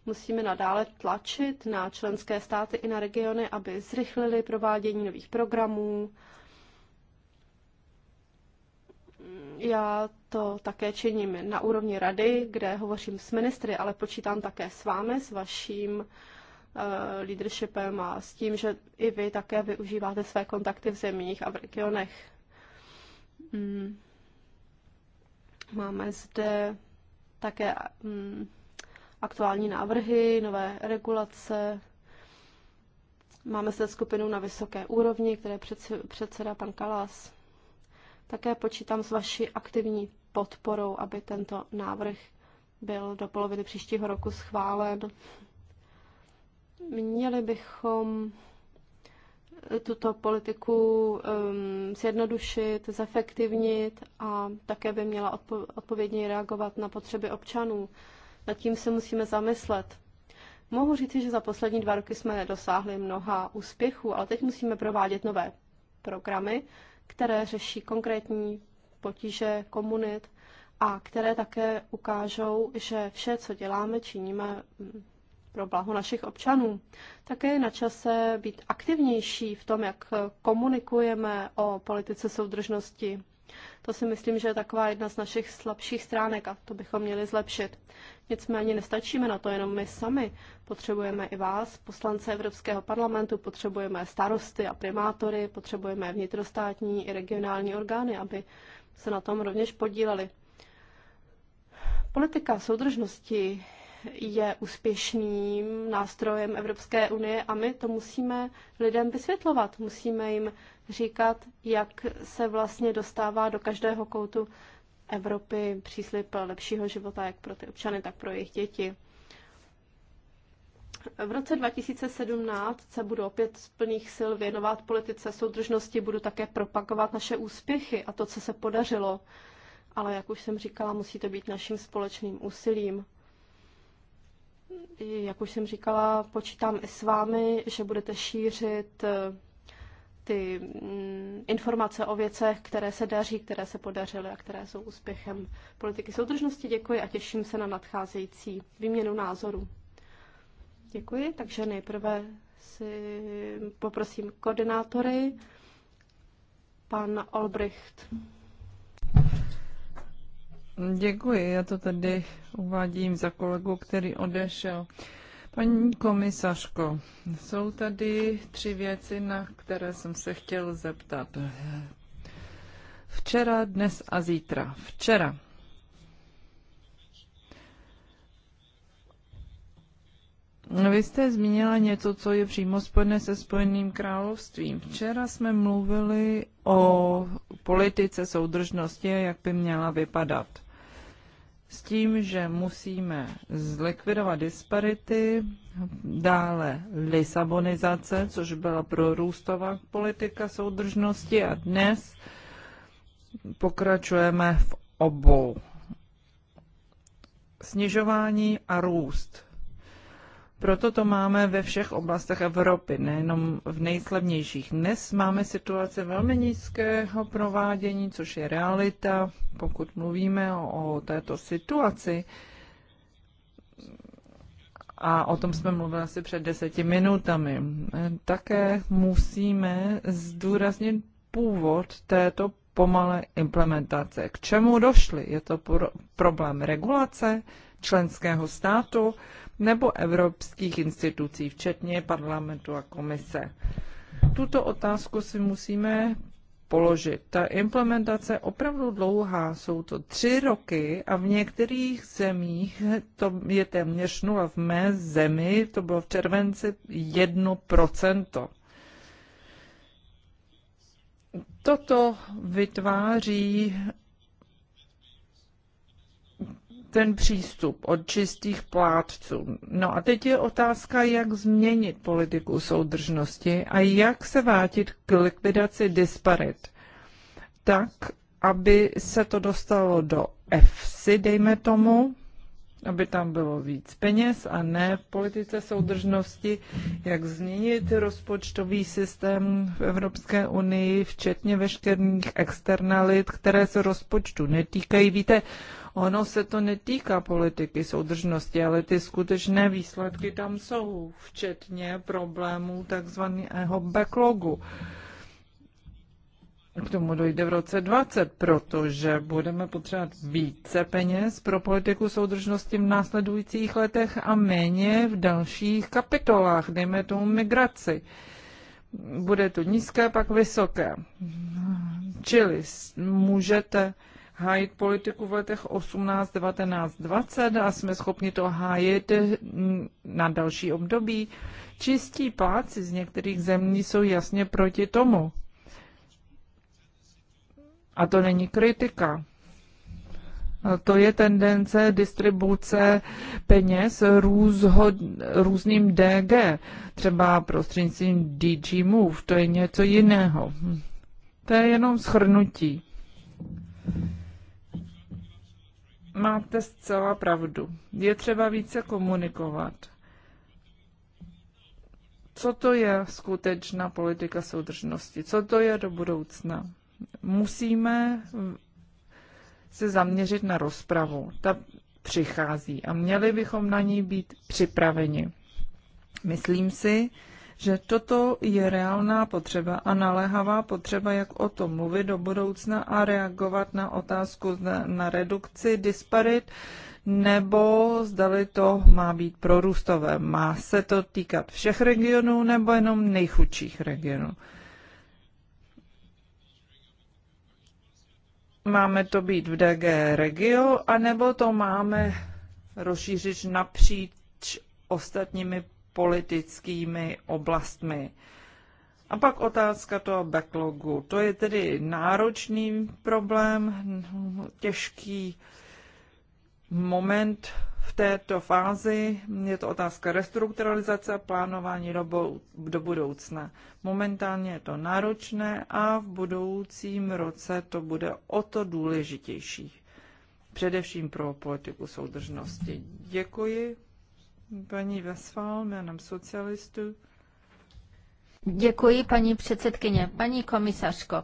Musíme nadále tlačit na členské státy i na regiony, aby zrychlili provádění nových programů, Já to také činím na úrovni rady, kde hovořím s ministry, ale počítám také s vámi, s vaším eh, leadershipem a s tím, že i vy také využíváte své kontakty v zemích a v regionech. Hmm. Máme zde také hmm, aktuální návrhy, nové regulace. Máme zde skupinu na vysoké úrovni, které předseda pan Kalas. Také počítám s vaší aktivní podporou, aby tento návrh byl do poloviny příštího roku schválen. Měli bychom tuto politiku um, zjednodušit, zefektivnit a také by měla odpo- odpovědně reagovat na potřeby občanů. Nad tím se musíme zamyslet. Mohu říci, že za poslední dva roky jsme nedosáhli mnoha úspěchů, ale teď musíme provádět nové programy které řeší konkrétní potíže komunit a které také ukážou, že vše, co děláme, činíme mm, pro blaho našich občanů. Také je na čase být aktivnější v tom, jak komunikujeme o politice soudržnosti. To si myslím, že je taková jedna z našich slabších stránek a to bychom měli zlepšit. Nicméně nestačíme na to jenom my sami. Potřebujeme i vás, poslance Evropského parlamentu, potřebujeme starosty a primátory, potřebujeme vnitrostátní i regionální orgány, aby se na tom rovněž podíleli. Politika soudržnosti je úspěšným nástrojem Evropské unie a my to musíme lidem vysvětlovat. Musíme jim říkat, jak se vlastně dostává do každého koutu Evropy příslip lepšího života, jak pro ty občany, tak pro jejich děti. V roce 2017 se budu opět z plných sil věnovat politice soudržnosti, budu také propagovat naše úspěchy a to, co se podařilo. Ale jak už jsem říkala, musí to být naším společným úsilím jak už jsem říkala, počítám i s vámi, že budete šířit eh, ty mm, informace o věcech, které se daří, které se podařily a které jsou úspěchem politiky soudržnosti. Děkuji a těším se na nadcházející výměnu názorů. Děkuji, takže nejprve si poprosím koordinátory, pan Olbricht. Děkuji, já to tady uvádím za kolegu, který odešel. Paní komisařko, jsou tady tři věci, na které jsem se chtěl zeptat. Včera, dnes a zítra. Včera. Vy jste zmínila něco, co je přímo spojené se Spojeným královstvím. Včera jsme mluvili o politice soudržnosti a jak by měla vypadat s tím, že musíme zlikvidovat disparity, dále lisabonizace, což byla prorůstová politika soudržnosti a dnes pokračujeme v obou. Snižování a růst. Proto to máme ve všech oblastech Evropy, nejenom v nejslavnějších. Dnes máme situace velmi nízkého provádění, což je realita. Pokud mluvíme o této situaci, a o tom jsme mluvili asi před deseti minutami, také musíme zdůraznit původ této pomalé implementace. K čemu došly? Je to pro- problém regulace členského státu? nebo evropských institucí, včetně parlamentu a komise. Tuto otázku si musíme položit. Ta implementace je opravdu dlouhá, jsou to tři roky a v některých zemích to je téměř nula. V mé zemi to bylo v červenci jedno procento. Toto vytváří ten přístup od čistých plátců. No a teď je otázka, jak změnit politiku soudržnosti a jak se vrátit k likvidaci disparit, tak, aby se to dostalo do EFSI, dejme tomu, aby tam bylo víc peněz a ne v politice soudržnosti, jak změnit rozpočtový systém v Evropské unii, včetně veškerých externalit, které se rozpočtu netýkají. Víte, Ono se to netýká politiky soudržnosti, ale ty skutečné výsledky tam jsou, včetně problémů takzvaného backlogu. K tomu dojde v roce 20, protože budeme potřebovat více peněz pro politiku soudržnosti v následujících letech a méně v dalších kapitolách, dejme tomu migraci. Bude to nízké, pak vysoké. Čili můžete hájit politiku v letech 18, 19, 20 a jsme schopni to hájit na další období. Čistí páci z některých zemí jsou jasně proti tomu. A to není kritika. To je tendence distribuce peněz růzho, různým DG, třeba prostřednictvím DG Move, to je něco jiného. To je jenom schrnutí máte zcela pravdu. Je třeba více komunikovat. Co to je skutečná politika soudržnosti? Co to je do budoucna? Musíme se zaměřit na rozpravu. Ta přichází a měli bychom na ní být připraveni. Myslím si, že toto je reálná potřeba a naléhavá potřeba, jak o tom mluvit do budoucna a reagovat na otázku na, redukci disparit, nebo zdali to má být prorůstové. Má se to týkat všech regionů nebo jenom nejchudších regionů? Máme to být v DG Regio, anebo to máme rozšířit napříč ostatními politickými oblastmi. A pak otázka toho backlogu. To je tedy náročný problém, těžký moment v této fázi. Je to otázka restrukturalizace a plánování do, do budoucna. Momentálně je to náročné a v budoucím roce to bude o to důležitější. Především pro politiku soudržnosti. Děkuji paní jménem socialistů. Děkuji, paní předsedkyně. Paní komisařko,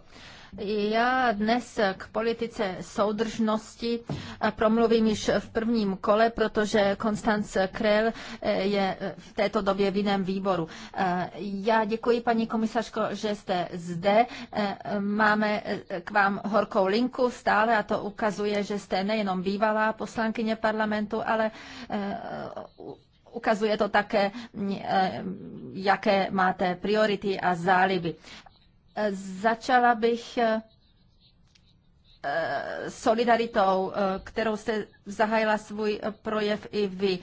já dnes k politice soudržnosti promluvím již v prvním kole, protože Konstanc Krell je v této době v jiném výboru. Já děkuji, paní komisařko, že jste zde. Máme k vám horkou linku stále a to ukazuje, že jste nejenom bývalá poslankyně parlamentu, ale ukazuje to také, mm, eh, jaké máte priority a záliby. Eh, začala bych eh, solidaritou, kterou jste zahájila svůj projev i vy.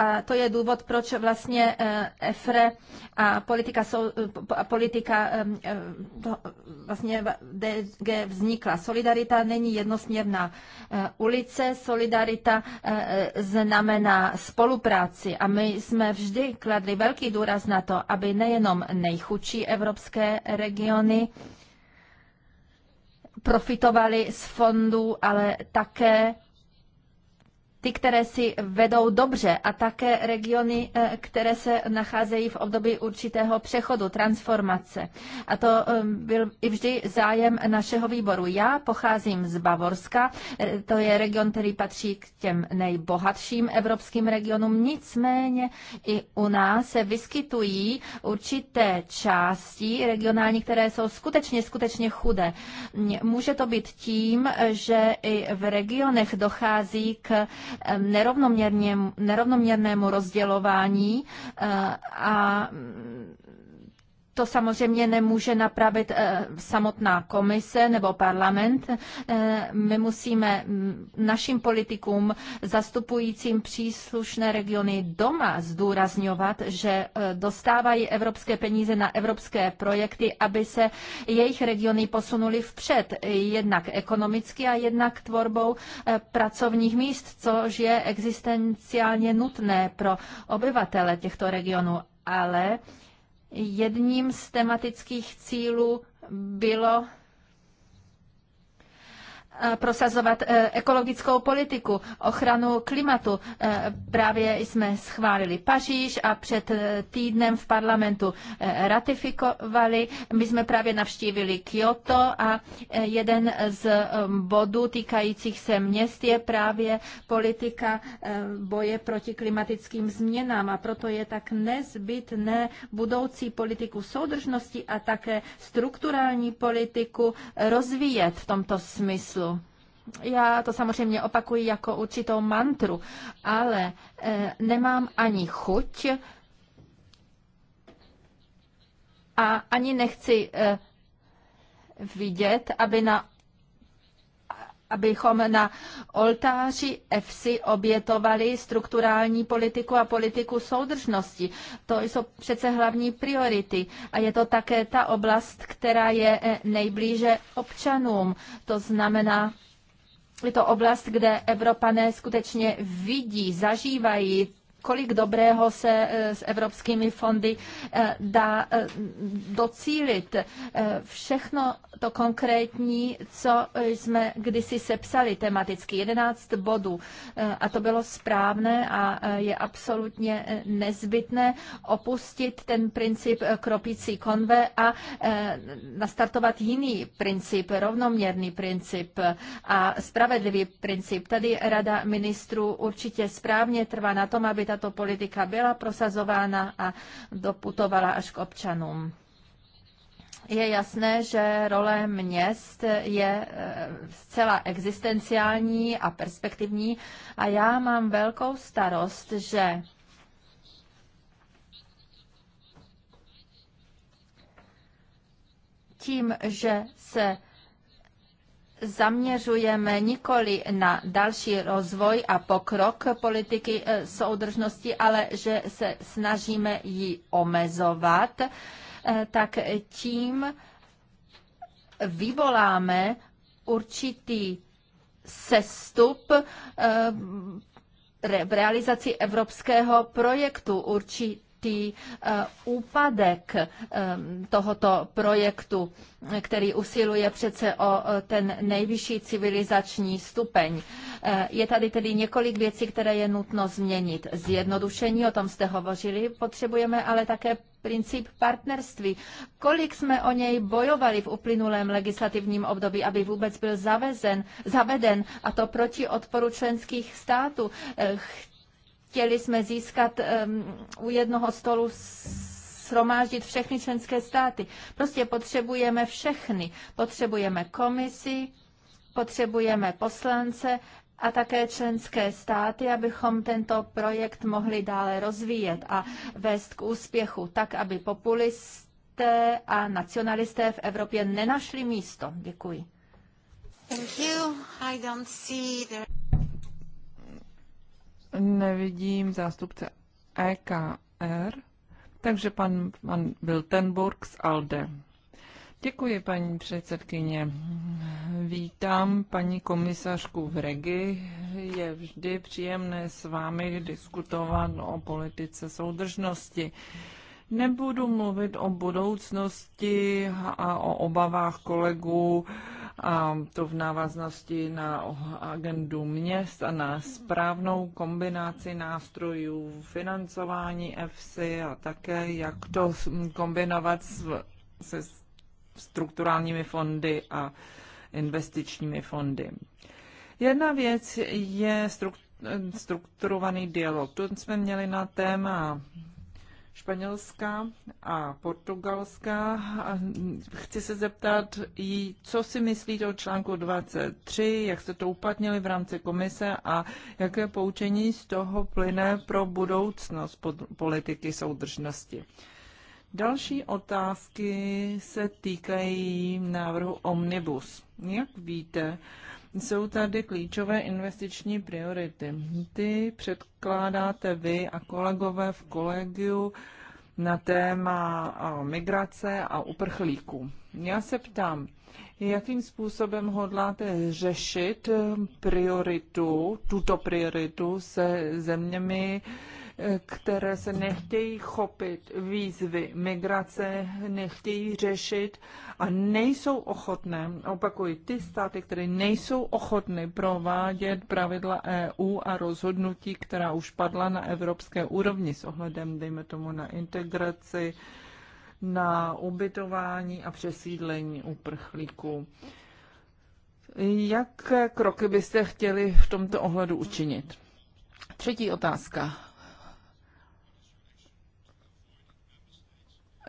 A to je důvod, proč vlastně eh, EFRE a politika, eh, politika ehm, eh, vlastně DG vznikla. Solidarita není jednosměrná ulice, solidarita znamená spolupráci a my jsme vždy kladli velký důraz na to, aby nejenom nejchudší evropské regiony, profitovali z fondů, ale také ty, které si vedou dobře a také regiony, eh, které se nacházejí v období určitého přechodu, transformace. A to eh, byl i vždy zájem našeho výboru. Já pocházím z Bavorska, eh, to je region, který patří k těm nejbohatším evropským regionům, nicméně i u nás se vyskytují určité části regionální, které jsou skutečně, skutečně chudé. Může to být tím, že i v regionech dochází k nerovnoměrnému rozdělování eh, a to samozřejmě nemůže napravit eh, samotná komise nebo parlament. Eh, my musíme mm, našim politikům zastupujícím příslušné regiony doma zdůrazňovat, že eh, dostávají evropské peníze na evropské projekty, aby se jejich regiony posunuly vpřed, jednak ekonomicky a jednak tvorbou pracovních míst, což je existenciálně nutné pro obyvatele těchto regionů. Ale Jedním z tematických cílů bylo Eh, prosazovat eh, ekologickou politiku, ochranu klimatu. Eh, právě jsme schválili Paříž a před týdnem v parlamentu ratifikovali. My jsme právě navštívili Kyoto a jeden z bodů týkajících se měst je právě politika boje proti klimatickým změnám a proto je tak nezbytné budoucí politiku soudržnosti a také strukturální politiku rozvíjet v tomto smyslu. Já to samozřejmě opakuji jako určitou mantru, ale eh, nemám ani chuť a ani nechci eh, vidět, aby na abychom na oltáři EFSI obětovali strukturální politiku a politiku soudržnosti. To jsou přece hlavní priority a je to také ta oblast, která je eh, nejblíže občanům. To znamená je to oblast, kde Evropané skutečně vidí, zažívají kolik dobrého se eh, s evropskými fondy eh, dá eh, docílit. Všechno to konkrétní, co jsme kdysi sepsali tematicky, 11 bodů, a to bylo správné a je absolutně nezbytné opustit ten princip kropící konve a nastartovat jiný princip, rovnoměrný princip a spravedlivý princip. Tady Rada ministrů určitě správně trvá na tom, aby tato politika byla prosazována a doputovala až k občanům. Je jasné, že role měst je eh, zcela existenciální a perspektivní a já mám velkou starost, že tím, že se zaměřujeme nikoli na další rozvoj a pokrok politiky eh, soudržnosti, ale že se snažíme ji omezovat, eh, tak tím vyvoláme určitý sestup eh, v realizaci evropského projektu, určitý určitý eh, úpadek eh, tohoto projektu, který usiluje přece o eh, ten nejvyšší civilizační stupeň. Je tady tedy několik věcí, které je nutno změnit. Zjednodušení, o tom jste hovořili, potřebujeme ale také princip partnerství. Kolik jsme o něj bojovali v uplynulém legislativním období, aby vůbec byl zavezen, zaveden, a to proti odporu členských států. Chtěli jsme získat u jednoho stolu shromáždit všechny členské státy. Prostě potřebujeme všechny. Potřebujeme komisi, potřebujeme poslance a také členské státy, abychom tento projekt mohli dále rozvíjet a vést k úspěchu, tak aby populisté a nacionalisté v Evropě nenašli místo. Děkuji. Thank you. I don't see the... Nevidím zástupce EKR, takže pan, pan Wiltenburg z ALDE. Děkuji, paní předsedkyně. Vítám paní komisařku v Regi. Je vždy příjemné s vámi diskutovat o politice soudržnosti. Nebudu mluvit o budoucnosti a o obavách kolegů a to v návaznosti na agendu měst a na správnou kombinaci nástrojů financování EFSI a také jak to kombinovat s, se strukturálními fondy a investičními fondy. Jedna věc je strukturovaný dialog. To jsme měli na téma Španělská a Portugalská. A chci se zeptat, jí, co si myslíte o článku 23, jak se to uplatnili v rámci komise a jaké poučení z toho plyne pro budoucnost politiky soudržnosti. Další otázky se týkají návrhu Omnibus. Jak víte, jsou tady klíčové investiční priority. Ty předkládáte vy a kolegové v kolegiu na téma migrace a uprchlíků. Já se ptám, jakým způsobem hodláte řešit prioritu, tuto prioritu se zeměmi, které se nechtějí chopit výzvy migrace, nechtějí řešit a nejsou ochotné, opakuji, ty státy, které nejsou ochotny provádět pravidla EU a rozhodnutí, která už padla na evropské úrovni s ohledem, dejme tomu, na integraci, na ubytování a přesídlení uprchlíků. Jaké kroky byste chtěli v tomto ohledu učinit? Třetí otázka.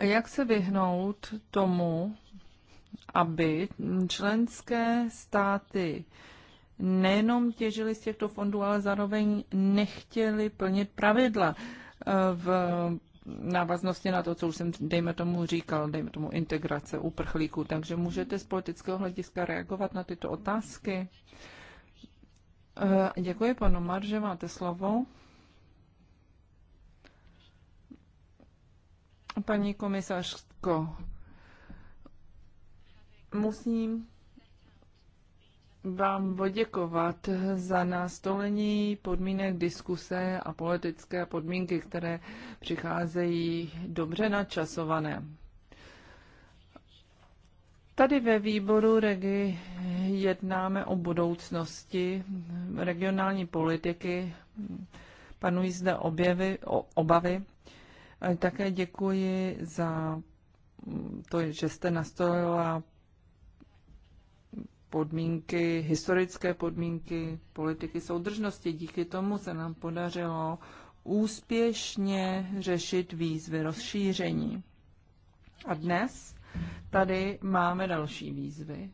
Jak se vyhnout tomu, aby členské státy nejenom těžili z těchto fondů, ale zároveň nechtěli plnit pravidla eh, v návaznosti na to, co už jsem, dejme tomu, říkal, dejme tomu integrace uprchlíků. Takže můžete z politického hlediska reagovat na tyto otázky? Eh, děkuji, panu Marže, máte slovo. Paní komisařko, musím vám poděkovat za nastolení podmínek diskuse a politické podmínky, které přicházejí dobře načasované. Tady ve výboru Regi jednáme o budoucnosti regionální politiky. Panují zde objevy, o, obavy, také děkuji za to, že jste nastolila podmínky, historické podmínky politiky soudržnosti. Díky tomu se nám podařilo úspěšně řešit výzvy rozšíření. A dnes tady máme další výzvy.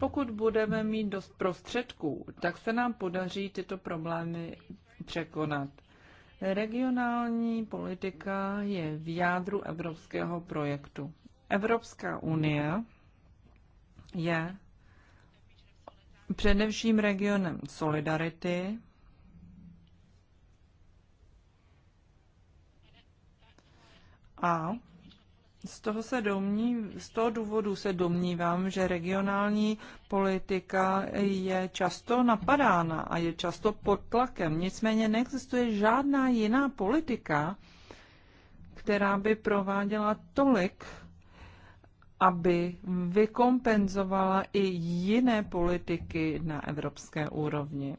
Pokud budeme mít dost prostředků, tak se nám podaří tyto problémy překonat. Regionální politika je v jádru evropského projektu. Evropská unie je především regionem solidarity, a z toho, se domní, z toho důvodu se domnívám, že regionální politika je často napadána a je často pod tlakem. Nicméně neexistuje žádná jiná politika, která by prováděla tolik, aby vykompenzovala i jiné politiky na evropské úrovni.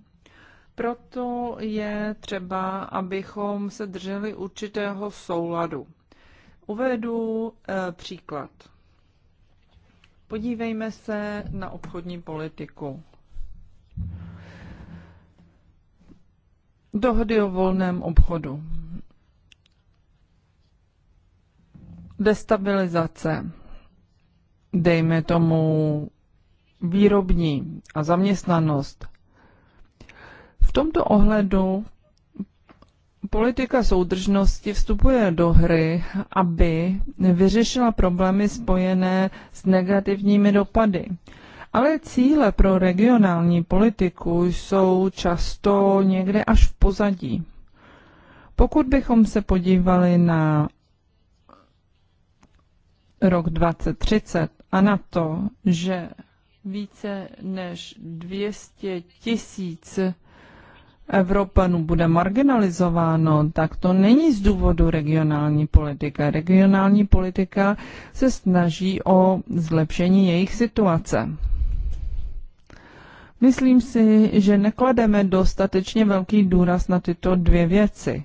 Proto je třeba, abychom se drželi určitého souladu Uvedu eh, příklad. Podívejme se na obchodní politiku. Dohody o volném obchodu. Destabilizace, dejme tomu výrobní a zaměstnanost. V tomto ohledu politika soudržnosti vstupuje do hry, aby vyřešila problémy spojené s negativními dopady. Ale cíle pro regionální politiku jsou často někde až v pozadí. Pokud bychom se podívali na rok 2030 a na to, že více než 200 tisíc 000 Evropanů bude marginalizováno, tak to není z důvodu regionální politika. Regionální politika se snaží o zlepšení jejich situace. Myslím si, že neklademe dostatečně velký důraz na tyto dvě věci.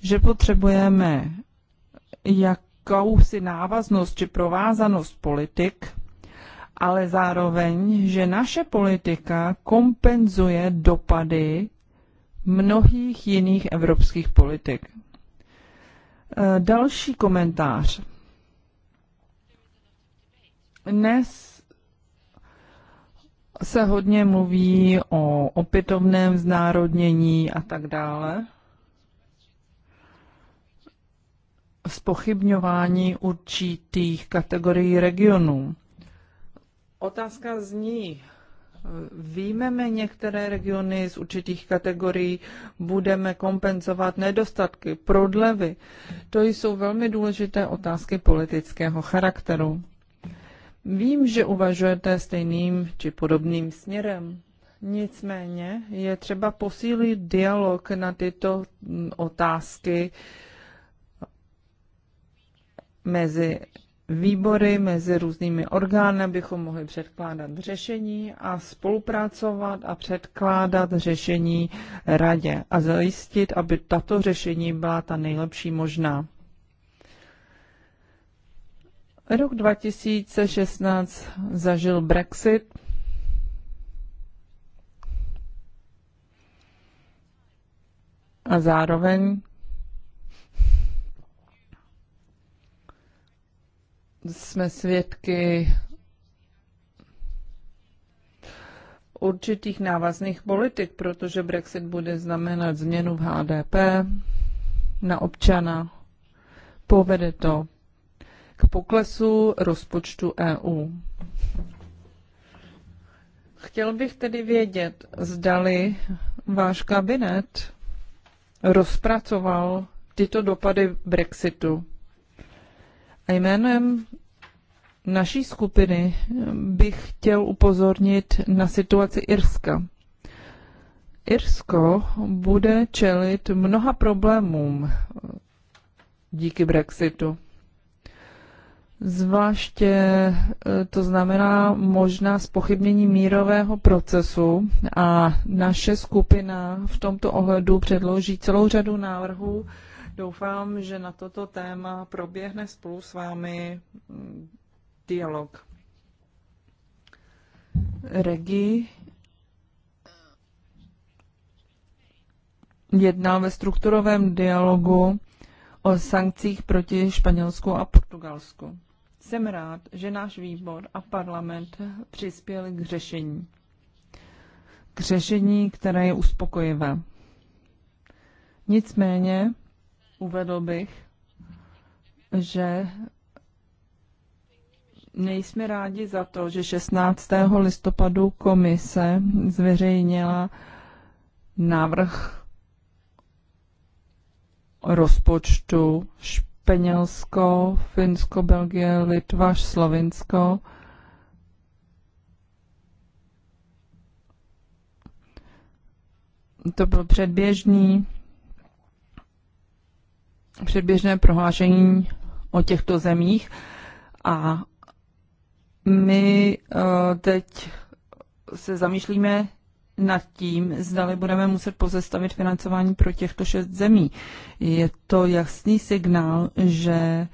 Že potřebujeme jakousi návaznost či provázanost politik, ale zároveň, že naše politika kompenzuje dopady mnohých jiných evropských politik. E, další komentář. Dnes se hodně mluví o opětovném znárodnění a tak dále. Spochybňování určitých kategorií regionů. Otázka zní, výjmeme některé regiony z určitých kategorií, budeme kompenzovat nedostatky, prodlevy. To jsou velmi důležité otázky politického charakteru. Vím, že uvažujete stejným či podobným směrem. Nicméně je třeba posílit dialog na tyto otázky mezi výbory mezi různými orgány, abychom mohli předkládat řešení a spolupracovat a předkládat řešení radě a zajistit, aby tato řešení byla ta nejlepší možná. Rok 2016 zažil Brexit. A zároveň jsme svědky určitých návazných politik, protože Brexit bude znamenat změnu v HDP na občana. Povede to k poklesu rozpočtu EU. Chtěl bych tedy vědět, zdali váš kabinet rozpracoval tyto dopady Brexitu Jménem naší skupiny bych chtěl upozornit na situaci Irska. Irsko bude čelit mnoha problémům díky Brexitu. Zvláště eh, to znamená možná spochybnění mírového procesu a naše skupina v tomto ohledu předloží celou řadu návrhů, Doufám, že na toto téma proběhne spolu s vámi mm, dialog. Regi jednal ve strukturovém dialogu o sankcích proti Španělsku a Portugalsku. Jsem rád, že náš výbor a parlament přispěli k řešení. K řešení, které je uspokojivé. Nicméně uvedl bych, že nejsme rádi za to, že 16. listopadu komise zveřejnila návrh rozpočtu Španělsko, Finsko, Belgie, Litva, Slovinsko. To byl předběžný předběžné prohlášení o těchto zemích a my eh, teď se zamýšlíme nad tím, zdali budeme muset pozastavit financování pro těchto šest zemí. Je to jasný signál, že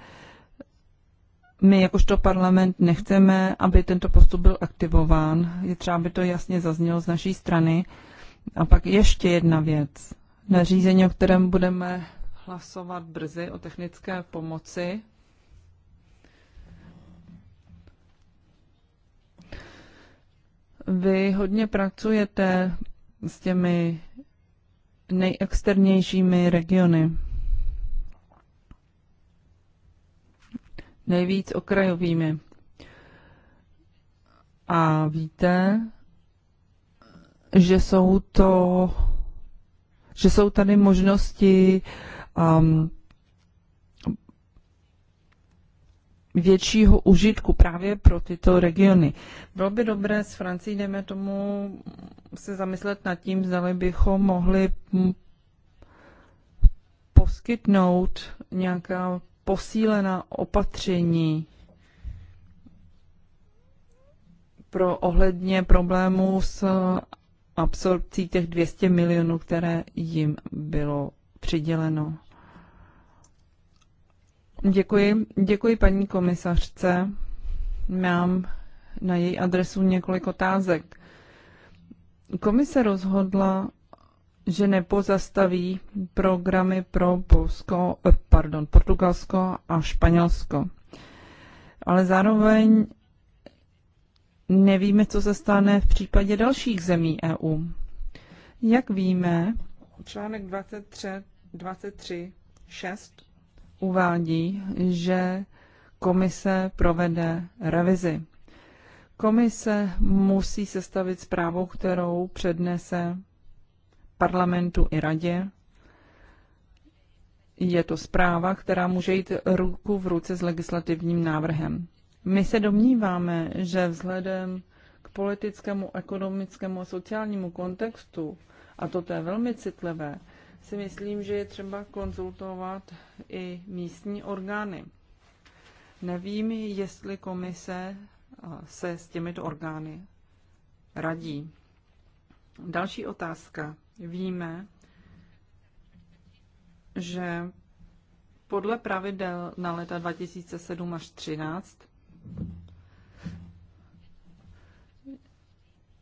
my jakožto parlament nechceme, aby tento postup byl aktivován. Je třeba, aby to jasně zaznělo z naší strany. A pak ještě jedna věc. Nařízení, o kterém budeme hlasovat brzy o technické pomoci. Vy hodně pracujete s těmi nejexternějšími regiony. Nejvíc okrajovými. A víte, že jsou to, že jsou tady možnosti um, většího užitku právě pro tyto regiony. Bylo by dobré s Francií, jdeme tomu, se zamyslet nad tím, zda bychom mohli mm, poskytnout nějaká posílená opatření pro ohledně problémů s absorpcí těch 200 milionů, které jim bylo přiděleno. Děkuji, děkuji paní komisařce. Mám na její adresu několik otázek. Komise rozhodla, že nepozastaví programy pro Polsko, eh, pardon, Portugalsko a Španělsko. Ale zároveň nevíme, co se stane v případě dalších zemí EU. Jak víme, článek 23, 23 6 uvádí, že komise provede revizi. Komise musí sestavit zprávu, kterou přednese parlamentu i radě. Je to zpráva, která může jít ruku v ruce s legislativním návrhem. My se domníváme, že vzhledem k politickému, ekonomickému a sociálnímu kontextu, a toto je velmi citlivé, si myslím, že je třeba konzultovat i místní orgány. Nevím, jestli komise se s těmito orgány radí. Další otázka. Víme, že podle pravidel na leta 2007 až 2013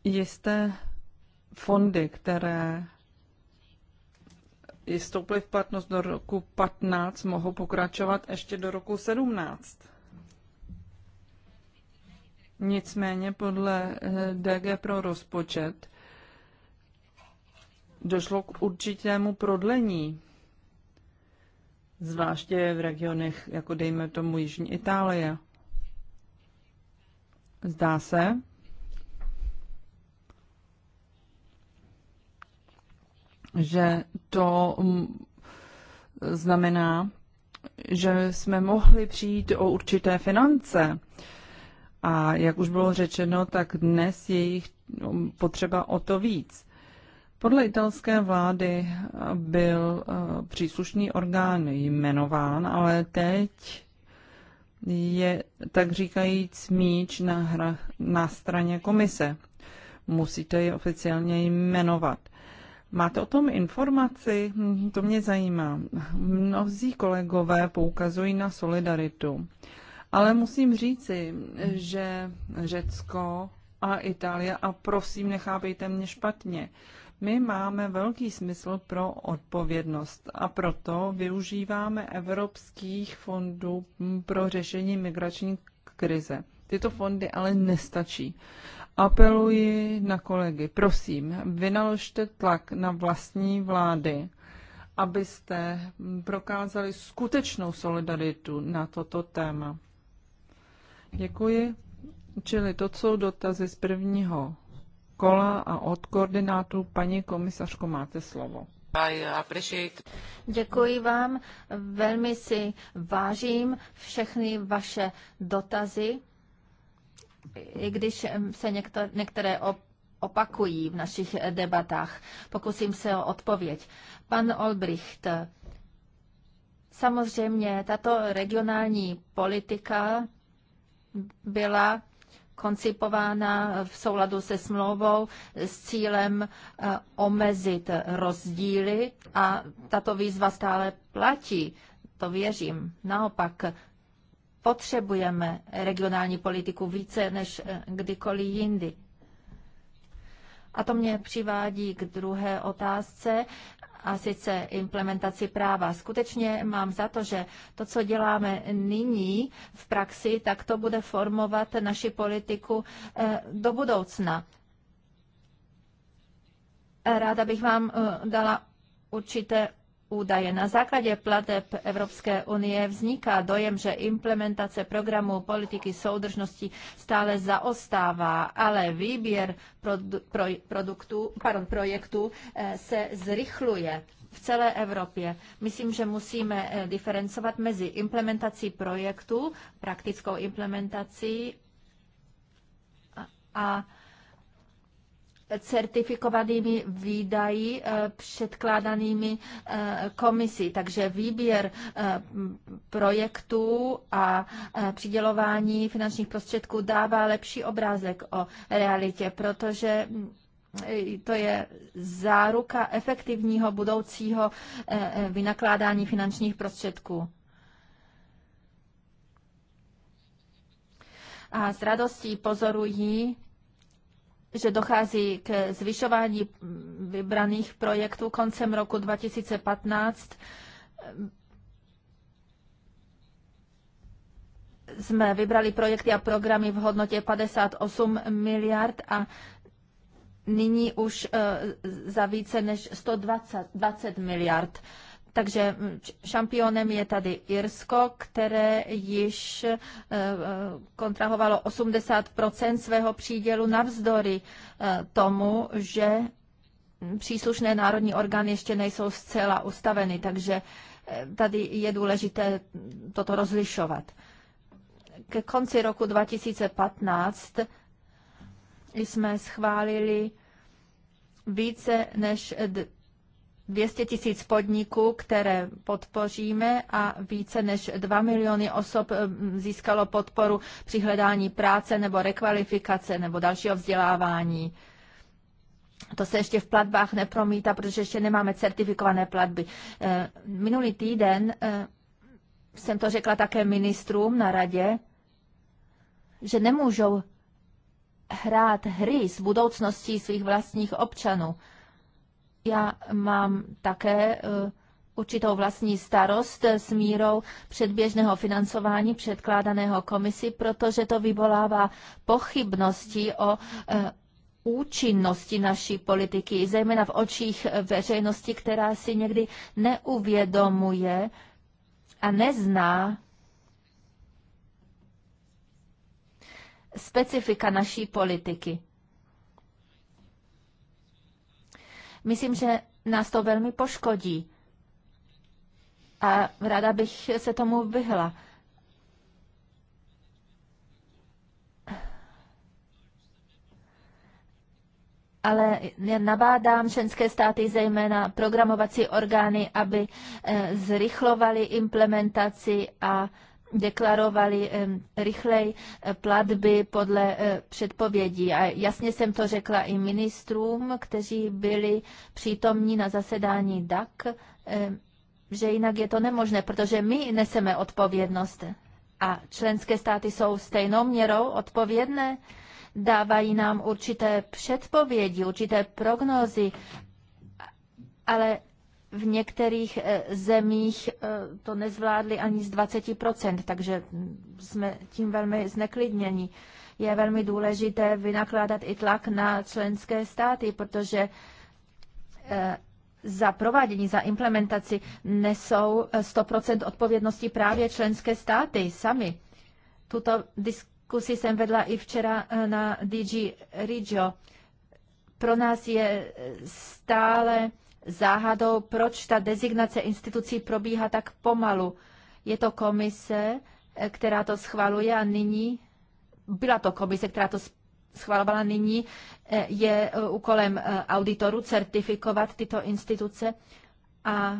jisté fondy, které vstoupily v platnost do roku 15, mohou pokračovat ještě do roku 17. Nicméně podle eh, DG pro rozpočet došlo k určitému prodlení, zvláště v regionech, jako dejme tomu Jižní Itálie. Zdá se, že to mm, znamená, že jsme mohli přijít o určité finance. A jak už bylo řečeno, tak dnes je jich mm, potřeba o to víc. Podle italské vlády byl eh, příslušný orgán jmenován, ale teď je, tak říkajíc, míč na, hra, na straně komise. Musíte je oficiálně jmenovat. Máte o tom informaci? Hm, to mě zajímá. Mnozí kolegové poukazují na solidaritu. Ale musím říci, že Řecko a Itálie, a prosím, nechápejte mě špatně, my máme velký smysl pro odpovědnost a proto využíváme evropských fondů hm, pro řešení migrační krize. Tyto fondy ale nestačí. Apeluji na kolegy, prosím, vynaložte tlak na vlastní vlády, abyste prokázali skutečnou solidaritu na toto téma. Děkuji. Čili to jsou dotazy z prvního kola a od koordinátů. Paní komisařko, máte slovo. Děkuji vám, velmi si vážím všechny vaše dotazy i když se některé, některé opakují v našich debatách. Pokusím se o odpověď. Pan Olbricht, samozřejmě tato regionální politika byla koncipována v souladu se smlouvou s cílem e, omezit rozdíly a tato výzva stále platí. To věřím. Naopak potřebujeme regionální politiku více než eh, kdykoliv jindy. A to mě přivádí k druhé otázce, a sice implementaci práva. Skutečně mám za to, že to, co děláme nyní v praxi, tak to bude formovat naši politiku eh, do budoucna. Ráda bych vám eh, dala určité údaje. Na základě plateb Evropské unie vzniká dojem, že implementace programu politiky soudržnosti stále zaostává, ale výběr produ, pro, produktů, pardon, projektů eh, se zrychluje v celé Evropě. Myslím, že musíme eh, diferencovat mezi implementací projektu, praktickou implementací a, a certifikovanými výdaji eh, předkládanými eh, komisí. Takže výběr eh, projektů a přidělování finančních prostředků dává lepší obrázek o realitě, protože mm, to je záruka efektivního budoucího vynakládání finančních prostředků. A s radostí pozorují že dochází k zvyšování vybraných projektů koncem roku 2015. Jsme vybrali projekty a programy v hodnotě 58 miliard a nyní už eh, za více než 120 20 miliard. Takže mm, šampionem je tady Irsko, které již eh, eh, kontrahovalo 80 svého přídělu navzdory eh, tomu, že příslušné národní orgány ještě nejsou zcela ustaveny, takže tady je důležité toto rozlišovat. Ke konci roku 2015 jsme schválili více než 200 tisíc podniků, které podpoříme a více než 2 miliony osob eh, získalo podporu při hledání práce nebo rekvalifikace nebo dalšího vzdělávání. To se ještě v platbách nepromítá, protože ještě nemáme certifikované platby. Eh, minulý týden eh, jsem to řekla také ministrům na radě, že nemůžou hrát hry s budoucností svých vlastních občanů. Já mám také eh, určitou vlastní starost eh, s mírou předběžného financování předkládaného komisi, protože to vyvolává pochybnosti o eh, účinnosti naší politiky, zejména v očích veřejnosti, která si někdy neuvědomuje a nezná specifika naší politiky. Myslím, že nás to velmi poškodí a ráda bych se tomu vyhla. ale nabádám ženské státy, zejména programovací orgány, aby eh, zrychlovali implementaci a deklarovali rychleji eh, platby podle eh, předpovědí. A jasně jsem to řekla i ministrům, kteří byli přítomní na zasedání DAC, že jinak je to nemožné, protože my neseme odpovědnost. A členské státy jsou stejnou měrou odpovědné, dávají nám určité předpovědi, určité prognózy, ale v některých eh, zemích eh, to nezvládli ani z 20%, takže jsme tím velmi zneklidněni. Je velmi důležité vynakládat i tlak na členské státy, protože eh, za provádění, za implementaci nesou 100% odpovědnosti právě členské státy sami. Tuto diskusi jsem vedla i včera na DG Regio. Pro nás je stále záhadou, proč ta designace institucí probíhá tak pomalu. Je to komise, eh, která to schvaluje a nyní, byla to komise, která to schvalovala nyní, eh, je eh, úkolem auditoru certifikovat tyto instituce a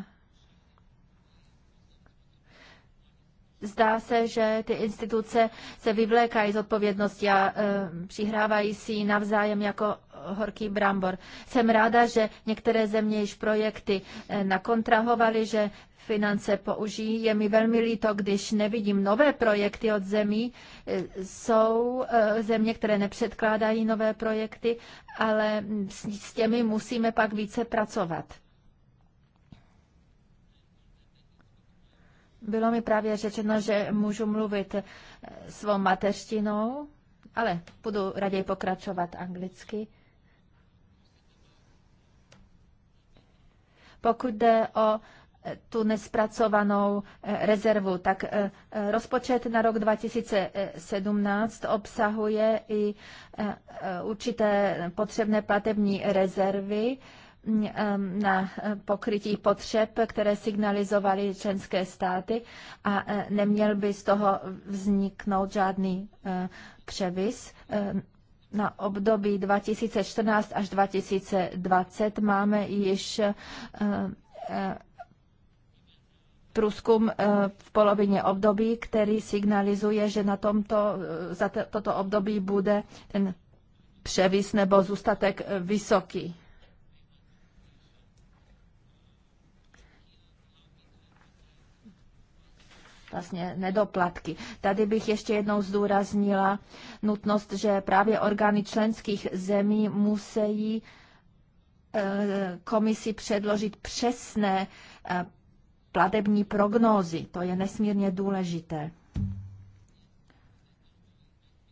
Zdá se, že ty instituce se vyvlékají z odpovědnosti a e, přihrávají si ji navzájem jako horký brambor. Jsem ráda, že některé země již projekty eh, nakontrahovaly, že finance použijí. Je mi velmi líto, když nevidím nové projekty od zemí. Eh, jsou eh, země, které nepředkládají nové projekty, ale hm, s těmi musíme pak více pracovat. Bylo mi právě řečeno, že můžu mluvit svou mateřštinou, ale budu raději pokračovat anglicky. Pokud jde o e, tu nespracovanou e, rezervu, tak e, rozpočet na rok 2017 obsahuje i určité potřebné platební rezervy na pokrytí potřeb, které signalizovaly členské státy a neměl by z toho vzniknout žádný převis na období 2014 až 2020 máme již eh, eh, průzkum eh, v polovině období, který signalizuje, že na tomto, za toto období bude ten převis nebo zůstatek vysoký. vlastně nedoplatky. Tady bych ještě jednou zdůraznila nutnost, že právě orgány členských zemí musí eh, komisi předložit přesné eh, platební prognózy. To je nesmírně důležité.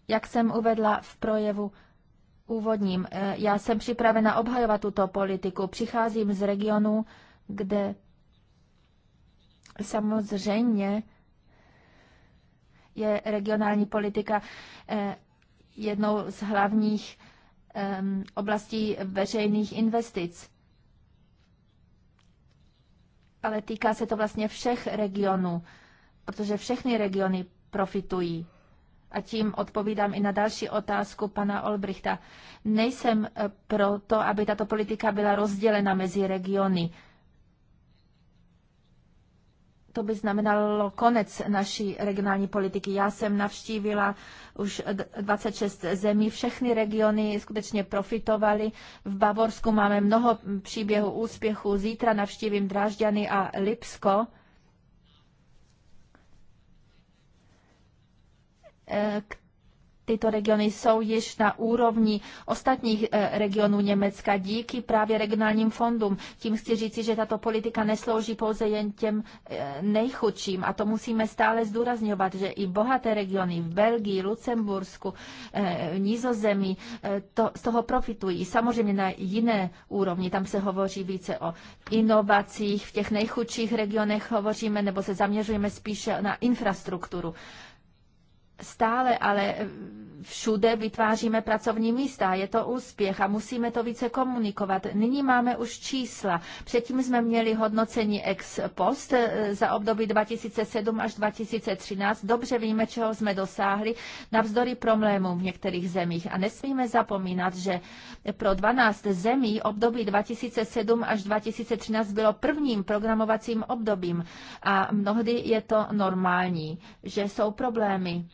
Jak jsem uvedla v projevu úvodním, eh, já jsem připravena obhajovat tuto politiku. Přicházím z regionu, kde samozřejmě je regionální politika eh, jednou z hlavních oblastí veřejných investic. Ale týká se to vlastně všech regionů, protože všechny regiony profitují. A tím odpovídám i na další otázku pana Olbrichta. Nejsem eh, pro to, aby tato politika byla rozdělena mezi regiony to by znamenalo konec naší regionální politiky. Já jsem navštívila už 26 zemí, všechny regiony skutečně profitovaly. V Bavorsku máme mnoho příběhů úspěchů. Zítra navštívím Drážďany a Lipsko. K eh, tyto regiony jsou již na úrovni ostatních eh, regionů Německa díky právě regionálním fondům. Tím chci říci, že tato politika neslouží pouze jen těm eh, nejchudším a to musíme stále zdůrazňovat, že i bohaté regiony v Belgii, Lucembursku, eh, Nizozemí to, z toho profitují. Samozřejmě na jiné úrovni, tam se hovoří více o inovacích, v těch nejchudších regionech hovoříme nebo se zaměřujeme spíše na infrastrukturu stále ale všude vytváříme pracovní místa. Je to úspěch a musíme to více komunikovat. Nyní máme už čísla. Předtím jsme měli hodnocení ex post eh, za období 2007 až 2013. Dobře víme, čeho jsme dosáhli navzdory problémům v některých zemích. A nesmíme zapomínat, že pro 12 zemí období 2007 až 2013 bylo prvním programovacím obdobím. A mnohdy je to normální, že jsou problémy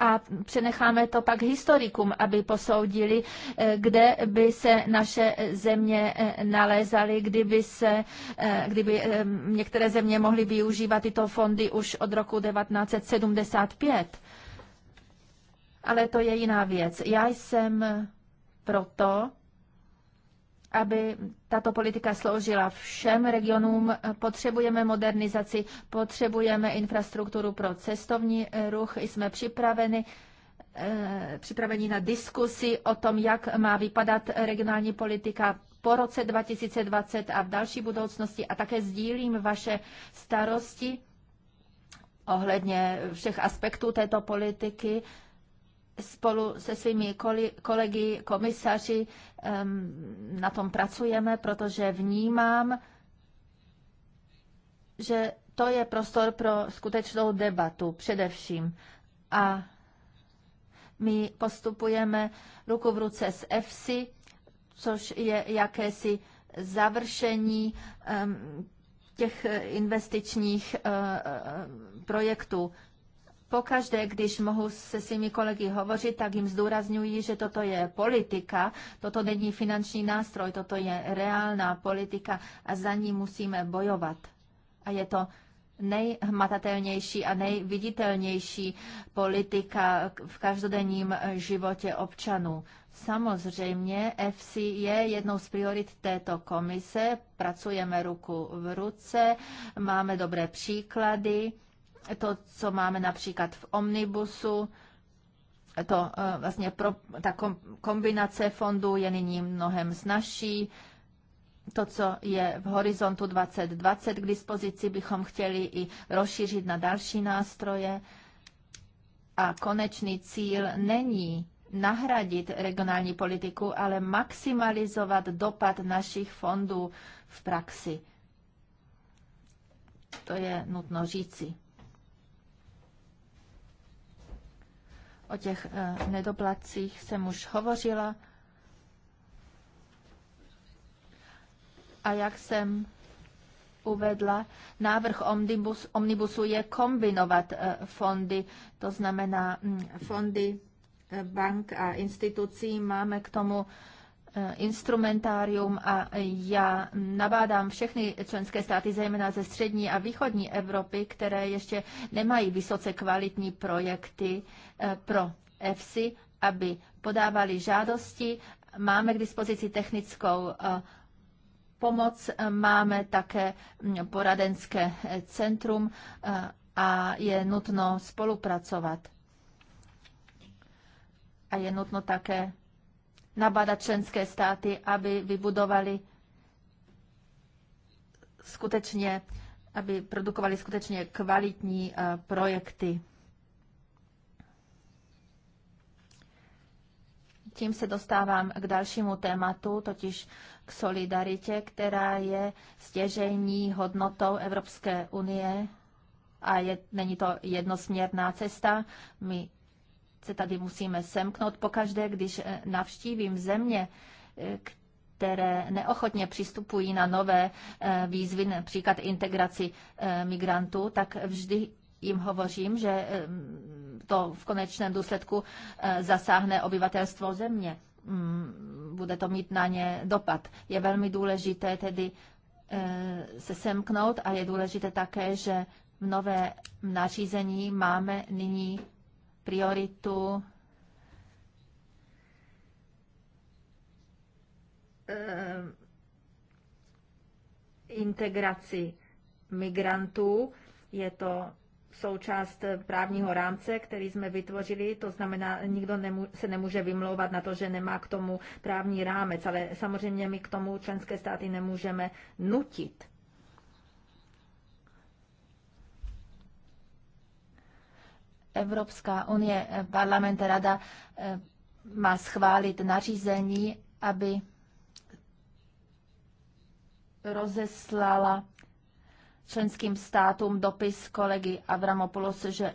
a přenecháme to pak historikům, aby posoudili, eh, kde by se naše země eh, nalézaly, kdyby, se, eh, kdyby některé země mohly využívat tyto fondy už od roku 1975. Ale to je jiná věc. Já jsem proto, aby tato politika sloužila všem regionům. Potřebujeme modernizaci, potřebujeme infrastrukturu pro cestovní ruch, jsme připraveni eh, připraveni na diskusi o tom, jak má vypadat regionální politika po roce 2020 a v další budoucnosti a také sdílím vaše starosti ohledně všech aspektů této politiky spolu se svými kolegy, komisaři na tom pracujeme, protože vnímám, že to je prostor pro skutečnou debatu především. A my postupujeme ruku v ruce s EFSI, což je jakési završení těch eh, investičních eh, eh, projektů. Pokaždé, když mohu se svými kolegy hovořit, tak jim zdůrazňuji, že toto je politika, toto není finanční nástroj, toto je reálná politika a za ní musíme bojovat. A je to nejhmatatelnější a nejviditelnější politika v každodenním životě občanů. Samozřejmě FC je jednou z priorit této komise, pracujeme ruku v ruce, máme dobré příklady to, co máme například v Omnibusu, to eh, vlastně pro, ta kombinace fondů je nyní mnohem snažší. To, co je v horizontu 2020 k dispozici, bychom chtěli i rozšířit na další nástroje. A konečný cíl není nahradit regionální politiku, ale maximalizovat dopad našich fondů v praxi. To je nutno říci. O těch eh, nedoplacích jsem už hovořila. A jak jsem uvedla, návrh omnibus, omnibusu je kombinovat eh, fondy, to znamená mm, fondy eh, bank a institucí. Máme k tomu Eh, instrumentárium a já nabádám všechny členské státy, zejména ze střední a východní Evropy, které ještě nemají vysoce kvalitní projekty eh, pro EFSI, aby podávali žádosti. Máme k dispozici technickou eh, pomoc, máme také hm, poradenské centrum a je nutno spolupracovat. A je nutno také nabádat členské státy, aby vybudovali skutečně, aby produkovali skutečně kvalitní eh, projekty. Tím se dostávám k dalšímu tématu, totiž k solidaritě, která je stěžejní hodnotou Evropské unie a je, není to jednosměrná cesta. My se tady musíme semknout. Pokaždé, když eh, navštívím země, eh, které neochotně přistupují na nové eh, výzvy, například integraci migrantů, tak vždy jim hovořím, že to v konečném důsledku zasáhne obyvatelstvo země. Mm, bude to mít na ně dopad. Je velmi důležité tedy se semknout a je důležité také, že v nové nařízení máme nyní prioritu eh, integraci migrantů. Je to součást právního rámce, který jsme vytvořili, to znamená, nikdo nemů- se nemůže vymlouvat na to, že nemá k tomu právní rámec, ale samozřejmě my k tomu členské státy nemůžeme nutit. Evropská unie, eh, parlament, rada eh, má schválit nařízení, aby rozeslala členským státům dopis kolegy Avramopoulos, že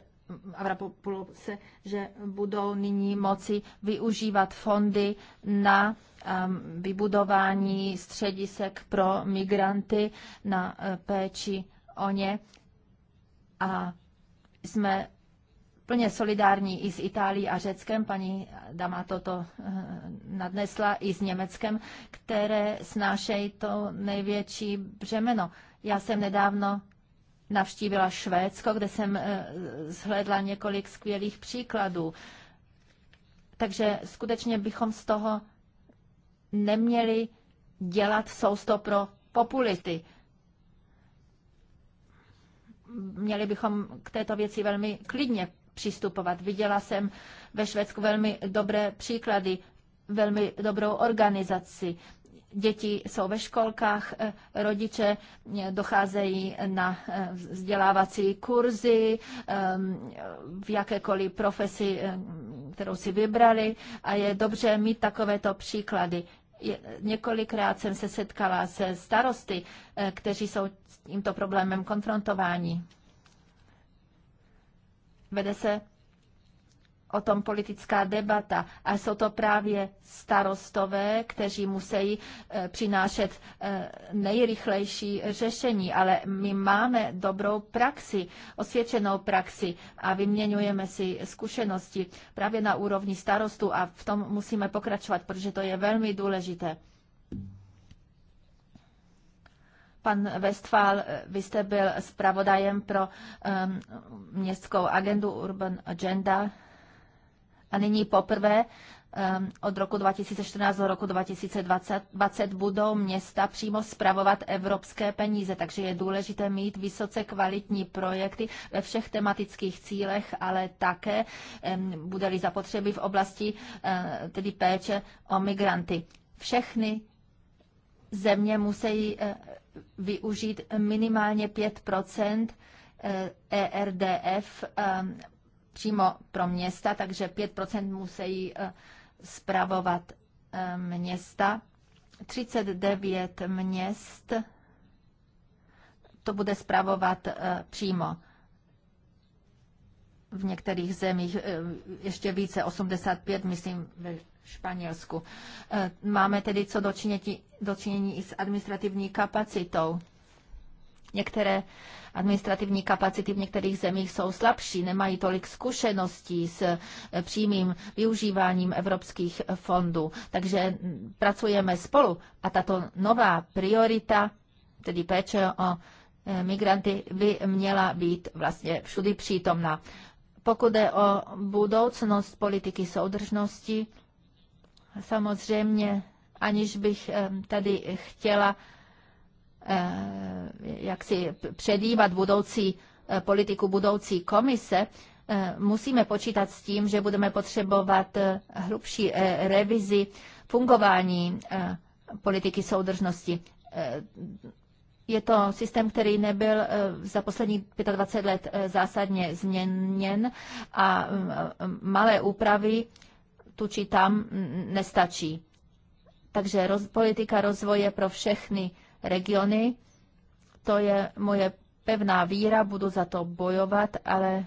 Avramopoulos, že budou nyní moci využívat fondy na ehm, vybudování středisek pro migranty, na eh, péči o ně. A jsme plně solidární i s Itálií a Řeckem, paní dama to eh, nadnesla, i s Německem, které snášejí to největší břemeno. Já jsem nedávno navštívila Švédsko, kde jsem eh, zhlédla několik skvělých příkladů. Takže skutečně bychom z toho neměli dělat sousto pro populisty. Měli bychom k této věci velmi klidně přistupovat. Viděla jsem ve Švédsku velmi dobré příklady, velmi dobrou organizaci. Děti jsou ve školkách, eh, rodiče eh, docházejí na eh, vzdělávací kurzy ehm, v jakékoliv profesi, ehm, kterou si vybrali a je dobře mít takovéto příklady několikrát jsem se setkala se starosty, kteří jsou s tímto problémem konfrontováni. Vede se o tom politická debata a jsou to právě starostové, kteří musí eh, přinášet eh, nejrychlejší řešení, ale my máme dobrou praxi, osvědčenou praxi a vyměňujeme si zkušenosti právě na úrovni starostů a v tom musíme pokračovat, protože to je velmi důležité. Pan Westphal, eh, vy jste byl zpravodajem pro um, městskou agendu Urban Agenda a nyní poprvé um, od roku 2014 do roku 2020 budou města přímo spravovat evropské peníze, takže je důležité mít vysoce kvalitní projekty ve všech tematických cílech, ale také um, bude-li zapotřeby v oblasti uh, tedy péče o migranty. Všechny země musí uh, eh, využít minimálně 5 ERDF eh, e eh, přímo pro města, takže 5 musí eh, spravovat města. 39 měst to bude spravovat přímo. V některých zemích ještě více, 85, myslím, Španělsku. Eh, máme tedy co dočinění, dočinění i s administrativní kapacitou. Některé administrativní kapacity v některých zemích jsou slabší, nemají tolik zkušeností s eh, přímým využíváním evropských fondů. Takže pracujeme spolu a tato nová priorita, tedy péče o eh, migranty, by měla být vlastně všudy přítomná. Pokud je o budoucnost politiky soudržnosti, Samozřejmě, aniž bych tady chtěla eh, jak si předjímat budoucí eh, politiku budoucí komise, eh, musíme počítat s tím, že budeme potřebovat hlubší revizi fungování politiky soudržnosti. Je to systém, který nebyl za poslední 25 let zásadně změněn a malé úpravy tu či tam nestačí. Takže roz, politika rozvoje pro všechny regiony, to je moje pevná víra, budu za to bojovat, ale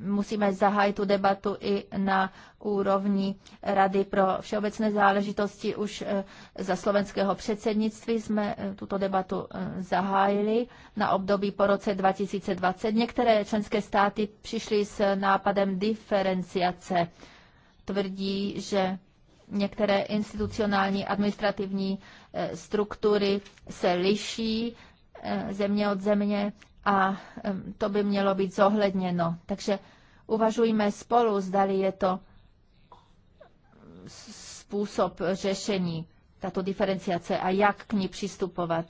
musíme zahájit tu debatu i na úrovni Rady pro všeobecné záležitosti. Už eh, za slovenského předsednictví jsme eh, tuto debatu eh, zahájili na období po roce 2020. Některé členské státy přišly s nápadem diferenciace. Tvrdí, že některé institucionální administrativní struktury se liší země od země a to by mělo být zohledněno. Takže uvažujme spolu, zdali je to způsob řešení, tato diferenciace a jak k ní přistupovat.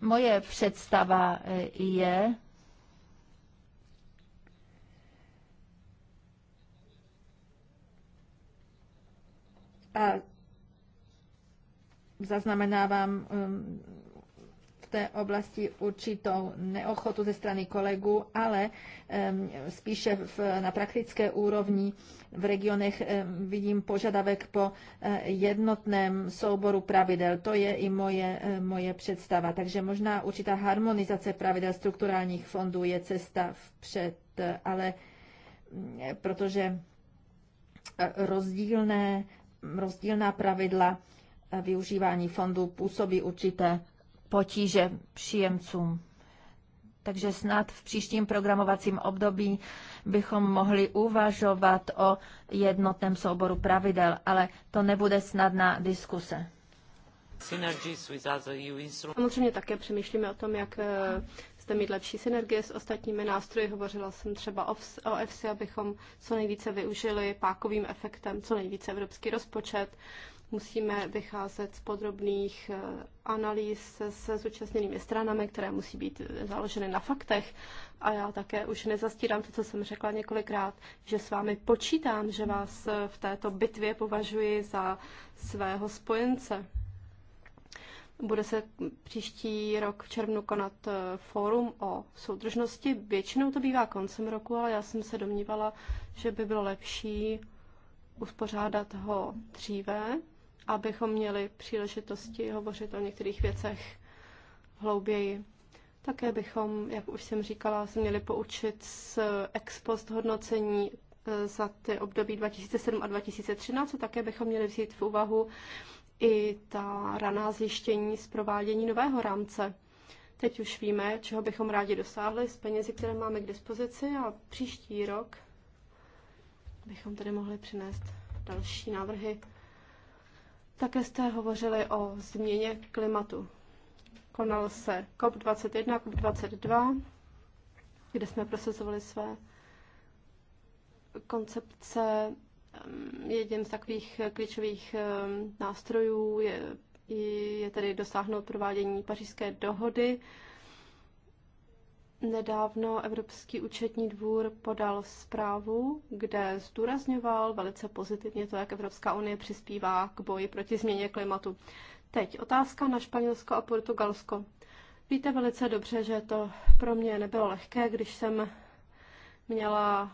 Moje představa e, je, a zaznamenávám té oblasti určitou neochotu ze strany kolegů, ale spíše v, na praktické úrovni v regionech vidím požadavek po e, jednotném souboru pravidel. To je i moje, e, moje představa. Takže možná určitá harmonizace pravidel strukturálních fondů je cesta vpřed, e, ale protože rozdílné, rozdílná pravidla využívání fondů působí určité potíže příjemcům. Takže snad v příštím programovacím období bychom mohli uvažovat o jednotném souboru pravidel, ale to nebude snadná diskuse. Samozřejmě také přemýšlíme o tom, jak eh, zde mít lepší synergie s ostatními nástroji. Hovořila jsem třeba o EFSI, abychom co nejvíce využili pákovým efektem, co nejvíce evropský rozpočet. Musíme vycházet z podrobných eh, analýz se, se zúčastněnými stranami, které musí být eh, založeny na faktech. A já také už nezastírám to, co jsem řekla několikrát, že s vámi počítám, že vás eh, v této bitvě považuji za svého spojence. Bude se příští rok v červnu konat fórum o soudržnosti. Většinou to bývá koncem roku, ale já jsem se domnívala, že by bylo lepší uspořádat ho dříve, abychom měli příležitosti hovořit o některých věcech hlouběji. Také bychom, jak už jsem říkala, se měli poučit z ex post hodnocení e, za ty období 2007 a 2013 a také bychom měli vzít v úvahu i ta raná zjištění z provádění nového rámce. Teď už víme, čeho bychom rádi dosáhli z penězi, které máme k dispozici a příští rok bychom tedy mohli přinést další návrhy. Také jste hovořili o změně klimatu. Konal se COP21, COP22, kde jsme prosazovali své koncepce. Ehm, jedním z takových klíčových ehm, nástrojů je, je tedy dosáhnout provádění pařížské dohody. Nedávno Evropský účetní dvůr podal zprávu, kde zdůrazňoval velice pozitivně to, jak Evropská unie přispívá k boji proti změně klimatu. Teď otázka na Španělsko a Portugalsko. Víte velice dobře, že to pro mě nebylo lehké, když jsem měla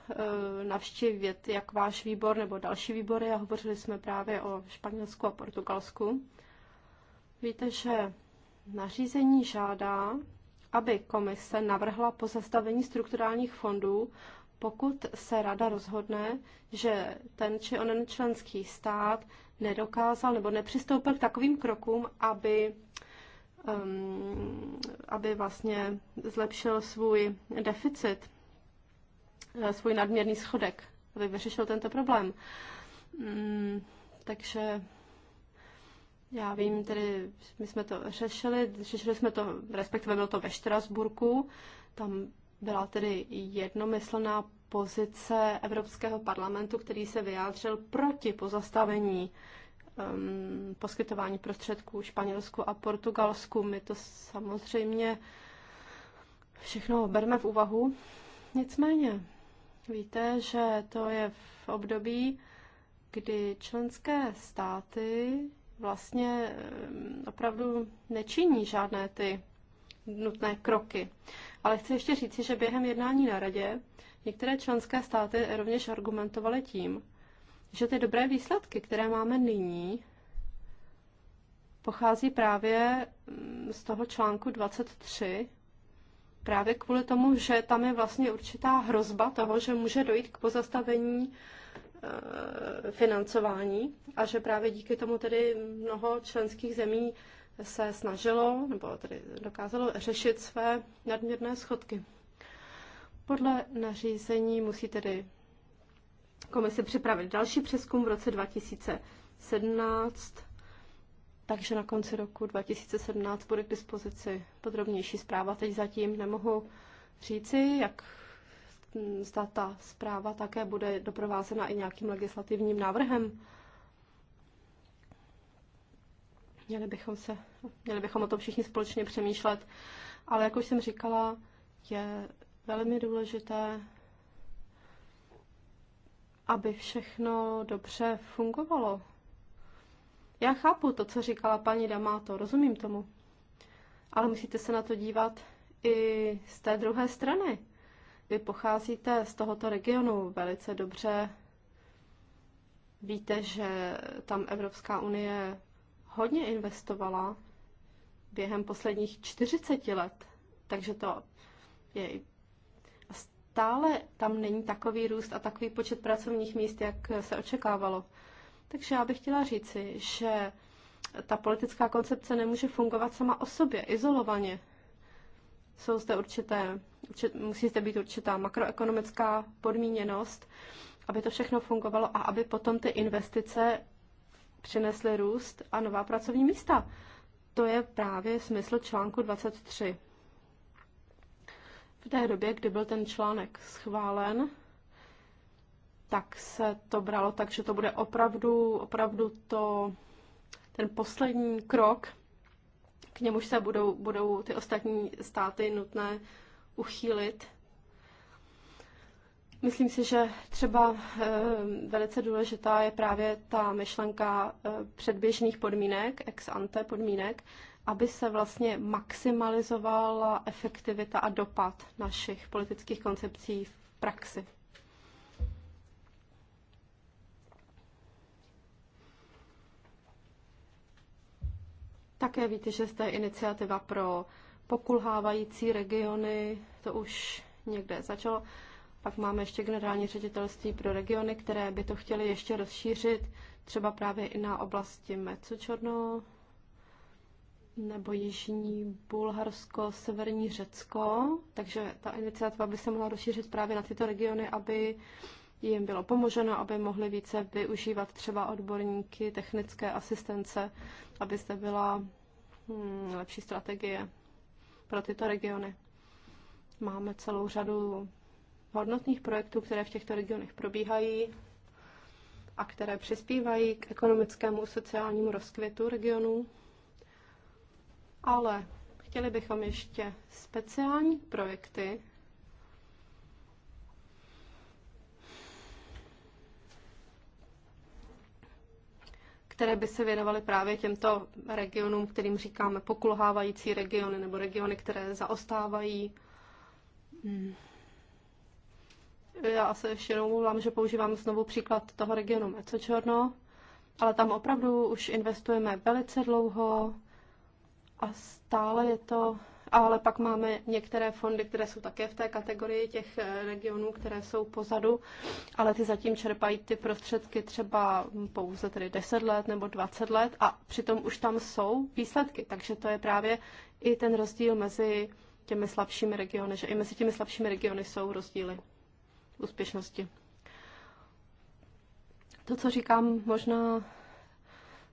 e, navštívit jak váš výbor nebo další výbory a hovořili jsme právě o Španělsku a Portugalsku. Víte, že nařízení žádá aby komise navrhla pozastavení strukturálních fondů, pokud se rada rozhodne, že ten či onen členský stát nedokázal nebo nepřistoupil k takovým krokům, aby, um, aby vlastně zlepšil svůj deficit, eh, svůj nadměrný schodek, aby vyřešil tento problém. Um, takže já vím, tedy my jsme to řešili, řešili jsme to, respektive bylo to ve Štrasburku, tam byla tedy jednomyslná pozice Evropského parlamentu, který se vyjádřil proti pozastavení um, poskytování prostředků Španělsku a Portugalsku. My to samozřejmě všechno berme v úvahu. Nicméně, víte, že to je v období, kdy členské státy vlastně opravdu nečiní žádné ty nutné kroky. Ale chci ještě říci, že během jednání na radě některé členské státy rovněž argumentovaly tím, že ty dobré výsledky, které máme nyní, pochází právě z toho článku 23, právě kvůli tomu, že tam je vlastně určitá hrozba toho, že může dojít k pozastavení Eh, financování a že právě díky tomu tedy mnoho členských zemí se snažilo nebo tedy dokázalo řešit své nadměrné schodky. Podle nařízení musí tedy komise připravit další přeskum v roce 2017, takže na konci roku 2017 bude k dispozici podrobnější zpráva. Teď zatím nemohu říci, jak zda ta zpráva také bude doprovázena i nějakým legislativním návrhem. Měli bychom, se, měli bychom o tom všichni společně přemýšlet, ale jak už jsem říkala, je velmi důležité, aby všechno dobře fungovalo. Já chápu to, co říkala paní Damáto, rozumím tomu, ale musíte se na to dívat i z té druhé strany vy pocházíte z tohoto regionu velice dobře. Víte, že tam Evropská unie hodně investovala během posledních 40 let, takže to je stále tam není takový růst a takový počet pracovních míst, jak se očekávalo. Takže já bych chtěla říci, že ta politická koncepce nemůže fungovat sama o sobě, izolovaně. Jsou zde určité musí zde být určitá makroekonomická podmíněnost, aby to všechno fungovalo a aby potom ty investice přinesly růst a nová pracovní místa. To je právě smysl článku 23. V té době, kdy byl ten článek schválen, tak se to bralo tak, že to bude opravdu, opravdu to, ten poslední krok, k němuž se budou, budou ty ostatní státy nutné uchýlit. Myslím si, že třeba eh, velice důležitá je právě ta myšlenka eh, předběžných podmínek, ex ante podmínek, aby se vlastně maximalizovala efektivita a dopad našich politických koncepcí v praxi. Také víte, že jste iniciativa pro pokulhávající regiony, to už někde začalo. Pak máme ještě generální ředitelství pro regiony, které by to chtěly ještě rozšířit, třeba právě i na oblasti Mecočorno, nebo Jižní Bulharsko, Severní Řecko. Takže ta iniciativa by se mohla rozšířit právě na tyto regiony, aby jim bylo pomoženo, aby mohli více využívat třeba odborníky, technické asistence, aby zde byla hmm, lepší strategie pro tyto regiony. Máme celou řadu hodnotných projektů, které v těchto regionech probíhají a které přispívají k ekonomickému a sociálnímu rozkvětu regionů. Ale chtěli bychom ještě speciální projekty, které by se věnovaly právě těmto regionům, kterým říkáme pokulhávající regiony nebo regiony, které zaostávají Hmm. Já se ještě jenom že používám znovu příklad toho regionu Mecočorno, ale tam opravdu už investujeme velice dlouho a stále je to ale pak máme některé fondy, které jsou také v té kategorii těch eh, regionů, které jsou pozadu, ale ty zatím čerpají ty prostředky třeba pouze tedy 10 let nebo 20 let a přitom už tam jsou výsledky, takže to je právě i ten rozdíl mezi těmi slabšími regiony, že i mezi těmi slabšími regiony jsou rozdíly úspěšnosti. To, co říkám, možná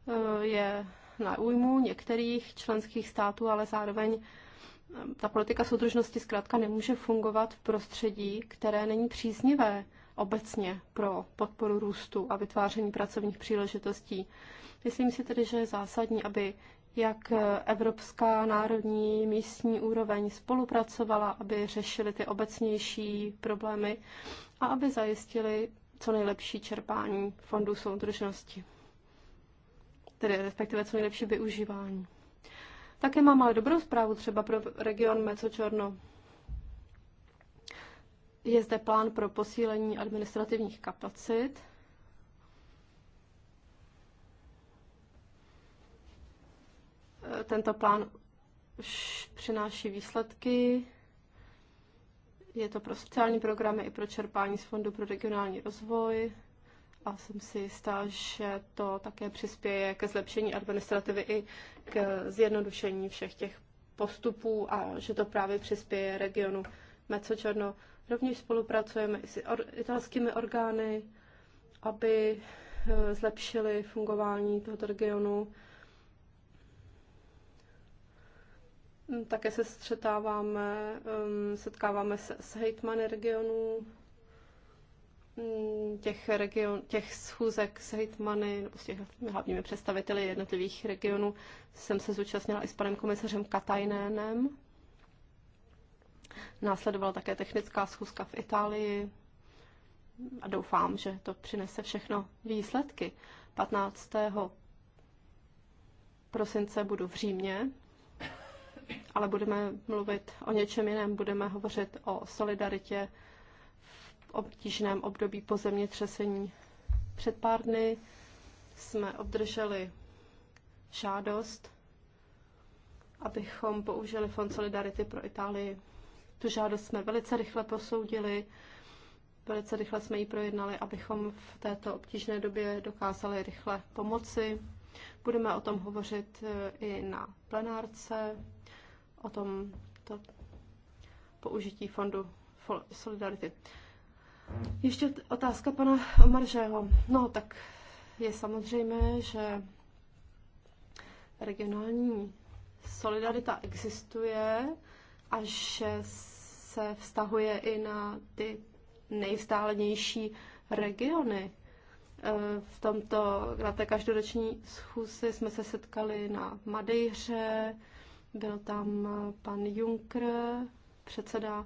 eh, je na újmu některých členských států, ale zároveň eh, ta politika soudržnosti zkrátka nemůže fungovat v prostředí, které není příznivé obecně pro podporu růstu a vytváření pracovních příležitostí. Myslím si tedy, že je zásadní, aby jak evropská národní místní úroveň spolupracovala, aby řešili ty obecnější problémy a aby zajistili co nejlepší čerpání fondů soudržnosti, tedy respektive co nejlepší využívání. Také mám ale dobrou zprávu třeba pro region Mezočorno. Je zde plán pro posílení administrativních kapacit Tento plán už přináší výsledky. Je to pro sociální programy i pro čerpání z Fondu pro regionální rozvoj a jsem si jistá, že to také přispěje ke zlepšení administrativy i k zjednodušení všech těch postupů a že to právě přispěje regionu Mecočerno. Rovněž spolupracujeme i s italskými orgány, aby eh, zlepšili fungování tohoto regionu. Mm, také se střetáváme, mm, setkáváme se s hejtmany regionů, mm, těch, region, těch schůzek s hejtmany nebo s těch hlavními představiteli jednotlivých regionů jsem se zúčastnila i s panem komisařem Katajnénem. Následovala také technická schůzka v Itálii a doufám, že to přinese všechno výsledky. 15. prosince budu v Římě ale budeme mluvit o něčem jiném. Budeme hovořit o solidaritě v obtížném období po zemětřesení. Před pár dny jsme obdrželi žádost, abychom použili Fond Solidarity pro Itálii. Tu žádost jsme velice rychle posoudili, velice rychle jsme ji projednali, abychom v této obtížné době dokázali rychle pomoci. Budeme o tom hovořit eh, i na plenárce o tom to použití fondu Solidarity. Ještě otázka pana Omaržého. No, tak je samozřejmé, že regionální solidarita existuje a že se vztahuje i na ty nejvzdálenější regiony. E, v tomto, na té každoroční schůzi jsme se setkali na Madejře, byl tam eh, pan Juncker, předseda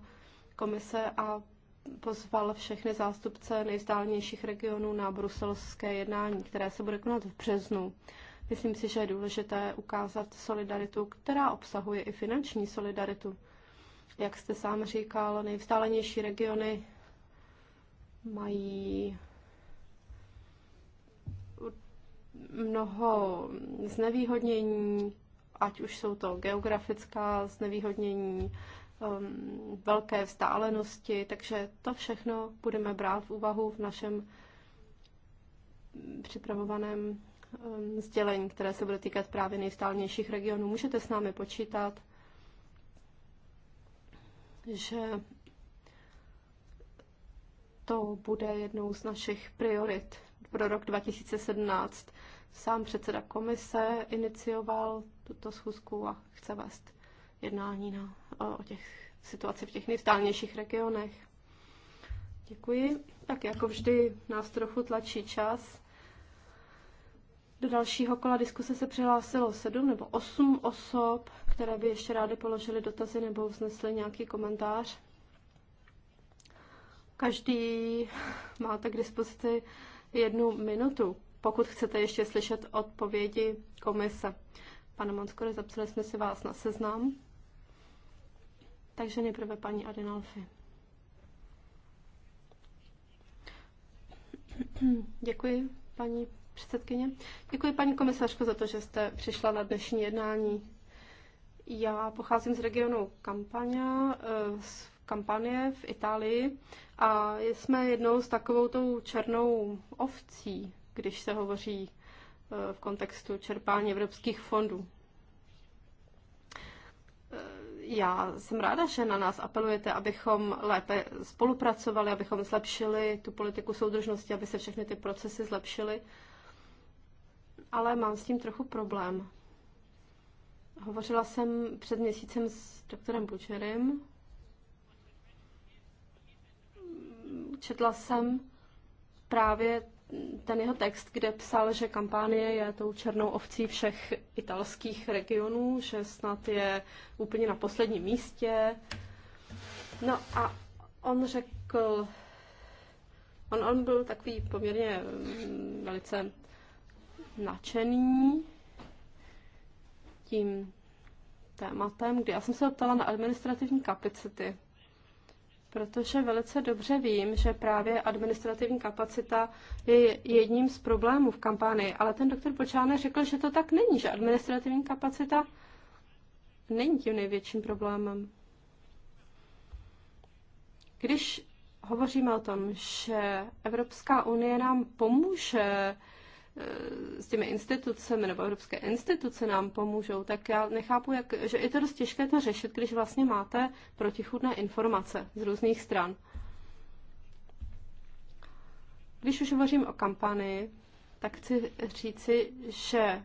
komise a pozval všechny zástupce nejzdálnějších regionů na bruselské jednání, které se bude konat v březnu. Myslím si, že je důležité ukázat solidaritu, která obsahuje i finanční solidaritu. Jak jste sám říkal, nejvzdálenější regiony mají mnoho znevýhodnění, ať už jsou to geografická znevýhodnění, um, velké vzdálenosti, takže to všechno budeme brát v úvahu v našem připravovaném um, sdělení, které se bude týkat právě nejstálnějších regionů. Můžete s námi počítat, že to bude jednou z našich priorit pro rok 2017. Sám předseda komise inicioval tuto schůzku a chce vést jednání na, o, o těch situaci v těch nejvzdálnějších regionech. Děkuji. Tak jako vždy nás trochu tlačí čas. Do dalšího kola diskuse se přihlásilo sedm nebo osm osob, které by ještě rády položili dotazy nebo vznesly nějaký komentář. Každý máte k dispozici jednu minutu, pokud chcete ještě slyšet odpovědi komise. Pane Monskore, zapsali jsme si vás na seznam. Takže nejprve paní Adinalfi. Děkuji, paní předsedkyně. Děkuji, paní komisařko, za to, že jste přišla na dnešní jednání. Já pocházím z regionu Kampania z kampanie v Itálii a jsme jednou s takovou tou černou ovcí, když se hovoří v kontextu čerpání evropských fondů. Já jsem ráda, že na nás apelujete, abychom lépe spolupracovali, abychom zlepšili tu politiku soudržnosti, aby se všechny ty procesy zlepšily. Ale mám s tím trochu problém. Hovořila jsem před měsícem s doktorem Bučerem. Četla jsem právě ten jeho text, kde psal, že kampánie je tou černou ovcí všech italských regionů, že snad je úplně na posledním místě. No a on řekl, on, on byl takový poměrně mm, velice nadšený tím tématem, kdy já jsem se ho ptala na administrativní kapacity protože velice dobře vím, že právě administrativní kapacita je jedním z problémů v kampani. ale ten doktor Počáne řekl, že to tak není, že administrativní kapacita není tím největším problémem. Když hovoříme o tom, že Evropská unie nám pomůže s těmi institucemi nebo evropské instituce nám pomůžou, tak já nechápu, jak, že je to dost těžké to řešit, když vlastně máte protichudné informace z různých stran. Když už hovořím o kampani, tak chci říci, že eh,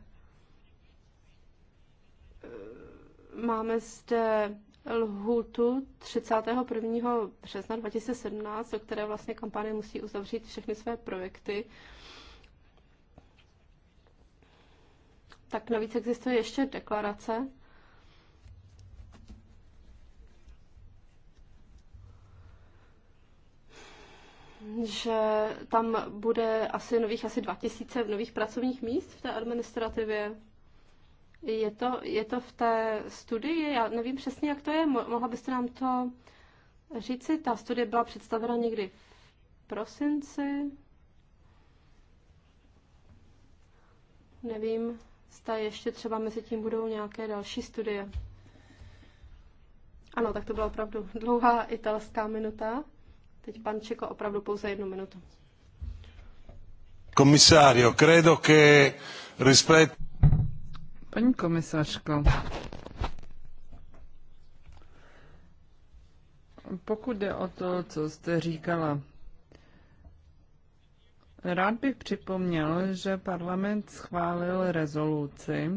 máme zde lhutu 31. března 2017, do které vlastně kampani musí uzavřít všechny své projekty. tak navíc existuje ještě deklarace. že tam bude asi nových asi 2000 nových pracovních míst v té administrativě. Je to, je to v té studii, já nevím přesně, jak to je, mohla byste nám to říci? Ta studie byla představena někdy v prosinci. Nevím, zda ještě třeba mezi tím budou nějaké další studie. Ano, tak to byla opravdu dlouhá italská minuta. Teď pan Čeko opravdu pouze jednu minutu. Komisario, credo che rispetto... Paní komisařko, pokud jde o to, co jste říkala Rád bych připomněl, že parlament schválil rezoluci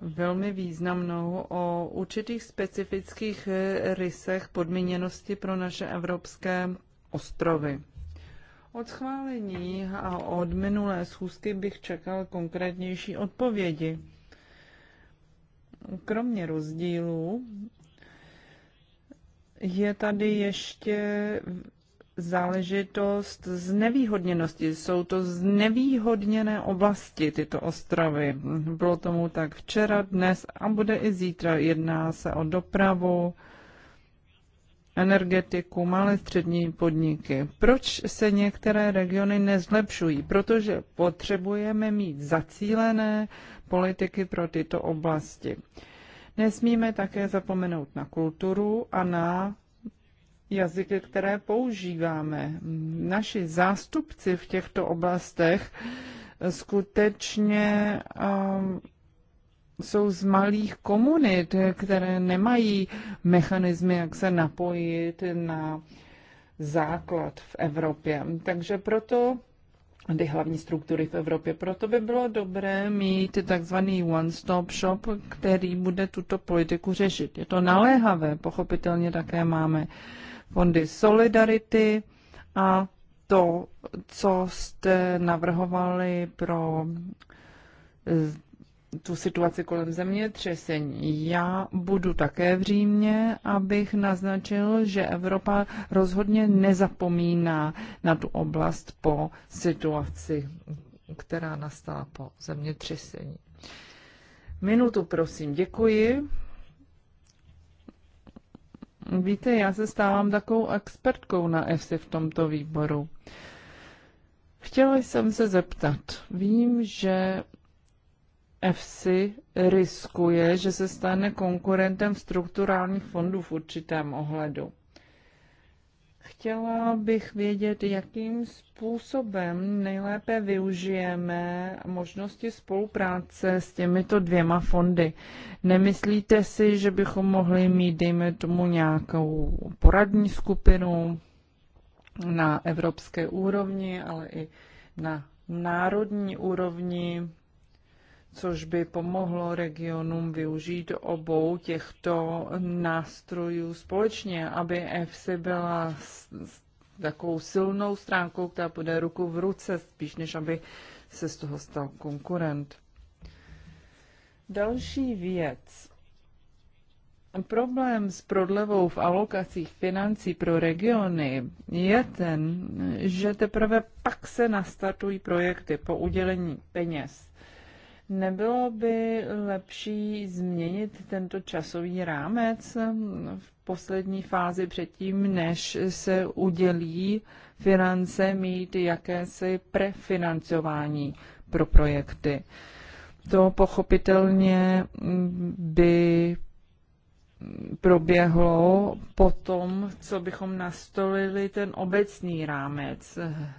velmi významnou o určitých specifických rysech podmíněnosti pro naše evropské ostrovy. Od schválení a od minulé schůzky bych čekal konkrétnější odpovědi. Kromě rozdílů je tady ještě záležitost znevýhodněnosti. Jsou to znevýhodněné oblasti, tyto ostrovy. Bylo tomu tak včera, dnes a bude i zítra. Jedná se o dopravu, energetiku, malé střední podniky. Proč se některé regiony nezlepšují? Protože potřebujeme mít zacílené politiky pro tyto oblasti. Nesmíme také zapomenout na kulturu a na jazyky, které používáme. Naši zástupci v těchto oblastech skutečně um, jsou z malých komunit, které nemají mechanismy, jak se napojit na základ v Evropě. Takže proto ty hlavní struktury v Evropě. Proto by bylo dobré mít takzvaný one-stop shop, který bude tuto politiku řešit. Je to naléhavé, pochopitelně také máme uh, fondy Solidarity a to, co jste navrhovali pro eh, tu situaci kolem zemětřesení. Já budu také v Římě, abych naznačil, že Evropa rozhodně nezapomíná na tu oblast po situaci, která nastala po zemětřesení. Minutu, prosím. Děkuji. Víte, já se stávám takovou expertkou na EFSI v tomto výboru. Chtěla jsem se zeptat. Vím, že EFSI riskuje, že se stane konkurentem strukturálních fondů v určitém ohledu. Chtěla bych vědět, jakým způsobem nejlépe využijeme možnosti spolupráce s těmito dvěma fondy. Nemyslíte si, že bychom mohli mít, dejme tomu, nějakou poradní skupinu na evropské úrovni, ale i na národní úrovni? což by pomohlo regionům využít obou těchto nástrojů společně, aby EFSI byla s, s takovou silnou stránkou, která bude ruku v ruce, spíš než aby se z toho stal konkurent. Další věc. Problém s prodlevou v alokacích financí pro regiony je ten, že teprve pak se nastartují projekty po udělení peněz. Nebylo by lepší změnit tento časový rámec v poslední fázi předtím, než se udělí finance, mít jakési prefinancování pro projekty? To pochopitelně by proběhlo po tom, co bychom nastolili ten obecný rámec.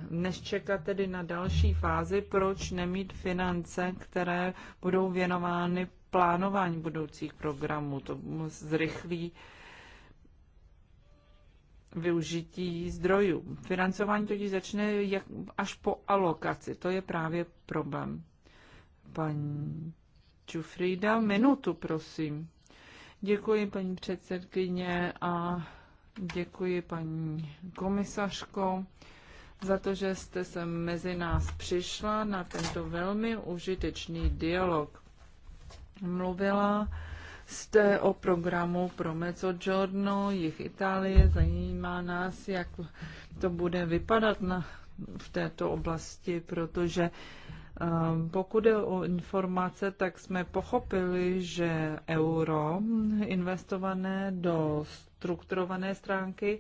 Než čekat tedy na další fázi, proč nemít finance, které budou věnovány plánování budoucích programů. To zrychlí využití zdrojů. Financování totiž začne jak, až po alokaci. To je právě problém. Paní Čufrida, minutu, prosím. Děkuji, paní předsedkyně, a děkuji, paní komisařko, za to, že jste se mezi nás přišla na tento velmi užitečný dialog. Mluvila jste o programu pro Mezzogiorno, jich Itálie, zajímá nás, jak to bude vypadat na, v této oblasti, protože uh, Ehm, pokud je o informace, tak jsme pochopili, že euro investované do strukturované stránky,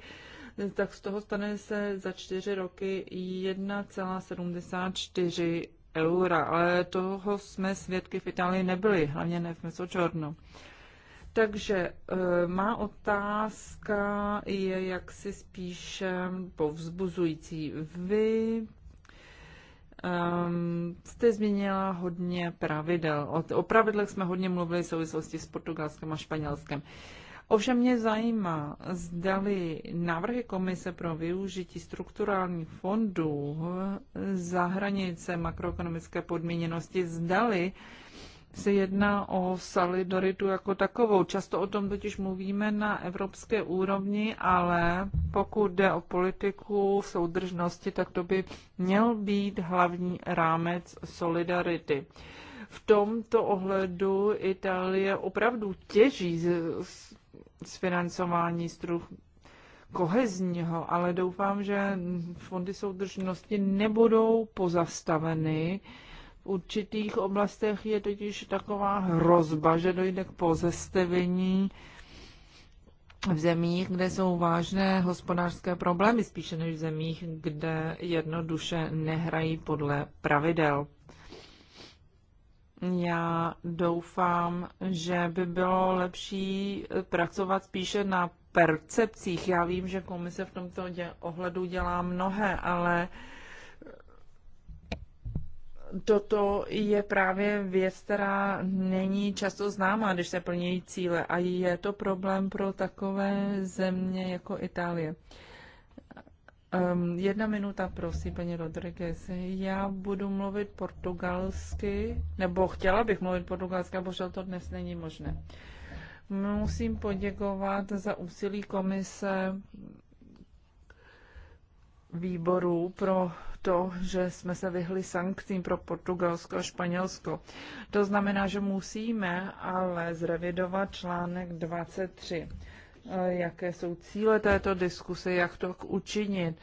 tak z toho stane se za čtyři roky 1,74 eura, ale toho jsme svědky v Itálii nebyli, hlavně ne v Mesočorno. Takže ehm, má otázka je jaksi spíše povzbuzující. Vy um, jste změnila hodně pravidel. O, o pravidlech jsme hodně mluvili v souvislosti s Portugalskem a španělským. Ovšem mě zajímá, zdali návrhy komise pro využití strukturálních fondů za hranice makroekonomické podmíněnosti, zdali uh, se jedná o solidaritu jako takovou. Často o tom totiž mluvíme na evropské úrovni, ale pokud jde o politiku soudržnosti, tak to by měl být hlavní rámec solidarity. V tomto ohledu Itálie opravdu těží z, z financování struh kohezního, ale doufám, že fondy soudržnosti nebudou pozastaveny určitých oblastech je totiž taková hrozba, že dojde k pozestevení v zemích, kde jsou vážné hospodářské problémy, spíše než v zemích, kde jednoduše nehrají podle pravidel. Já doufám, že by bylo lepší pracovat spíše na percepcích. Já vím, že komise v tomto ohledu dělá mnohé, ale uh, toto je právě věc, která není často známá, když se plnějí cíle a je to problém pro takové země jako Itálie. Um, jedna minuta, prosím, paní Rodriguez. Já budu mluvit portugalsky, nebo chtěla bych mluvit portugalsky, a bohužel to dnes není možné. Musím poděkovat za úsilí komise výborů pro to, že jsme se vyhli sankcím pro Portugalsko a Španělsko. To znamená, že musíme ale zrevidovat článek 23. Eh, jaké jsou cíle této diskuse, jak to učinit?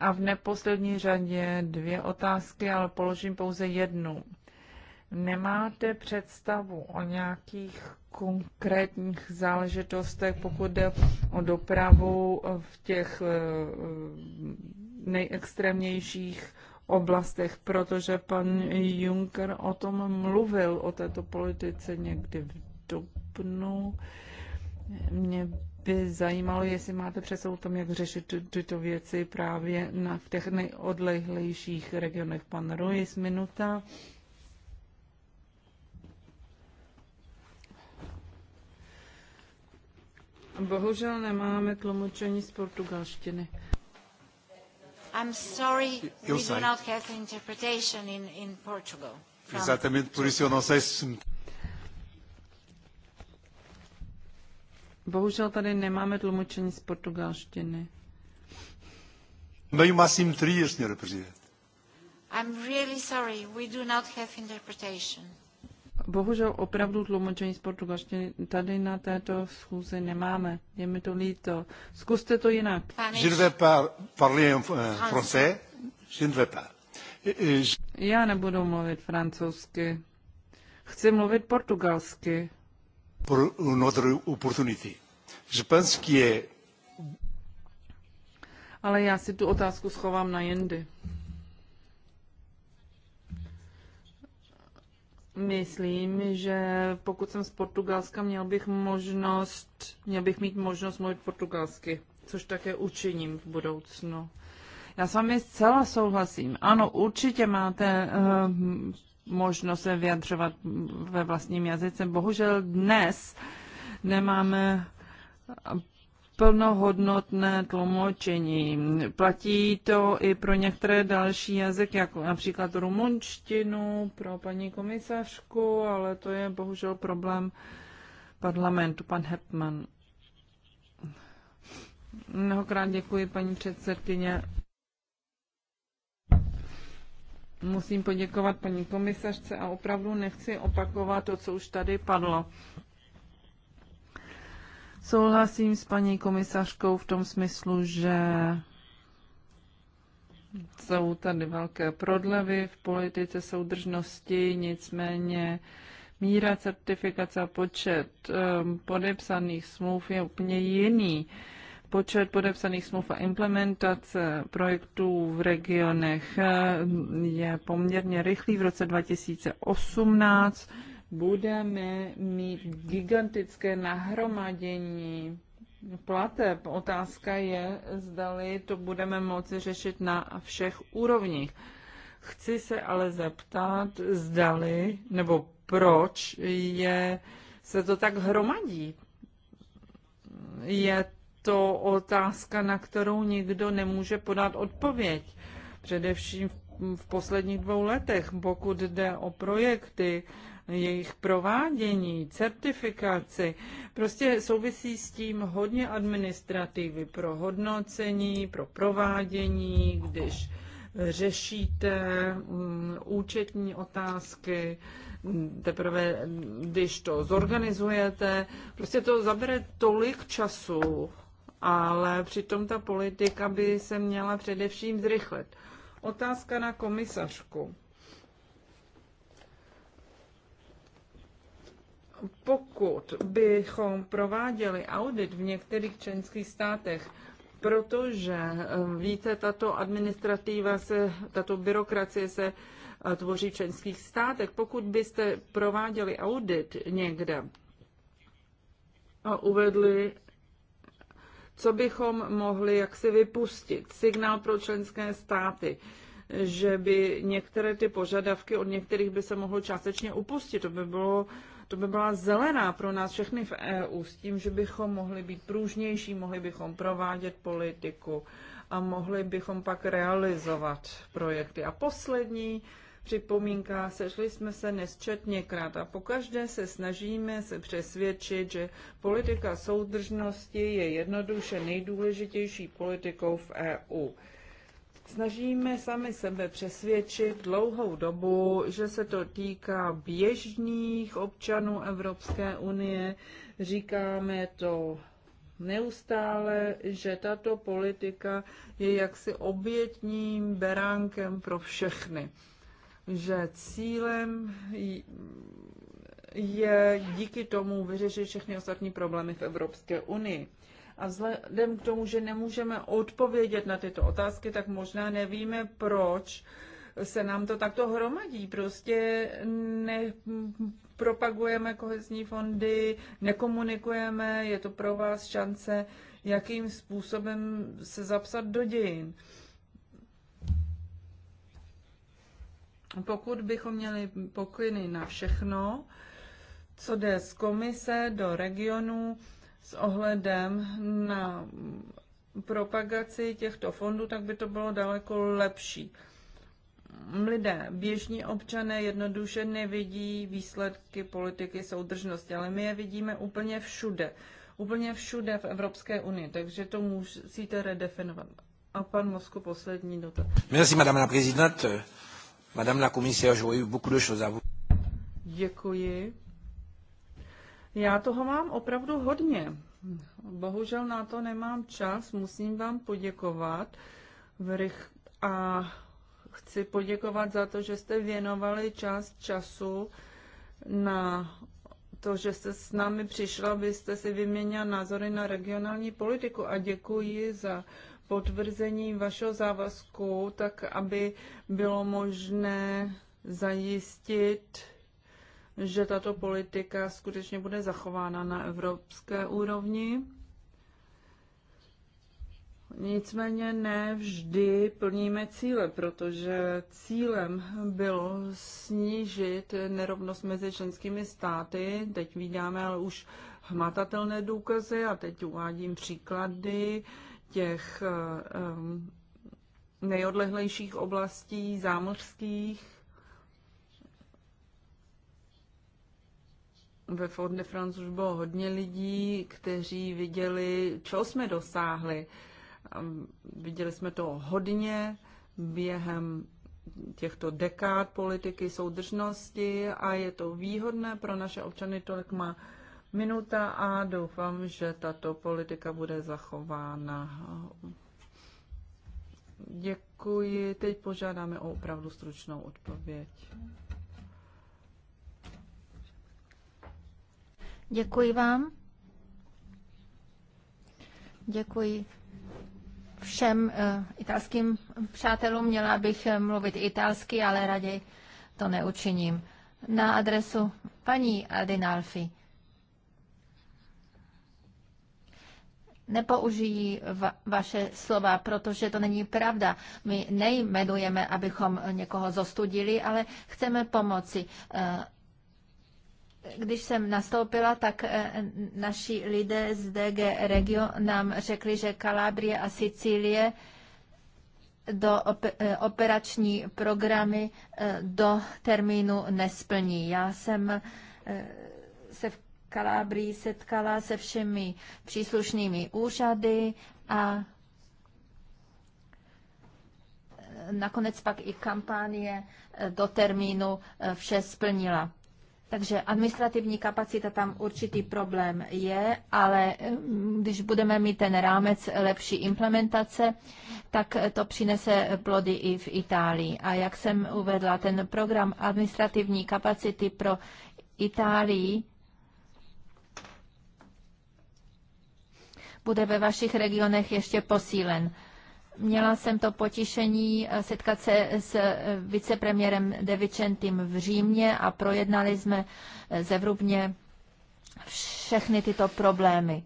A v neposlední řadě dvě otázky, ale položím pouze jednu. Nemáte představu o nějakých konkrétních záležitostech, pokud jde o dopravu v těch eh, eh, nejextrémnějších oblastech, protože pan Juncker o tom mluvil, o této politice někdy v dubnu. Mě by zajímalo, jestli máte přesou o tom, jak řešit tyto věci právě na, v těch nejodlehlejších regionech. Pan Ruiz, minuta. Bohužel nemáme tlumočení z portugalštiny. I'm sorry, we do not have interpretation in, in Portugal. Exatamente, por isso eu não sei se... Bohužel tady nemáme tlumočení z portugalštiny. Nem uma simetria, senhora Presidente. I'm really sorry, we do not have interpretation bohužel opravdu tlumočení z portugalštiny tady na této schůzi nemáme. Je mi to líto. Zkuste to jinak. Euh, já nebudu mluvit francouzsky. Chci mluvit portugalsky. Pro une autre Je pense que je... Ale já si tu otázku schovám na jindy. Myslím, že pokud jsem z Portugalska, měl bych možnost, měl bych mít možnost mluvit portugalsky, což také učiním v budoucnu. Já s vámi zcela souhlasím. Ano, určitě máte uh, možnost se vyjadřovat ve vlastním jazyce. Bohužel dnes nemáme plnohodnotné tlumočení. Platí to i pro některé další jazyky, jako například rumunštinu pro paní komisařku, ale to je bohužel problém parlamentu, pan Hepman. Mnohokrát děkuji, paní předsedkyně. Musím poděkovat paní komisařce a opravdu nechci opakovat to, co už tady padlo. Souhlasím s paní komisařkou v tom smyslu, že jsou tady velké prodlevy v politice soudržnosti, nicméně míra certifikace a počet ehm, podepsaných smluv je úplně jiný. Počet podepsaných smluv a implementace projektů v regionech ehm, je poměrně rychlý. V roce 2018 budeme mít gigantické nahromadění plateb. Otázka je, zdali to budeme moci řešit na všech úrovních. Chci se ale zeptat, zdali nebo proč je, se to tak hromadí. Je to otázka, na kterou nikdo nemůže podat odpověď. Především v posledních dvou letech, pokud jde o projekty, jejich provádění, certifikaci. Prostě souvisí s tím hodně administrativy pro hodnocení, pro provádění, když řešíte mm, účetní otázky, mm, teprve mm, když to zorganizujete. Prostě to zabere tolik času, ale přitom ta politika by se měla především zrychlit. Otázka na komisařku. pokud bychom prováděli audit v některých členských státech, protože eh, víte, tato administrativa se, tato byrokracie se eh, tvoří v členských státech. Pokud byste prováděli audit někde a uvedli, co bychom mohli jaksi vypustit, signál pro členské státy, že by některé ty požadavky od některých by se mohlo částečně upustit. To by bylo uh, to by byla zelená pro nás všechny v EU s tím, že bychom mohli být pružnější, mohli bychom provádět politiku a mohli bychom pak realizovat projekty. A poslední připomínka, sešli jsme se nesčetněkrát a pokaždé se snažíme se přesvědčit, že politika soudržnosti je jednoduše nejdůležitější politikou v EU snažíme sami sebe přesvědčit dlouhou dobu, že se to týká běžných občanů Evropské unie. Říkáme to neustále, že tato politika je jaksi obětním beránkem pro všechny. Že cílem je díky tomu vyřešit všechny ostatní problémy v Evropské unii. A vzhledem k tomu, že nemůžeme odpovědět na tyto otázky, tak možná nevíme, proč se nám to takto hromadí. Prostě nepropagujeme kohezní fondy, nekomunikujeme, je to pro vás šance, jakým způsobem se zapsat do dějin. Pokud bychom měli pokyny na všechno, co jde z komise do regionu, s ohledem na propagaci těchto fondů, tak by to bylo daleko lepší. Lidé, běžní občané jednoduše nevidí výsledky politiky soudržnosti, ale my je vidíme úplně všude. Úplně všude v Evropské unii, takže to musíte redefinovat. A pan Mosko, poslední dotaz. Merci, madame la présidente. Madame la commissaire, j'aurais beaucoup de choses à vous. Děkuji. Já toho mám opravdu hodně. Bohužel na to nemám čas, musím vám poděkovat. A chci poděkovat za to, že jste věnovali část času na to, že jste s námi přišla, vy jste si vyměnila názory na regionální politiku a děkuji za potvrzení vašeho závazku, tak aby bylo možné zajistit že tato politika skutečně bude zachována na evropské úrovni. Nicméně ne vždy plníme cíle, protože cílem bylo snížit nerovnost mezi členskými státy. Teď vydáme ale už hmatatelné důkazy a teď uvádím příklady těch um, nejodlehlejších oblastí zámořských Ve Fond de France už bylo hodně lidí, kteří viděli, čeho jsme dosáhli. Viděli jsme to hodně během těchto dekád politiky soudržnosti a je to výhodné pro naše občany, tolik má minuta a doufám, že tato politika bude zachována. Děkuji. Teď požádáme o opravdu stručnou odpověď. Děkuji vám. Děkuji všem eh, italským přátelům. Měla bych eh, mluvit italsky, ale raději to neučiním. Na adresu paní Adinalfi. nepoužijí va- vaše slova, protože to není pravda. My nejmenujeme, abychom někoho zostudili, ale chceme pomoci. Eh, když jsem nastoupila, tak eh, naši lidé z DG Regio nám řekli, že Kalábrie a Sicílie do eh, operační programy eh, do termínu nesplní. Já jsem se v Kalábrii setkala se všemi příslušnými úřady a nakonec pak i kampánie do termínu vše splnila. Takže administrativní kapacita tam určitý problém je, ale mm, když budeme mít ten rámec lepší implementace, tak to přinese plody i v Itálii. A jak jsem uvedla, ten program administrativní kapacity pro Itálii bude ve vašich regionech ještě posílen. Měla jsem to potěšení eh, setkat se s eh, vicepremiérem De Vicentim v Římě a projednali jsme eh, zevrubně všechny tyto problémy.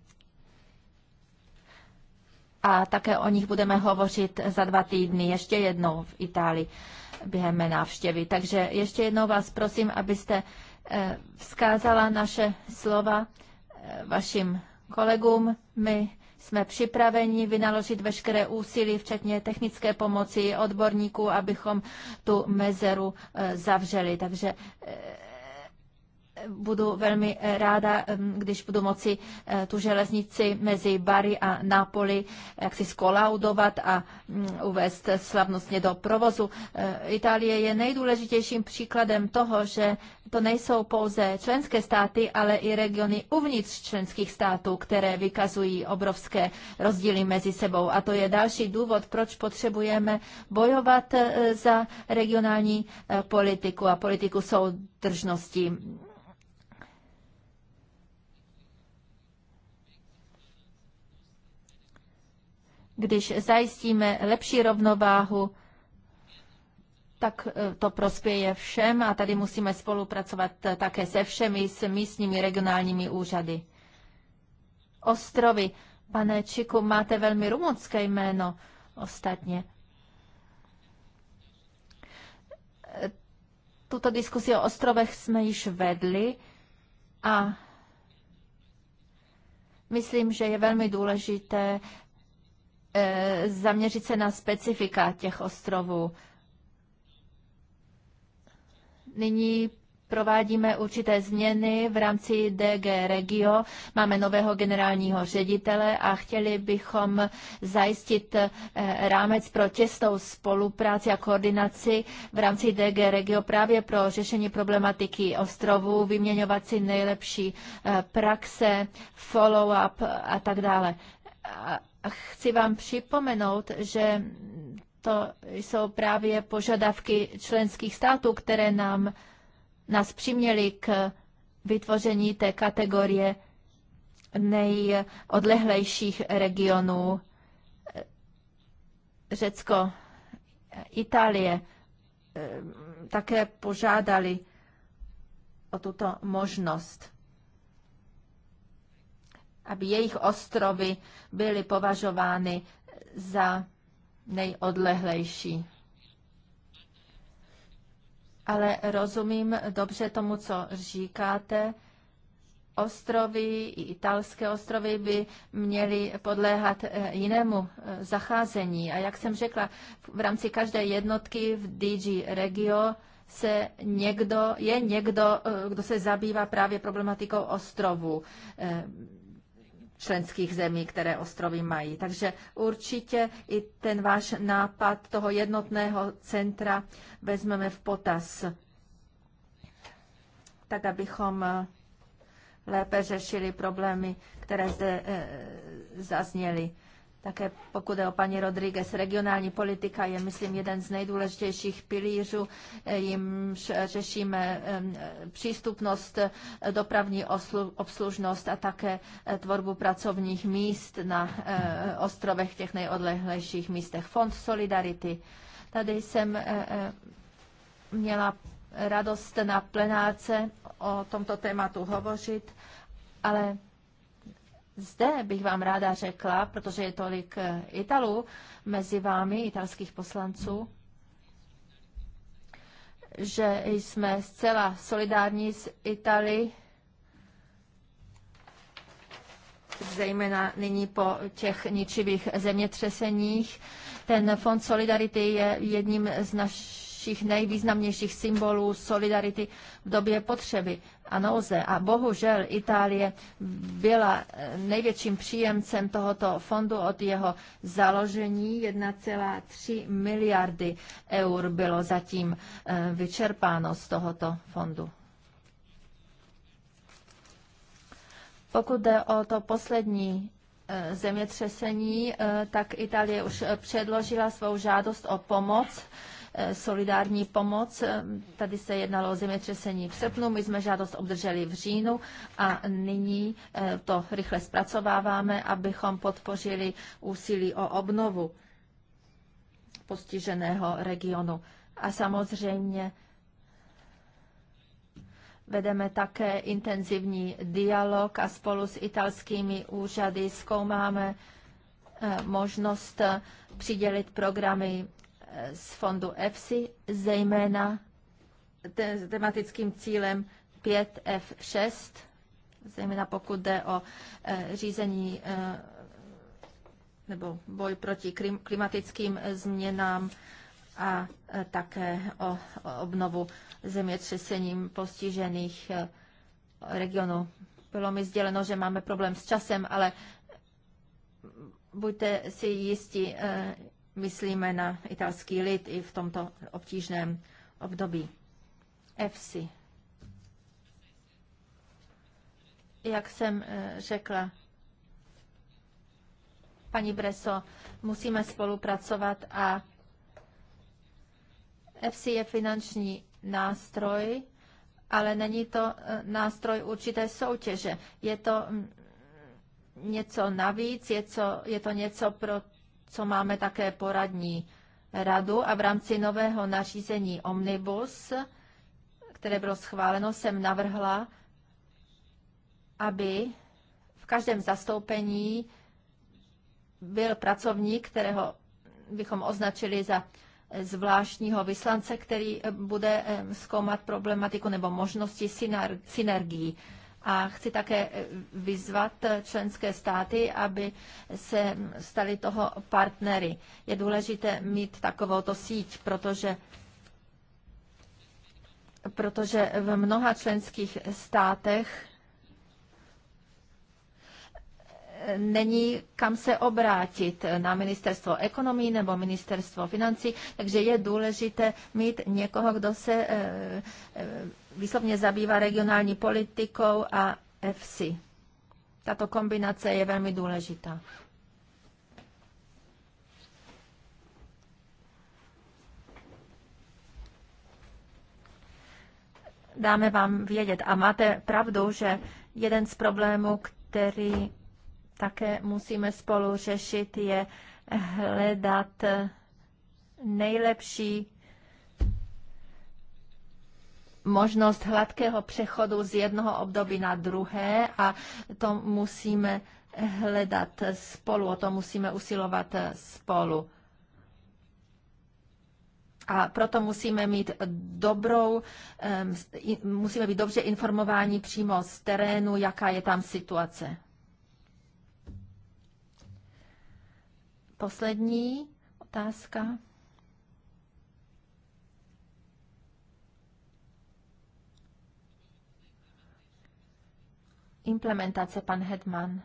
A také o nich budeme hovořit za dva týdny, ještě jednou v Itálii během mé návštěvy. Takže ještě jednou vás prosím, abyste vzkázala naše slova vašim kolegům. My jsme připraveni vynaložit veškeré úsilí, včetně technické pomoci odborníků, abychom tu mezeru eh, zavřeli. Takže eh, budu velmi eh, ráda, když budu moci eh, tu železnici mezi Bari a Napoli eh, jaksi skolaudovat a mm, uvést slavnostně do provozu. Itálie je nejdůležitějším příkladem toho, že to nejsou pouze členské státy, ale i regiony uvnitř členských států, které vykazují obrovské rozdíly mezi sebou. A to je další důvod, proč potřebujeme bojovat za regionální politiku a politiku soudržnosti. Když zajistíme lepší rovnováhu, tak e, to prospěje všem a tady musíme spolupracovat e, také se všemi, s místními regionálními úřady. Ostrovy. Pane Čiku, máte velmi rumunské jméno ostatně. E, tuto diskusi o ostrovech jsme již vedli a myslím, že je velmi důležité Eh, zaměřit se na specifika těch ostrovů. Nyní provádíme určité změny v rámci DG Regio. Máme nového generálního ředitele a chtěli bychom zajistit eh, rámec pro těstou spolupráci a koordinaci v rámci DG Regio právě pro řešení problematiky ostrovů, vyměňovat si nejlepší eh, praxe, follow-up a tak dále chci vám připomenout, že to jsou právě požadavky členských států, které nám, nás přiměly k vytvoření té kategorie nejodlehlejších regionů. Řecko, Itálie eh, také požádali o tuto možnost aby jejich ostrovy byly považovány za nejodlehlejší. Ale rozumím dobře tomu, co říkáte. Ostrovy, italské ostrovy by měly podléhat eh, jinému eh, zacházení. A jak jsem řekla, v rámci každé jednotky v DG Regio se někdo, je někdo, eh, kdo se zabývá právě problematikou ostrovů členských zemí, které ostrovy mají. Takže určitě i ten váš nápad toho jednotného centra vezmeme v potaz, tak abychom eh, lépe řešili problémy, které zde e, zazněly. Také pokud je o paní Rodriguez, regionální politika je, myslím, jeden z nejdůležitějších pilířů. Eh, Jim řešíme přístupnost, eh, dopravní obslužnost a také eh, tvorbu pracovních míst na ostrovech, těch nejodlehlejších místech. Fond Solidarity. Tady jsem měla radost na plenáce o tomto tématu hovořit, ale zde bych vám ráda řekla, protože je tolik eh, Italů mezi vámi, italských poslanců, že jsme zcela solidární s Italií, zejména nyní po těch ničivých zemětřeseních. Ten fond Solidarity je jedním z našich našich nejvýznamnějších symbolů solidarity v době potřeby a nouze. A bohužel Itálie byla eh, největším příjemcem tohoto fondu od jeho založení. 1,3 miliardy eur bylo zatím eh, vyčerpáno z tohoto fondu. Pokud jde o to poslední eh, zemětřesení, tak Itálie už předložila svou žádost o pomoc Eh, solidární pomoc. Eh, tady se jednalo o zemětřesení v srpnu, my jsme žádost obdrželi v říjnu a nyní eh, to rychle zpracováváme, abychom podpořili úsilí o obnovu postiženého regionu. A samozřejmě vedeme také intenzivní dialog a spolu s italskými úřady zkoumáme možnost přidělit programy z fondu EFSI, zejména s tematickým cílem 5F6, zejména pokud jde o eh, řízení eh, nebo boj proti klimatickým změnám a eh, také o obnovu zemětřesením postižených regionů. Bylo mi sděleno, že máme problém s časem, ale buďte si jistí, myslíme na italský lid i v tomto obtížném období. EFSI. Jak jsem eh, řekla, paní Breso, musíme spolupracovat a EFSI je finanční nástroj, ale není to eh, nástroj určité soutěže. Je to mm, něco navíc, je, co, je to něco pro co máme také poradní radu a v rámci nového nařízení Omnibus, které bylo schváleno, jsem navrhla, aby v každém zastoupení byl pracovník, kterého bychom označili za zvláštního vyslance, který bude eh, zkoumat problematiku nebo možnosti synergií a chci také eh, vyzvat eh, členské státy, aby se stali toho partnery. Je důležité mít takovouto síť, protože protože v mnoha členských státech eh, není kam se obrátit na ministerstvo ekonomii nebo ministerstvo financí, takže je důležité mít někoho, kdo se výslovně zabývá regionální politikou a FC. Tato kombinace je velmi důležitá. Dáme vám vědět. A máte pravdu, že jeden z problémů, který také musíme spolu řešit, je hledat nejlepší možnost hladkého přechodu z jednoho období na druhé a to musíme hledat spolu, o to musíme usilovat spolu. A proto musíme mít dobrou, musíme být dobře informováni přímo z terénu, jaká je tam situace. Poslední otázka. implementace, pan Hedman.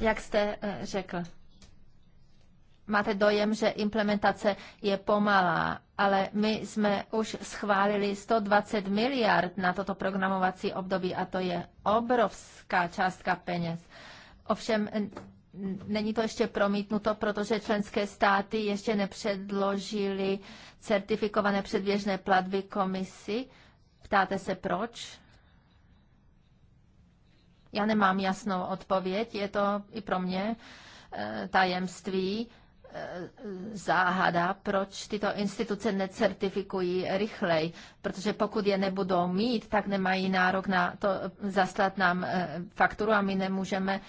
Jak jste eh, řekl, máte dojem, že implementace je pomalá, ale my jsme už schválili 120 miliard na toto programovací období a to je obrovská částka peněz. Ovšem není to ještě promítnuto, protože členské státy ještě nepředložily certifikované předběžné platby komisi. Ptáte se proč? Já nemám jasnou odpověď, je to i pro mě e, tajemství, e, záhada, proč tyto instituce necertifikují rychleji, protože pokud je nebudou mít, tak nemají nárok na to zaslat nám e, fakturu a my nemůžeme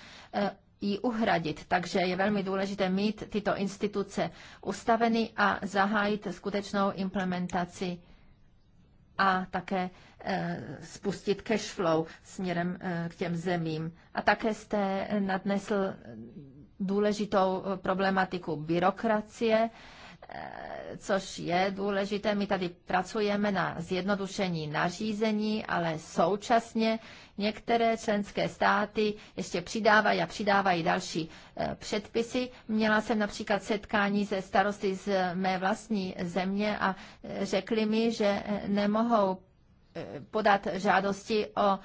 ji uhradit. Takže je velmi důležité mít tyto instituce ustaveny a zahájit skutečnou implementaci a také eh, spustit cash flow směrem eh, k těm zemím. A také jste nadnesl důležitou eh, problematiku byrokracie Eh, což je důležité. My tady pracujeme na zjednodušení nařízení, ale současně některé členské státy ještě přidávají a přidávají další eh, předpisy. Měla jsem například setkání se starosty z mé vlastní země a eh, řekli mi, že nemohou podat žádosti o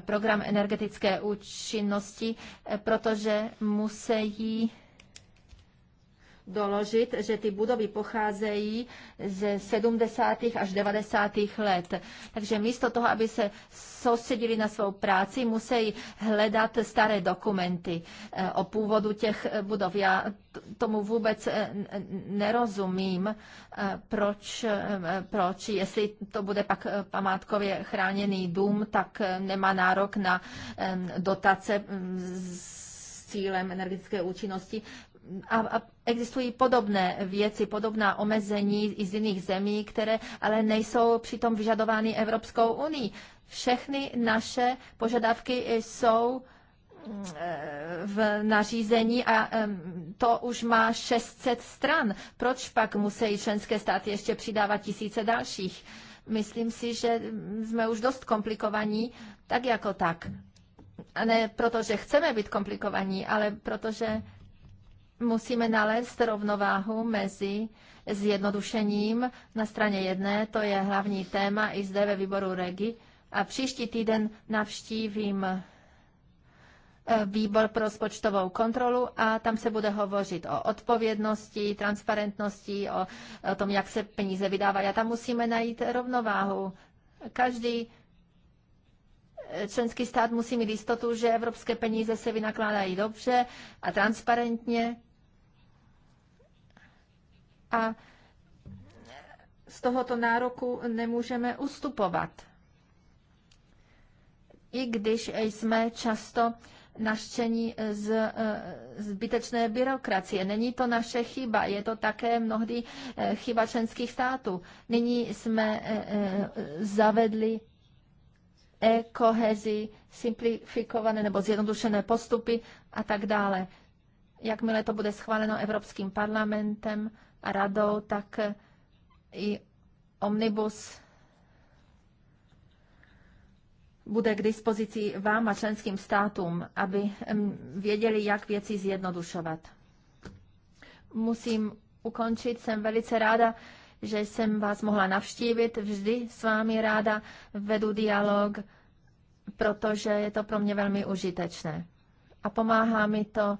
program energetické účinnosti, protože musí doložit, že ty budovy pocházejí ze 70. až 90. let. Takže místo toho, aby se soustředili na svou práci, musí hledat staré dokumenty eh, o původu těch eh, budov. Já tomu vůbec eh, nerozumím, proč, proč, jestli to bude pak památkově chráněný dům, tak nemá nárok na dotace mm, s cílem energetické účinnosti a, a existují podobné věci, podobná omezení i z jiných zemí, které ale nejsou přitom vyžadovány Evropskou unii. Všechny naše požadavky jsou mm, e, v nařízení a to už má 600 stran. Proč pak musí členské státy ještě přidávat tisíce dalších? Myslím si, že jsme už dost komplikovaní, tak jako tak. A ne proto, že chceme být komplikovaní, ale protože musíme nalézt rovnováhu mezi zjednodušením na straně jedné, to je hlavní téma i zde ve výboru REGI, a příští týden navštívím eh, výbor pro rozpočtovou kontrolu a tam se bude hovořit o odpovědnosti, transparentnosti, o, o tom, jak se peníze vydávají. A tam musíme najít rovnováhu. Každý eh, členský stát musí mít jistotu, že evropské peníze se vynakládají dobře a transparentně a z tohoto nároku nemůžeme ustupovat. I když jsme často naštění z e, zbytečné byrokracie. Není to naše chyba, je to také mnohdy e, chyba členských států. Nyní jsme e, zavedli e-kohezi, simplifikované nebo zjednodušené postupy a tak dále. Jakmile to bude schváleno Evropským parlamentem, radou, tak i omnibus bude k dispozici vám a členským státům, aby věděli, jak věci zjednodušovat. Musím ukončit, jsem velice ráda, že jsem vás mohla navštívit. Vždy s vámi ráda vedu dialog, protože je to pro mě velmi užitečné. A pomáhá mi to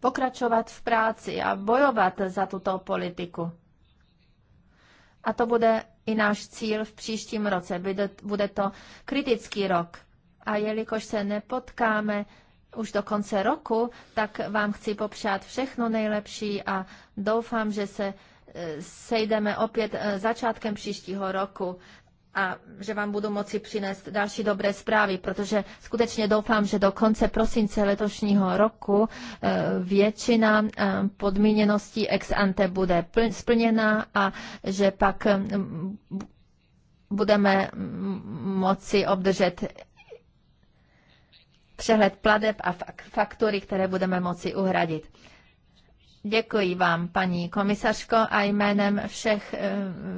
pokračovat v práci a bojovat za tuto politiku. A to bude i náš cíl v příštím roce. Bude, bude to kritický rok. A jelikož se nepotkáme už do konce roku, tak vám chci popřát všechno nejlepší a doufám, že se eh, sejdeme opět eh, začátkem příštího roku a že vám budu moci přinést další dobré zprávy, protože skutečně doufám, že do konce prosince letošního roku eh, většina eh, podmíněností ex ante bude splněna a že pak eh, budeme mm, moci obdržet přehled pladeb a faktury, které budeme moci uhradit. Děkuji vám, paní komisařko, a jménem všech eh,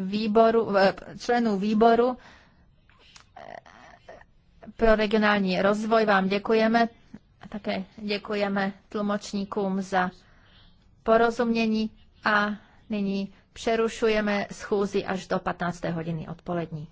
výboru, eh, členů výboru eh, pro regionální rozvoj vám děkujeme a také děkujeme tlumočníkům za porozumění a nyní přerušujeme schůzi až do 15. hodiny odpolední.